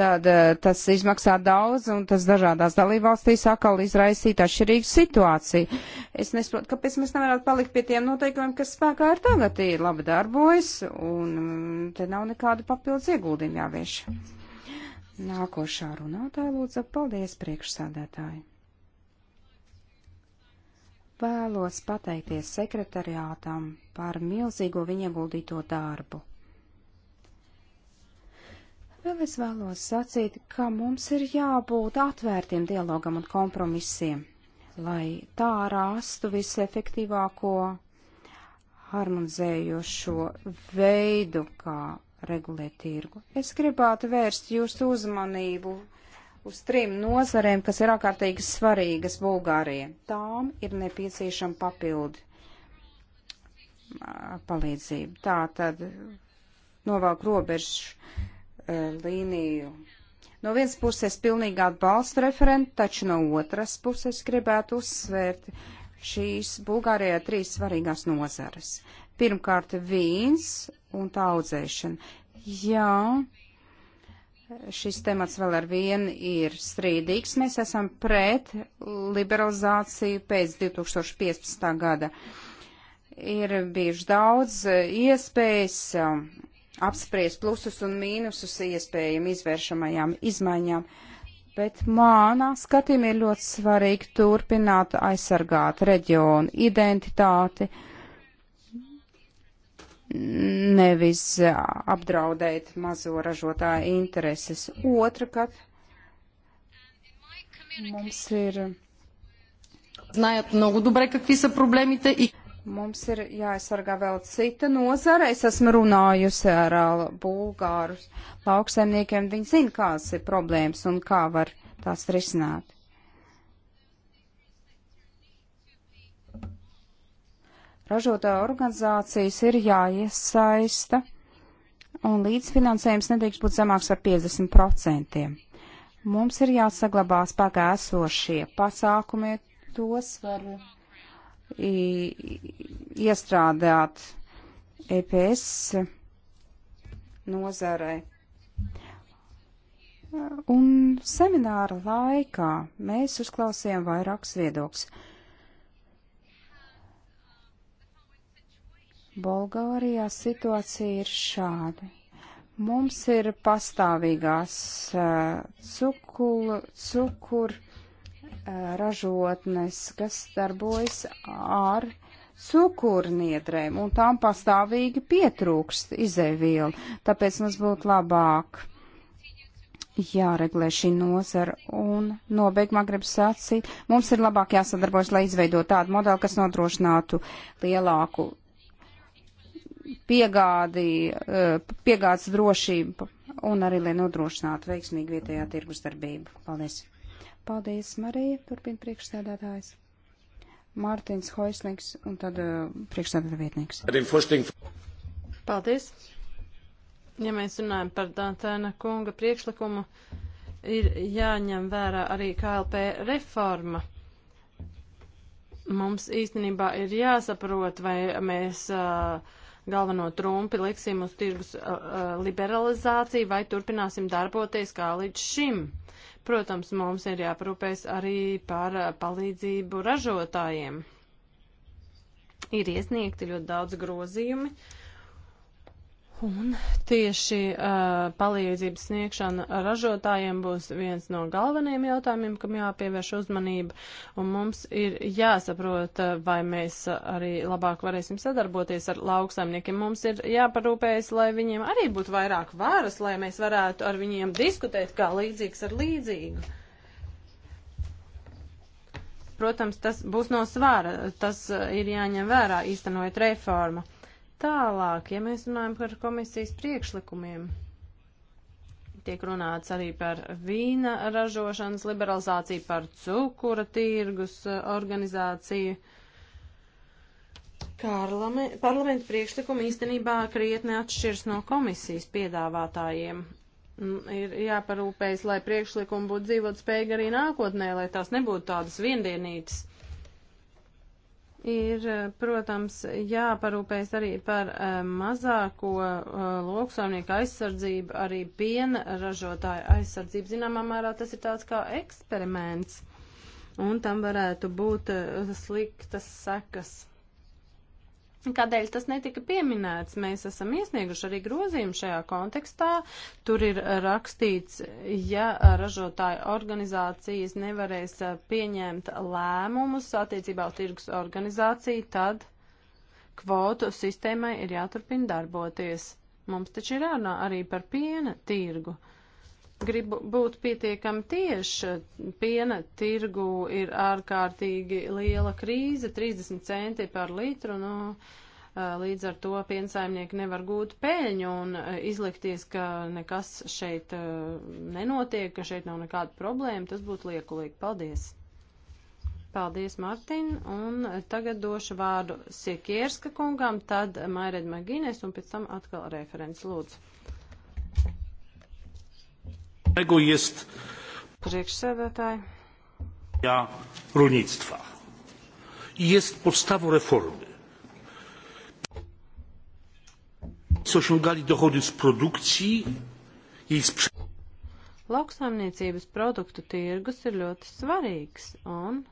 tad uh, tas izmaksā daudz un tas dažādās dalībvalstīs atkal izraisīt atšķirīgu situāciju. Es nesaprotu, kāpēc mēs nevarētu palikt pie tiem noteikumiem, kas spēkā ir tagad, ir labi darbojas un mm, te nav nekādu papildus ieguldījumu jāvieš. Nākošā runātāja lūdzu, paldies priekšsādētāji vēlos pateikties sekretariātam par milzīgo viņa ieguldīto darbu. Vēl es vēlos sacīt, ka mums ir jābūt atvērtiem dialogam un kompromisiem, lai tā rastu visefektīvāko harmonizējošo veidu, kā regulēt tirgu. Es gribētu vērst jūsu uzmanību uz trim nozarēm, kas ir ārkārtīgi svarīgas Bulgārijai. Tām ir nepieciešama papildi palīdzība. Tā tad novāk robežu e, līniju. No vienas puses pilnīgi atbalstu referentu, taču no otras puses gribētu uzsvērt šīs Bulgārijā trīs svarīgās nozares. Pirmkārt, vīns un tā audzēšana. Jā, šis temats vēl ar vienu ir strīdīgs. Mēs esam pret liberalizāciju pēc 2015. gada. Ir bijuši daudz iespējas um, apspriest plusus un mīnusus iespējami izvēršamajām izmaiņām, bet mānā skatījumā ir ļoti svarīgi turpināt aizsargāt reģionu identitāti nevis apdraudēt mazo ražotāju intereses. Otrakārt, mums ir. Знаят много добре какви са проблемите и Mums ir jāaizsargā vēl cita nozara. Es esmu runājusi ar bulgārus lauksaimniekiem. Viņi zina, kādas ir problēmas un kā var tās risināt. ražotāju organizācijas ir jāiesaista, un līdzfinansējums nedrīkst būt zemāks par 50%. Mums ir jāsaglabā spēkā esošie pasākumi, tos var iestrādāt EPS nozarei. Un semināra laikā mēs uzklausījām vairākus viedokļus. Bulgārijā situācija ir šāda. Mums ir pastāvīgās uh, eh, cukuru, cukur uh, ražotnes, kas darbojas ar cukurniedrēm, un tām pastāvīgi pietrūkst izēvielu. Tāpēc mums būtu labāk jāreglē šī nozara un nobeigumā gribu sacīt, mums ir labāk jāsadarbojas, lai izveidot tādu modeli, kas nodrošinātu lielāku piegādi, eh, piegādes drošību un arī, lai nodrošinātu veiksmīgu vietējā tirgus darbību. Paldies! Paldies, Marija, turpina priekšstādātājs. Mārtiņš Hoislings un tad uh, eh, priekšstādātāja vietnieks. Paldies! Ja mēs runājam par Dantēna kunga priekšlikumu, ir jāņem vērā arī KLP reforma. Mums īstenībā ir jāsaprot, vai mēs uh, galveno trumpi, liksim uz tirgus uh, uh, liberalizāciju vai turpināsim darboties kā līdz šim. Protams, mums ir jāparūpēs arī par uh, palīdzību ražotājiem. Ir iesniegti ļoti daudz grozījumi. Uh, Un tieši uh, palīdzības sniegšana ražotājiem būs viens no galvenajiem jautājumiem, kam jāpievērš uzmanība, un mums ir jāsaprot, vai mēs arī labāk varēsim sadarboties ar lauksaimniekiem. Mums ir jāparūpējas, lai viņiem arī būtu vairāk varas, lai mēs varētu ar viņiem diskutēt kā līdzīgs ar līdzīgu. Protams, tas būs no svāra, tas ir jāņem vērā, īstenojot reformu. Tālāk, ja mēs runājam par komisijas priekšlikumiem, tiek runāts arī par vīna ražošanas liberalizāciju, par cukura tirgus eh, organizāciju. Karlame, parlamenta priekšlikumi īstenībā krietni atšķirs no komisijas piedāvātājiem. Ir jāparūpējas, lai priekšlikumi būtu dzīvot spējīgi arī nākotnē, lai tās nebūtu tādas viendienītas ir, eh, protams, jāparūpējas arī par eh, mazāko eh, lauksaimnieku aizsardzību, arī piena ražotāju aizsardzību. Zināmā mērā tas ir tāds kā eksperiments, un tam varētu būt sliktas sekas. Kādēļ tas netika pieminēts? Mēs esam iesnieguši arī grozījumu šajā kontekstā. Tur ir rakstīts, ja ražotāju organizācijas nevarēs pieņemt lēmumus attiecībā uz tirgus organizāciju, tad kvotu sistēmai ir jāturpina darboties. Mums taču ir jārunā arī par piena tirgu. Uh, grib būt pietiekami tieši. Piena tirgu ir ārkārtīgi liela krīze, 30 centi par litru. Nu, līdz ar to piensaimnieki nevar gūt peļņu un izlikties, ka nekas šeit nenotiek, ka šeit nav nekāda problēma. Tas būtu liekulīgi. Paldies! Paldies, Martin, un tagad došu vārdu Siekierska kungam, tad Maired Magines un pēc tam atkal referents lūdzu. Tego jest priekšsēdētāji. Jā, rolnictva. Jest podstawą reformy. Osiągali dochody z produkcji, jej sprzedaży. Lauksaimniecības produktu tirgus ir ļoti svarīgs, un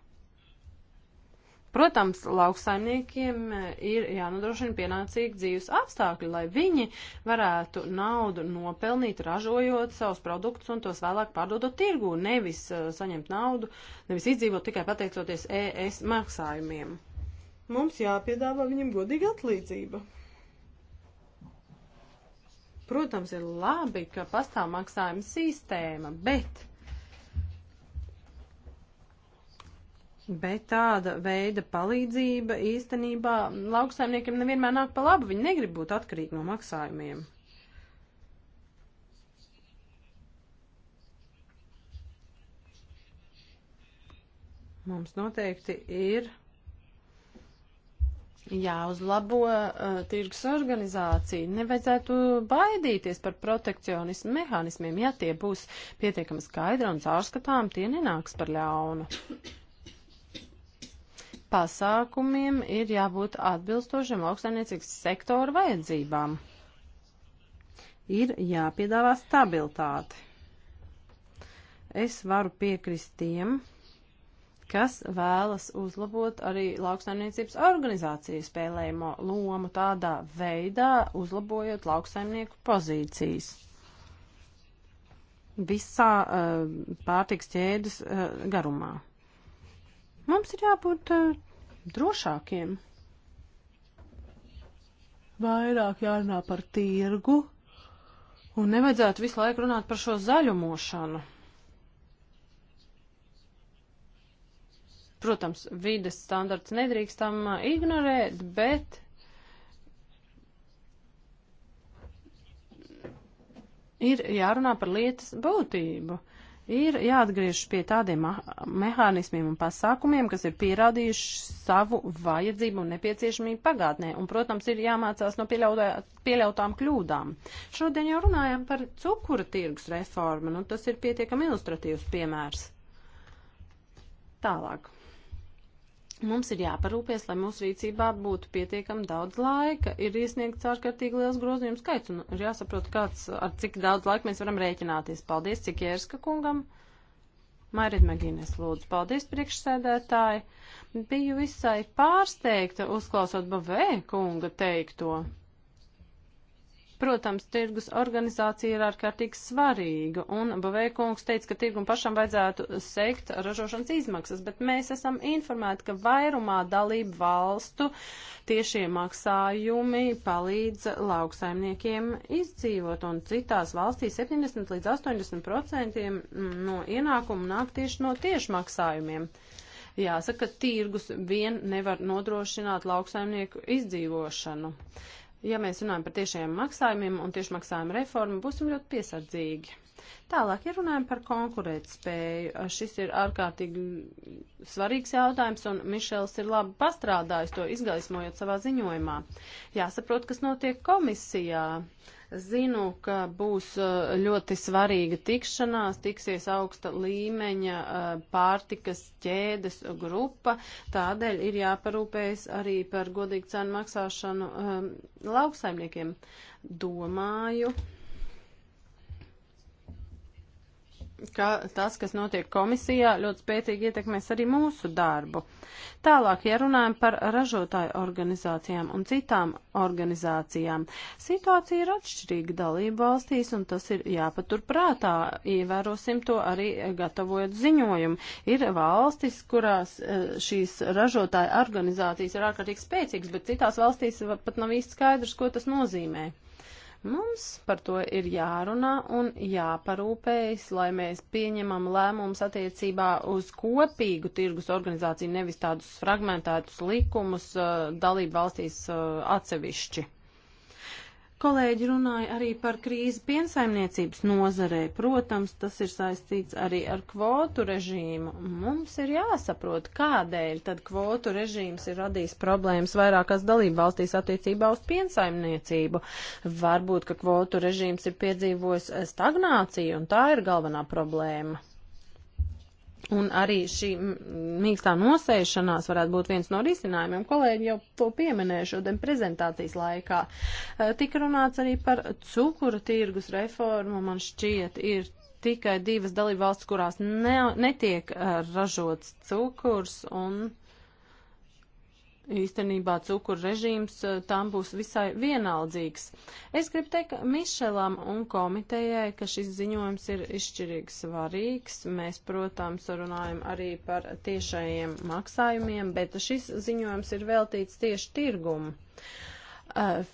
Protams, lauksaimniekiem e, ir jānodrošina pienācīgi dzīves apstākļi, lai viņi varētu naudu nopelnīt, ražojot savus produktus un tos vēlāk pārdodot tirgū, nevis uh, saņemt naudu, nevis izdzīvot tikai pateicoties ES maksājumiem. Mums jāpiedāvā viņam godīga atlīdzība. Protams, ir labi, ka pastāv maksājuma sistēma, bet Bet tāda veida palīdzība īstenībā lauksaimniekiem nevienmēr nāk pa labu. Viņi negrib būt atkarīgi no maksājumiem. Mums noteikti ir jāuzlabo uh, tirgus organizācija. Nevajadzētu baidīties par protekcionismu mehānismiem. Ja tie būs pietiekami skaidri un caurskatām, tie nenāks par ļaunu pasākumiem ir jābūt atbilstošiem lauksainiecības sektoru vajadzībām. Ir jāpiedāvā stabilitāte. Es varu piekrist tiem, kas vēlas uzlabot arī lauksaimniecības organizāciju spēlējumu lomu tādā veidā, uzlabojot lauksaimnieku pozīcijas. Visā uh, pārtiks ķēdes uh, garumā. Mums ir jābūt uh, drošākiem. Vairāk jārunā par tirgu un nevajadzētu visu laiku runāt par šo zaļumošanu. Protams, vides standarts nedrīkstam eh, ignorēt, bet ir jārunā par lietas būtību ir jāatgriežas pie tādiem mehānismiem un pasākumiem, kas ir pierādījuši savu vajadzību un nepieciešamību pagātnē. Un, protams, ir jāmācās no pieļautām kļūdām. Šodien jau runājam par cukura tirgus reformu, nu tas ir pietiekami ilustratīvs piemērs. Tālāk. Mums ir jāparūpies, lai mūsu rīcībā būtu pietiekami daudz laika. Ir iesniegts ārkārtīgi liels grozījums skaits, un ir jāsaprot, kāds, ar cik daudz laika mēs varam rēķināties. Paldies Cikierska kungam. Mairid Magīnes, lūdzu, paldies priekšsēdētāji. Biju visai pārsteigta, uzklausot Bavē kunga teikto. Protams, tirgus organizācija ir ārkārtīgi svarīga, un Bavēkungs teica, ka tirgum pašam vajadzētu sekt ražošanas izmaksas, bet mēs esam informēti, ka vairumā dalību valstu tiešie maksājumi palīdz lauksaimniekiem izdzīvot, un citās valstīs 70 līdz 80 procentiem no ienākumu nāk tieši no tiešmaksājumiem jāsaka, tirgus vien nevar nodrošināt lauksaimnieku izdzīvošanu ja mēs runājam par tiešajiem maksājumiem un tiešmaksājumu reformu, būsim ļoti piesardzīgi. Tālāk, ja runājam par konkurētspēju, šis ir ārkārtīgi svarīgs jautājums, un Mišels ir labi pastrādājis to izgaismojot savā ziņojumā. Jāsaprot, kas notiek komisijā. Uh, Zinu, ka būs uh, ļoti svarīga tikšanās, tiksies augsta līmeņa uh, pārtikas ķēdes grupa, tādēļ ir jāparūpējas arī par godīgu cenu maksāšanu um, lauksaimniekiem. Domāju, ka tas, kas notiek komisijā, ļoti spēcīgi ietekmēs arī mūsu darbu. Tālāk, ja runājam par ražotāju organizācijām un citām organizācijām, situācija ir atšķirīga dalību valstīs, un tas ir jāpatur prātā. Ievērosim to arī gatavojot ziņojumu. Ir valstis, kurās e, šīs ražotāju organizācijas ir ārkārtīgi spēcīgas, bet citās valstīs pat nav īsti skaidrs, ko tas nozīmē. Mums par to ir jārunā un jāparūpējas, lai mēs pieņemam lēmumus attiecībā uz kopīgu tirgus organizāciju, nevis tādus fragmentētus likumus uh, dalību valstīs uh, atsevišķi. Kolēģi runāja arī par krīzi piensaimniecības nozarē. Protams, tas ir saistīts arī ar kvotu režīmu. Mums ir jāsaprot, kādēļ tad kvotu režīms ir radījis problēmas vairākās dalību valstīs attiecībā uz piensaimniecību. Varbūt, ka kvotu režīms ir piedzīvojis stagnāciju, un tā ir galvenā problēma. Un arī šī mīkstā nosēšanās varētu būt viens no risinājumiem. Kolēģi jau to pieminēja šodien prezentācijas laikā. Eh, tika runāts arī par cukura tirgus reformu, man šķiet, ir tikai divas dalībvalstis, kurās ne, netiek eh, ražots cukurs un īstenībā cukuru režīms eh, tām būs visai vienaldzīgs. Es gribu teikt Mišelam un komitejai, ka šis ziņojums ir izšķirīgi svarīgs. Mēs, protams, runājam arī par tiešajiem maksājumiem, bet šis ziņojums ir veltīts tieši tirgumu eh,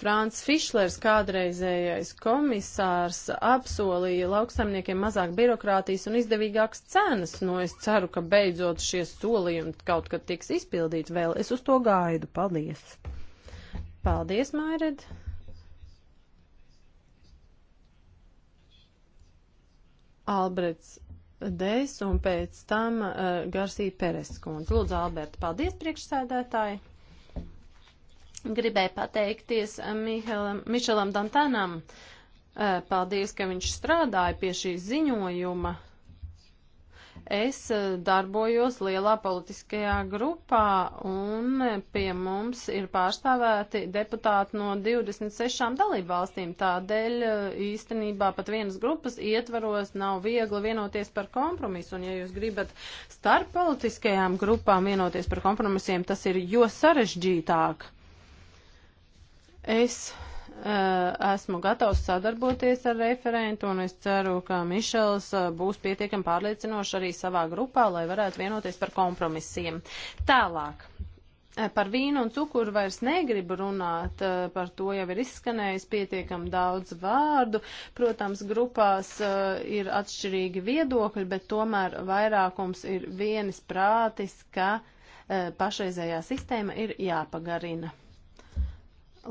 Frāns Fišlers, kādreizējais komisārs, apsolīja lauksaimniekiem mazāk birokrātijas un izdevīgākas cenas. Nu, no es ceru, ka beidzot šie solījumi kaut kad tiks izpildīti vēl. Es uz to gaidu. Paldies! Paldies, Mairid! Albrets Dejs un pēc tam uh, Garsī Pereskundze. Lūdzu, Alberta, paldies priekšsēdētāji! Gribēju pateikties eh, Mihelam, Mišelam Dantanam. Eh, paldies, ka viņš strādāja pie šī ziņojuma. Es eh, darbojos lielā politiskajā grupā un pie mums ir pārstāvēti deputāti no 26 dalību valstīm. Tādēļ īstenībā pat vienas grupas ietvaros nav viegli vienoties par kompromisu. Un ja jūs gribat starp politiskajām grupām vienoties par kompromisiem, tas ir jo sarežģītāk. Es eh, esmu gatavs sadarboties ar referentu, un es ceru, ka Mišels eh, būs pietiekami pārliecinošs arī savā grupā, lai varētu vienoties par kompromisiem. Tālāk. Eh, par vīnu un cukuru vairs negribu runāt, par to jau ir izskanējis pietiekam daudz vārdu. Protams, grupās ir atšķirīgi viedokļi, bet tomēr vairākums ir vienis prātis, ka pašreizējā sistēma ir jāpagarina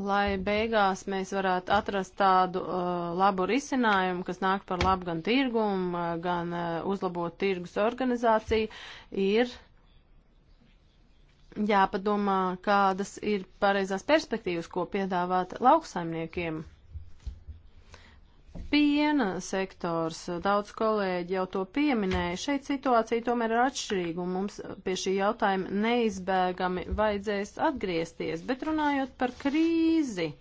lai beigās mēs varētu atrast tādu uh, labu risinājumu, kas nāk par labu gan tirgumu, uh, gan uh, uzlabot tirgus organizāciju, ir jāpadomā, kādas ir pareizās perspektīvas, ko piedāvāt lauksaimniekiem. Piena sektors, daudz kolēģi jau to pieminēja, šeit situācija tomēr ir atšķirīga un mums pie šī jautājuma neizbēgami vajadzēs atgriezties, bet runājot par krīzi.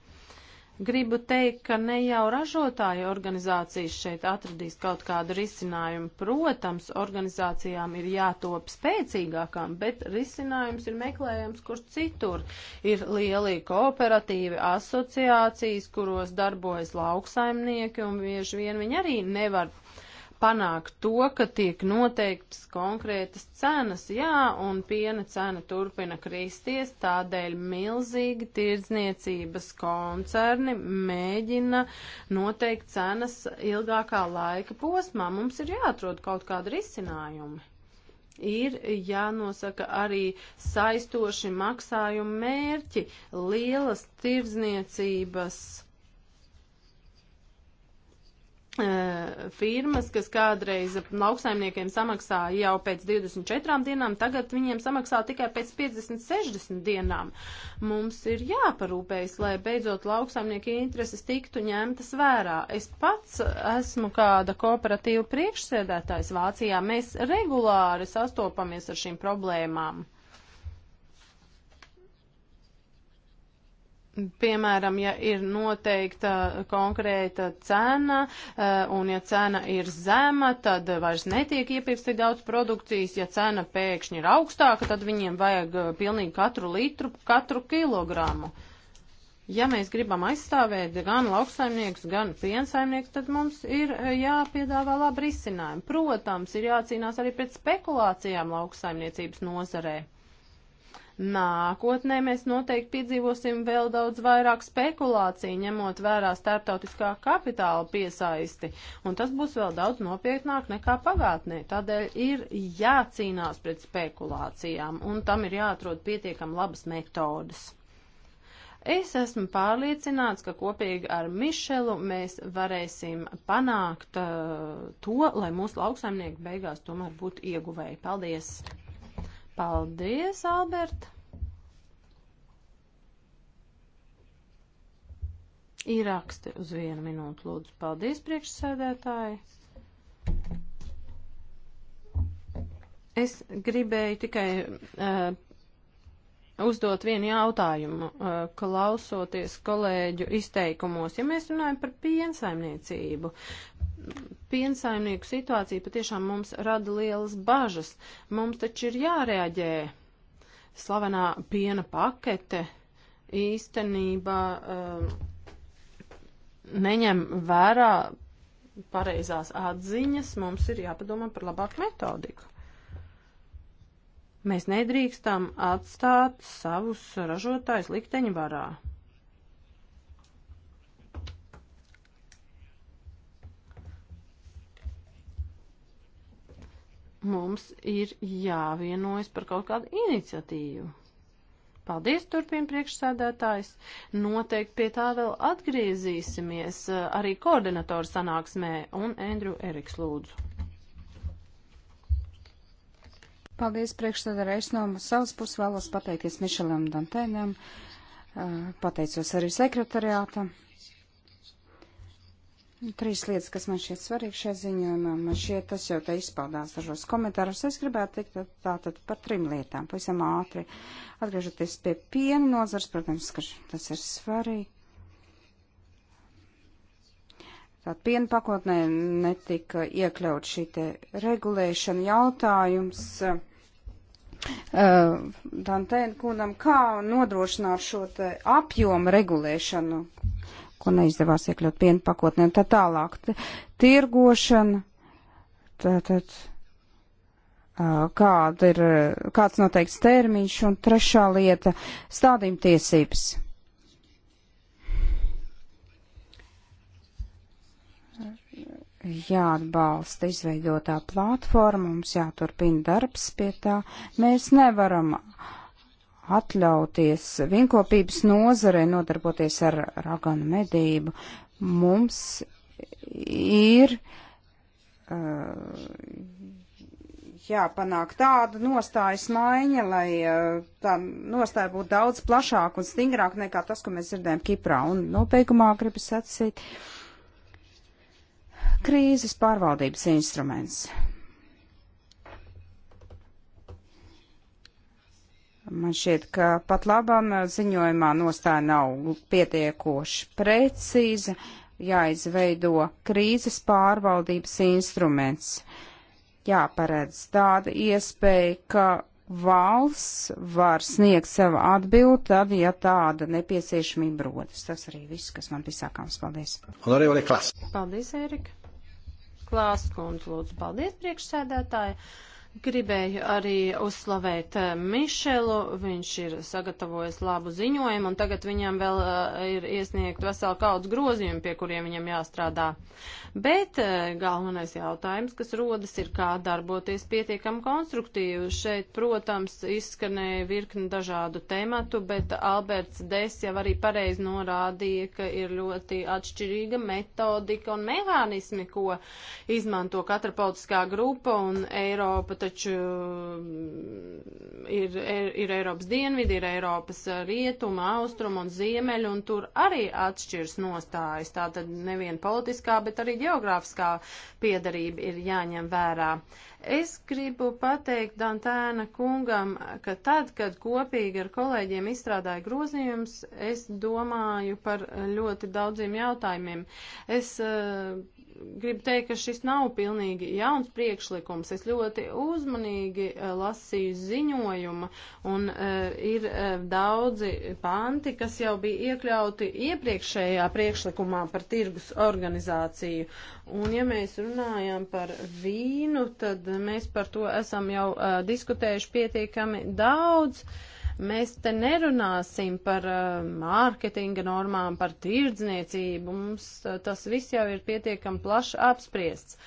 Gribu teikt, ka ne jau ražotāju organizācijas šeit atradīs kaut kādu risinājumu. Protams, organizācijām ir jātop spēcīgākām, bet risinājums ir meklējams, kur citur. Ir lielie kooperatīvi, asociācijas, kuros darbojas lauksaimnieki, un bieži vien viņi arī nevar panākt to, ka tiek noteiktas konkrētas cenas, jā, un piena cena turpina kristies, tādēļ milzīgi tirdzniecības koncerni mēģina noteikt cenas ilgākā laika posmā. Mums ir jāatrod kaut kādi risinājumi. Ir jānosaka arī saistoši maksājumu mērķi, lielas tirdzniecības E, firmas, kas kādreiz lauksaimniekiem samaksāja jau pēc 24 dienām, tagad viņiem samaksā tikai pēc 50, 60 dienām. Mums ir jāparūpējas, lai beidzot lauksaimnieki intereses tiktu ņemtas vērā. Es pats esmu kāda kooperatīva priekšsēdētājs Vācijā. Mēs regulāri sastopamies ar šīm problēmām. Piemēram, ja ir noteikta konkrēta cena, eh, un ja cena ir zema, tad vairs netiek iepirkti daudz produkcijas. Ja cena pēkšņi ir augstāka, tad viņiem vajag eh, pilnīgi katru litru, katru kilogramu. Ja mēs gribam aizstāvēt gan lauksaimniekus, gan piensaimniekus, tad mums ir eh, jāpiedāvā labi risinājumi. Protams, ir jācīnās arī pret spekulācijām lauksaimniecības nozarē nākotnē mēs noteikti piedzīvosim vēl daudz vairāk spekulāciju, ņemot vērā starptautiskā kapitāla piesaisti, un tas būs vēl daudz nopietnāk nekā pagātnē. Tādēļ ir jācīnās pret spekulācijām, un tam ir jāatrod pietiekam labas metodas. Es esmu pārliecināts, ka kopīgi ar Mišelu mēs varēsim panākt uh, to, lai mūsu lauksaimnieki beigās tomēr būtu ieguvēji. Paldies! Paldies, Albert! Īraksti uz vienu minūtu, lūdzu. Paldies, priekšsēdētāji! Es gribēju tikai uh, uzdot vienu jautājumu, uh, klausoties kolēģu izteikumos. Ja mēs runājam par piensaimniecību, piensaimnieku situācija patiešām mums rada lielas bažas. Mums taču ir jārēģē. Slavenā piena pakete īstenībā um, neņem vērā pareizās atziņas, mums ir jāpadomā par labāku metodiku. Mēs nedrīkstam atstāt savus ražotājus likteņu varā. mums ir jāvienojas par kaut kādu iniciatīvu. Paldies, turpina priekšsēdētājs. Noteikti pie tā vēl atgriezīsimies eh, arī koordinatoru sanāksmē un Andrew Eriks lūdzu. Paldies, priekšsēdētāji. Es no savas puses vēlos pateikties Mišelam Dantēnam. Eh, pateicos arī sekretariātam Trīs lietas, kas man šķiet svarīgas šajā ziņojumā, man šķiet, tas jau te izpaudās dažos komentāros. Es gribētu teikt tātad par trim lietām, pavisam ātri. Atgriežoties pie piena nozars, protams, ka tas ir svarīgi. Tātad piena pakotnē netika iekļaut šī te regulēšana jautājums. Eh, Dantēna kundam, kā nodrošināt šo te apjomu regulēšanu ko neizdevās iekļaut piena pakotnē, un tā tālāk. Tirgošana, tātad, kāda ir, kāds noteikts termiņš, un trešā lieta - stādījuma tiesības. Jāatbalsta izveidotā platforma, mums jāturpina darbs pie tā. Mēs nevaram uh, atļauties vienkopības nozarē nodarboties ar raganu medību, mums ir uh, jāpanāk tāda nostājas maiņa, lai uh, tā nostāja būtu daudz plašāka un stingrāka nekā tas, ko mēs dzirdējam Kiprā. Un nobeigumā gribu sacīt, krīzes pārvaldības instruments. Man šķiet, ka pat labam eh, ziņojumā nostāja nav pietiekoši precīza, jāizveido krīzes pārvaldības instruments. Jāparedz tāda iespēja, ka valsts var sniegt savu atbildi, tad, ja tāda nepieciešamība rodas. Tas arī viss, kas man bija sākāms. Paldies. Un arī vēl ir klāsts. Paldies, Ērika. Klāsts, kundze, lūdzu, paldies priekšsēdētāji. Uh, Gribēju arī uzslavēt eh, Mišelu, viņš ir sagatavojis labu ziņojumu, un tagad viņam vēl eh, ir iesniegt veselu kaudz grozījumu, pie kuriem viņam jāstrādā. Bet eh, galvenais jautājums, kas rodas, ir, kā darboties pietiekam konstruktīvi. Šeit, protams, izskanēja virkni dažādu tematu, bet Alberts Des jau arī pareizi norādīja, ka ir ļoti atšķirīga metodika un mehānismi, ko izmanto katra politiskā grupa un Eiropa taču mm, ir, ir, ir Eiropas dienvidi, ir Eiropas eh, rietuma, austruma un ziemeļa, un tur arī atšķirs nostājas. Tā tad nevien politiskā, bet arī geogrāfiskā piedarība ir jāņem vērā. Es gribu pateikt Dantēna kungam, ka tad, kad kopīgi ar kolēģiem izstrādāju grozījums, es domāju par ļoti daudziem jautājumiem. Es uh, gribu teikt, ka šis nav pilnīgi jauns priekšlikums. Es ļoti uzmanīgi eh, lasīju ziņojumu un eh, ir eh, daudzi panti, kas jau bija iekļauti iepriekšējā priekšlikumā par tirgus organizāciju. Un ja mēs runājam par vīnu, tad mēs par to esam jau diskutējuši pietiekami daudz. Uh, Mēs te nerunāsim par uh, mārketinga normām, par tirdzniecību, mums uh, tas viss jau ir pietiekam plaši apspriests.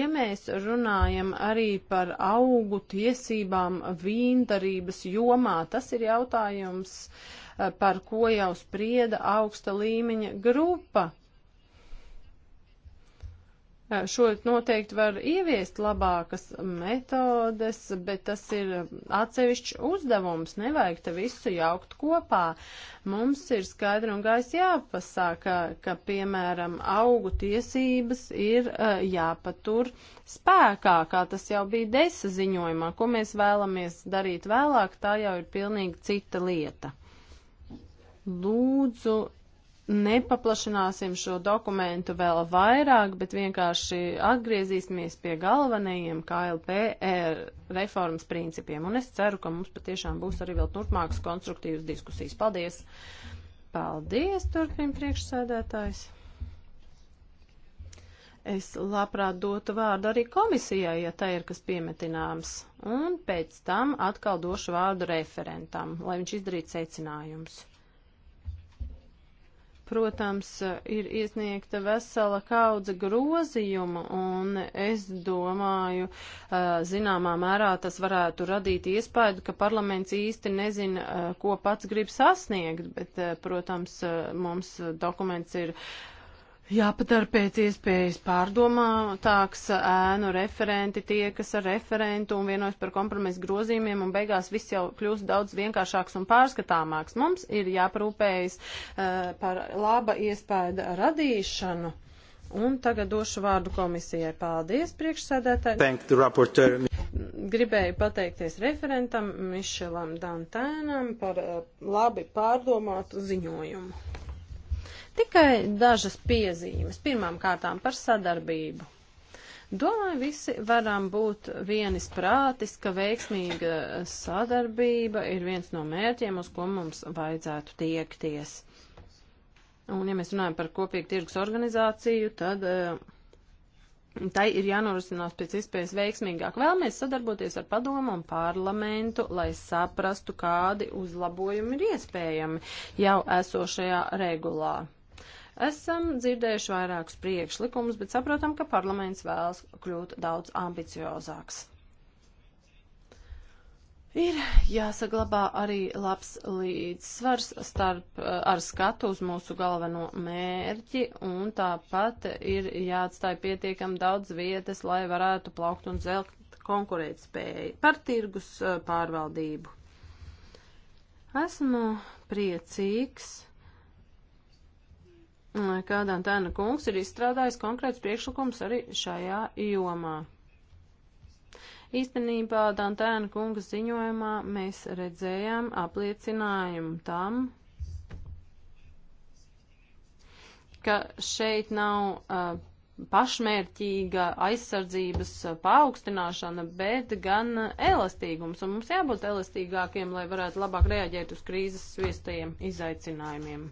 Ja mēs runājam arī par augu tiesībām vīndarības jomā, tas ir jautājums, uh, par ko jau sprieda augsta līmeņa grupa Eh, šo noteikti var ieviest labākas metodes, bet tas ir atsevišķs uzdevums, nevajag te visu jaukt kopā. Mums ir skaidri un gaisi jāpasaka, ka, piemēram, augu tiesības ir eh, jāpatur spēkā, kā tas jau bija desa ziņojumā. Ko mēs vēlamies darīt vēlāk, tā jau ir pilnīgi cita lieta. Lūdzu, nepaplašināsim šo dokumentu vēl vairāk, bet vienkārši atgriezīsimies pie galvenajiem KLP e, reformas principiem. Un es ceru, ka mums patiešām būs arī vēl turpmākas konstruktīvas diskusijas. Paldies! Paldies, turpina priekšsēdētājs! Es labprāt dotu vārdu arī komisijai, ja tai ir kas piemetināms, un pēc tam atkal došu vārdu referentam, lai viņš izdarītu secinājumus. Protams, ir iesniegta vesela kaudze grozījuma, un es domāju, zināmā mērā tas varētu radīt iespēju, ka parlaments īsti nezina, ko pats grib sasniegt, bet, protams, mums dokuments ir Jāpadara pēc iespējas pārdomātāks ēnu referenti, tie, kas ar referentu un vienojas par kompromisu grozījumiem, un beigās viss jau kļūst daudz vienkāršāks un pārskatāmāks. Mums ir jāparūpējas uh, par laba iespēja radīšanu. Un tagad došu vārdu komisijai. Paldies, priekšsēdētāji. Gribēju pateikties referentam Mišelam Dantēnam par eh, labi pārdomātu ziņojumu. Tikai dažas piezīmes. Pirmām kārtām par sadarbību. Domāju, visi varam būt vienis prātis, ka veiksmīga sadarbība ir viens no mērķiem, uz ko mums vajadzētu tiekties. Un, ja mēs runājam par kopīgu tirgus organizāciju, tad uh, Tai ir jānorisinās pēc iespējas veiksmīgāk. Vēlamies sadarboties ar padomu un parlamentu, lai saprastu, kādi uzlabojumi ir iespējami jau esošajā regulā. Esam dzirdējuši vairākus priekšlikumus, bet saprotam, ka parlaments vēlas kļūt daudz ambiciozāks. Ir jāsaglabā arī labs līdzsvars starp eh, ar skatu uz mūsu galveno mērķi, un tāpat ir jāatstāj pietiekam daudz vietas, lai varētu plaukt un zelt konkurētspēju par tirgus eh, pārvaldību. Esmu priecīgs eh, kādā tēna kungs ir izstrādājis konkrēts priekšlikums arī šajā jomā. Īstenībā Dantēna kunga ziņojumā mēs redzējām apliecinājumu tam, ka šeit nav uh, pašmērķīga aizsardzības paaugstināšana, bet gan elastīgums. Un mums jābūt elastīgākiem, lai varētu labāk reaģēt uz krīzes sviestajiem izaicinājumiem.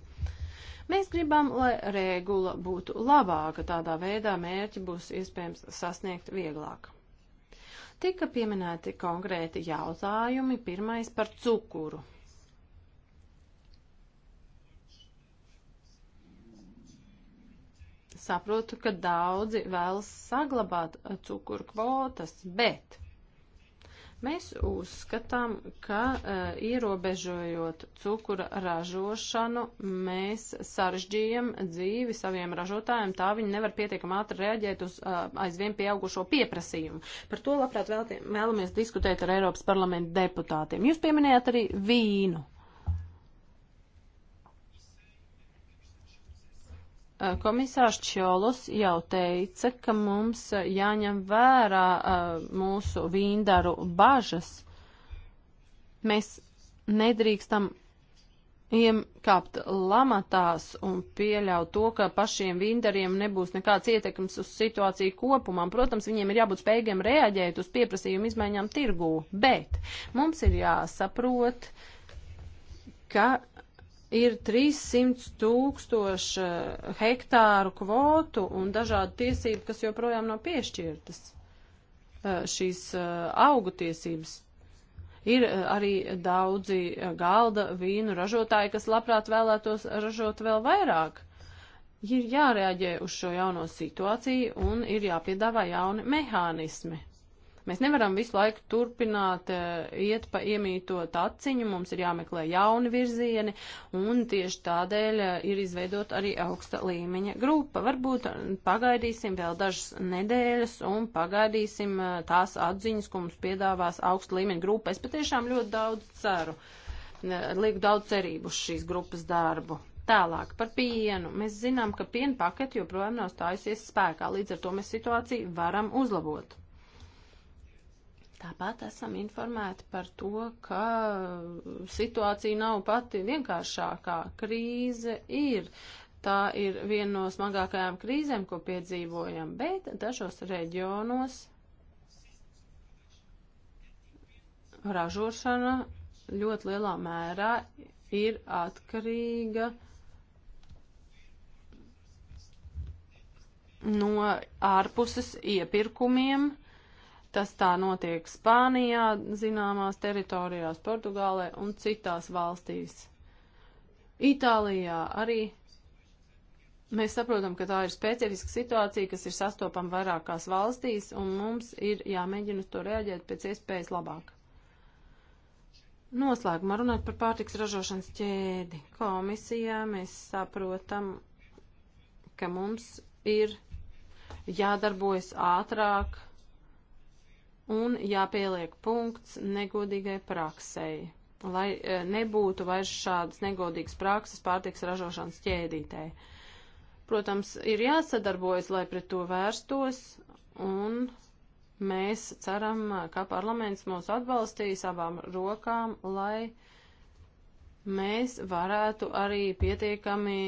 Mēs gribam, lai regula būtu labāka, tādā veidā mērķi būs iespējams sasniegt vieglāk. Tika pieminēti konkrēti jautājumi, pirmais par cukuru. Saprotu, ka daudzi vēlas saglabāt cukuru kvotas, bet Mēs uzskatām, ka uh, ierobežojot cukura ražošanu, mēs sarežģījam dzīvi saviem ražotājiem, tā viņi nevar pietiekam ātri reaģēt uz uh, aizvien pieaugušo pieprasījumu. Par to labprāt vēlamies diskutēt ar Eiropas parlamentu deputātiem. Jūs pieminējāt arī vīnu. Eh, komisārs Čiolos jau teica, ka mums eh, jāņem vērā eh, mūsu vīndaru bažas. Mēs nedrīkstam iemkāpt lamatās un pieļaut to, ka pašiem vīndariem nebūs nekāds ietekms uz situāciju kopumā. Protams, viņiem ir jābūt spējīgiem reaģēt uz pieprasījumu izmaiņām tirgū, bet mums ir jāsaprot, ka ir 300 tūkstoši eh, hektāru kvotu un dažādu tiesību, kas joprojām nav piešķirtas. Eh, šīs eh, augu tiesības. Ir arī daudzi galda vīnu ražotāji, kas labprāt vēlētos ražot vēl vairāk. Ir jārēģē uz šo jauno situāciju un ir jāpiedāvā jauni mehānismi. Mēs nevaram visu laiku turpināt eh, iet pa iemīto taciņu, mums ir jāmeklē jauni virzieni, un tieši tādēļ eh, ir izveidot arī augsta līmeņa grupa. Varbūt eh, pagaidīsim vēl dažas nedēļas un pagaidīsim tās atziņas, ko mums piedāvās augsta līmeņa grupa. Es patiešām ļoti daudz ceru, lieku daudz cerību uz šīs grupas darbu. Tālāk par pienu. Mēs zinām, ka piena paketi joprojām nav stājusies spēkā, līdz ar to mēs situāciju varam uzlabot. Tāpat esam informēti par to, ka situācija nav pati vienkāršākā. Krīze ir. Tā ir viena no smagākajām krīzēm, ko piedzīvojam, bet dažos reģionos ražošana ļoti lielā mērā ir atkarīga no ārpuses iepirkumiem Tas tā notiek Spānijā, zināmās teritorijās, Portugālē un citās valstīs. Itālijā arī mēs saprotam, ka tā ir specifiska situācija, kas ir sastopama vairākās valstīs, un mums ir jāmēģina uz to reaģēt pēc iespējas labāk. Noslēgumā runāt par pārtiks ražošanas ķēdi. Komisijā mēs saprotam, ka mums ir jādarbojas ātrāk, un jāpieliek punkts negodīgai praksei, lai eh, nebūtu vairs šādas negodīgas prakses pārtiks ražošanas ķēdītē. Protams, ir jāsadarbojas, lai pret to vērstos, un mēs ceram, ka parlaments mūs atbalstīs abām rokām, lai mēs varētu arī pietiekami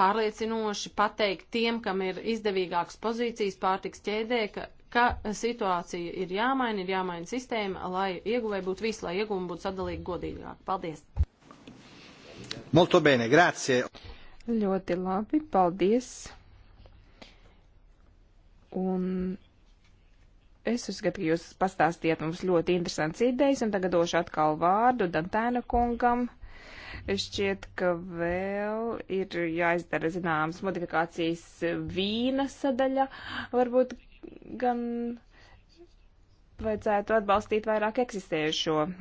pārliecinoši pateikt tiem, kam ir izdevīgākas pozīcijas pārtiks ķēdē, ka ka situācija ir jāmaina, ir jāmaina sistēma, lai ieguvēji būtu visi, lai ieguvumi būtu sadalīgi godīgāk. Paldies! Molto bene, grazie! Ļoti labi, paldies! Un es uzskatu, ka jūs pastāstījāt mums ļoti interesants idejas, un tagad došu atkal vārdu Dantēna kungam. Šķiet, ka vēl ir jāizdara zināmas modifikācijas vīna sadaļa. Varbūt, gan vajadzētu atbalstīt vairāk eksistējušo eh,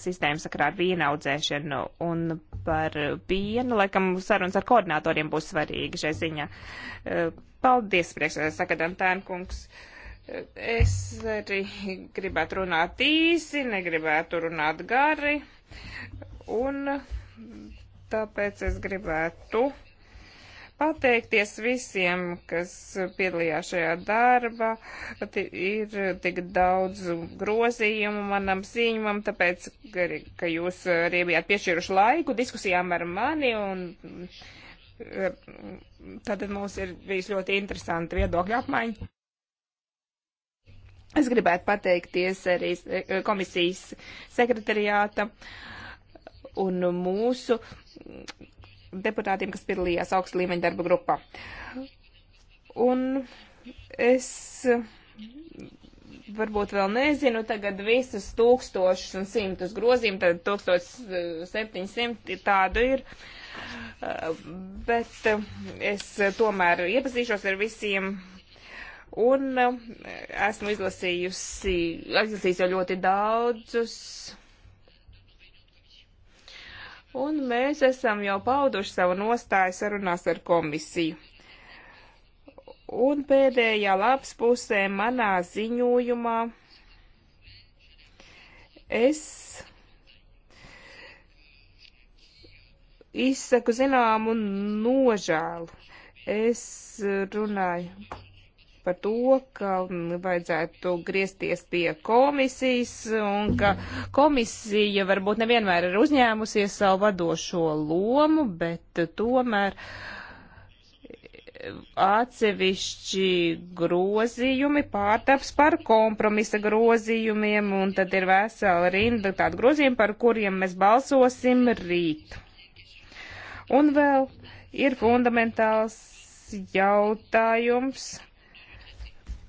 sistēmu sakarā ar vīna audzēšanu un par pienu, laikam sarunas ar koordinatoriem būs svarīgi šai ziņā. Eh, paldies, priekšsēdētājs, saka Dantēna kungs. Eh, es arī gribētu runāt īsi, negribētu runāt gari, un tāpēc es gribētu pateikties visiem, kas piedalījās šajā darbā. Ir tik daudz grozījumu manam ziņumam, tāpēc, ka jūs arī bijāt piešķiruši laiku diskusijām ar mani un tātad mums ir bijis ļoti interesanti viedokļu apmaiņa. Es gribētu pateikties arī eh, komisijas sekretariāta un mūsu deputātiem, kas piedalījās augsta līmeņa darba grupā. Un es varbūt vēl nezinu tagad visus tūkstošus un simtus grozījumu, tad 1700 eh, tādu ir. Eh, bet eh, es tomēr iepazīšos ar visiem. Un esmu izlasījusi, izlasījusi jau ļoti daudzus un mēs esam jau pauduši savu nostāju sarunās ar komisiju. Un pēdējā labs pusē manā ziņojumā es izsaku zināmu nožēlu. Es runāju par to, ka vajadzētu griezties pie komisijas un ka komisija varbūt nevienmēr ir uzņēmusies savu vadošo lomu, bet tomēr atsevišķi grozījumi pārtaps par kompromisa grozījumiem, un tad ir vesela rinda tādu grozījumu, par kuriem mēs balsosim rīt. Un vēl ir fundamentāls jautājums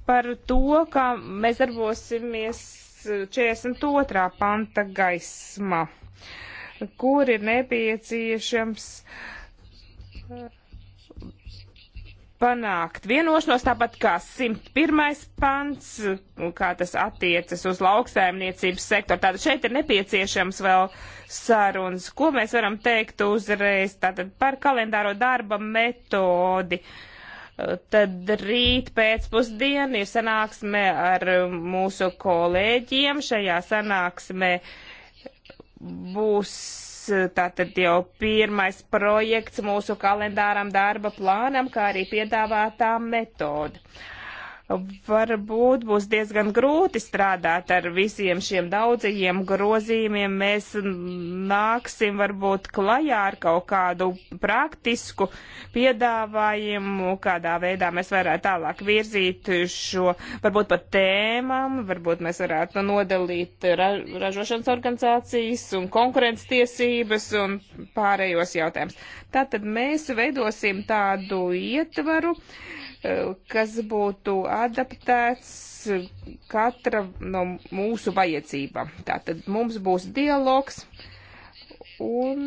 par to, ka mēs darbosimies 42. panta gaismā, kur ir nepieciešams uh, panākt vienošanos, tāpat kā 101. pants, kā tas attiecas uz lauksaimniecības sektoru. Tātad šeit ir nepieciešams vēl sarunas. Ko mēs varam teikt uzreiz? Tātad par kalendāro darba metodi. Uh, Tad rīt pēcpusdien ir sanāksme ar mūsu kolēģiem. Šajā sanāksmē būs tātad jau pirmais projekts mūsu kalendāram, darba plānam, kā arī piedāvātā metoda varbūt būs diezgan grūti strādāt ar visiem šiem daudzajiem grozījumiem. Mēs nāksim varbūt klajā ar kaut kādu praktisku piedāvājumu, kādā veidā mēs varētu tālāk virzīt šo, varbūt pat tēmām, varbūt mēs varētu nodalīt ra ražošanas organizācijas un konkurences tiesības un pārējos jautājumus. Tātad mēs veidosim tādu ietvaru, uh, kas būtu adaptēts katra no mūsu vajadzībām. Tātad mums būs dialogs, un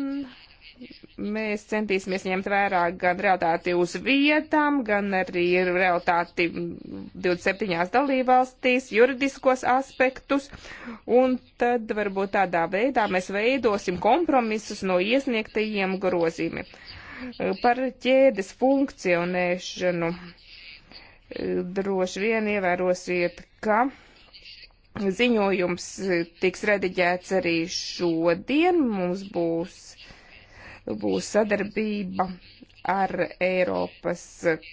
mēs centīsimies ņemt vērā gan realitāti uz vietām, gan arī realitāti 27 dalībvalstīs, juridiskos aspektus, un tad varbūt tādā veidā mēs veidosim kompromisus no iesniegtajiem grozījumiem par ķēdes funkcionēšanu. Uh, droši vien ievērosiet, ka ziņojums tiks rediģēts arī šodien. Mums būs, būs sadarbība ar Eiropas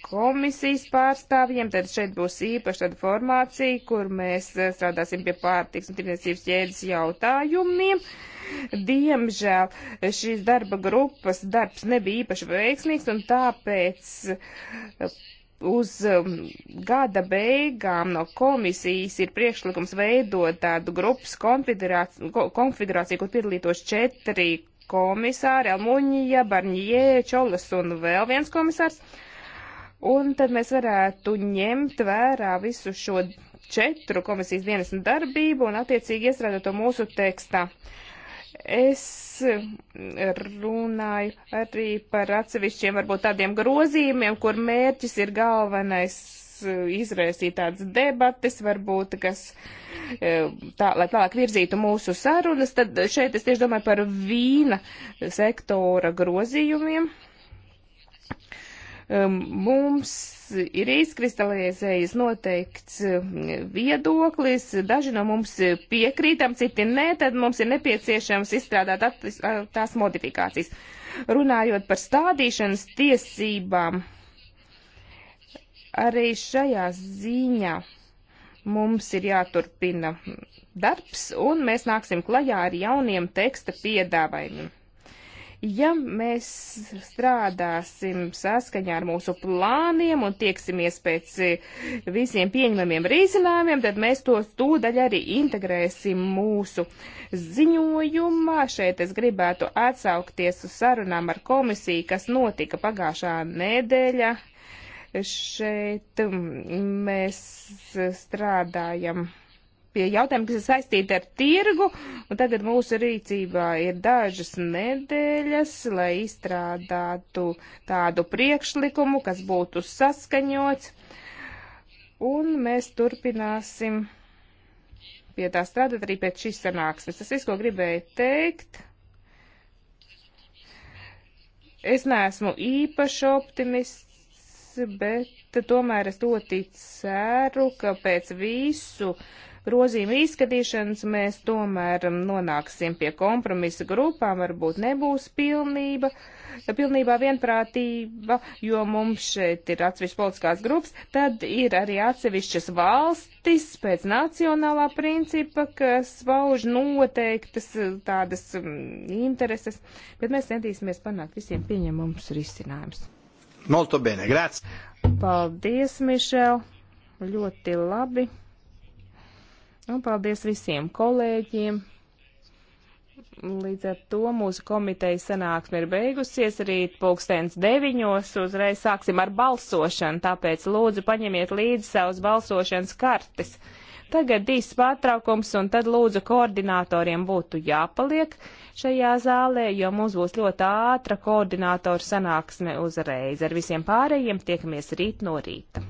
komisijas pārstāvjiem. Tad šeit būs īpaša tāda formācija, kur mēs strādāsim pie pārtiks un tirniecības ķēdes jautājumiem. Diemžēl šīs darba grupas darbs nebija īpaši veiksmīgs un tāpēc uz um, gada beigām no komisijas ir priekšlikums veidot tādu grupas konfederāciju, konfederāciju kur piedalītos četri komisāri - Almuņija, Barņie, Čolas un vēl viens komisārs. Un tad mēs varētu ņemt vērā visu šo četru komisijas dienas darbību un attiecīgi iestrādāt to mūsu tekstā. Uh, Es runāju arī par atsevišķiem, varbūt tādiem grozījumiem, kur mērķis ir galvenais e, izraisīt tādas debates, varbūt, kas e, tā, lai tālāk virzītu mūsu sarunas, tad šeit es tieši domāju par vīna sektora grozījumiem. Um, mums ir izkristalizējies noteikts um, viedoklis, daži no mums piekrītam, citi nē, tad mums ir nepieciešams izstrādāt tās modifikācijas. Runājot par stādīšanas tiesībām, arī šajā ziņā mums ir jāturpina darbs, un mēs nāksim klajā ar jauniem teksta piedāvājumiem. Ja mēs strādāsim saskaņā ar mūsu plāniem un tieksimies pēc eh, visiem pieņemamiem risinājumiem, tad mēs tos tūdaļ arī integrēsim mūsu ziņojumā. Šeit es gribētu atsaukties uz sarunām ar komisiju, kas notika pagājušā nedēļa šeit mm, mēs strādājam pie jautājumiem, kas ir saistīti ar tirgu, un tagad mūsu rīcībā ir dažas nedēļas, lai izstrādātu tādu priekšlikumu, kas būtu saskaņots, un mēs turpināsim pie tā strādāt arī pēc šīs sanāksmes. Tas viss, ko gribēju teikt. Es neesmu īpaši optimists, bet tomēr es ļoti ceru, ka pēc visu uh, grozījuma izskatīšanas mēs tomēr um, nonāksim pie kompromisa grupām, varbūt nebūs pilnība, pilnībā vienprātība, jo mums šeit ir atsevišķas politiskās grupas, tad ir arī atsevišķas valstis pēc nacionālā principa, kas pauž noteiktas uh, tādas um, intereses, bet mēs centīsimies panākt visiem pieņemums risinājums. Molto bene, grazie. Paldies, Mišel. Ļoti labi. Un paldies visiem kolēģiem. Līdz ar to mūsu komitejas sanāksme ir beigusies. Rīt pulkstens deviņos uzreiz sāksim ar balsošanu, tāpēc lūdzu paņemiet līdzi savus balsošanas kartes. Tagad īsts pārtraukums, un tad lūdzu koordinatoriem būtu jāpaliek šajā zālē, jo mums būs ļoti ātra koordinatoru sanāksme uzreiz. Ar visiem pārējiem tiekamies rīt no rīta.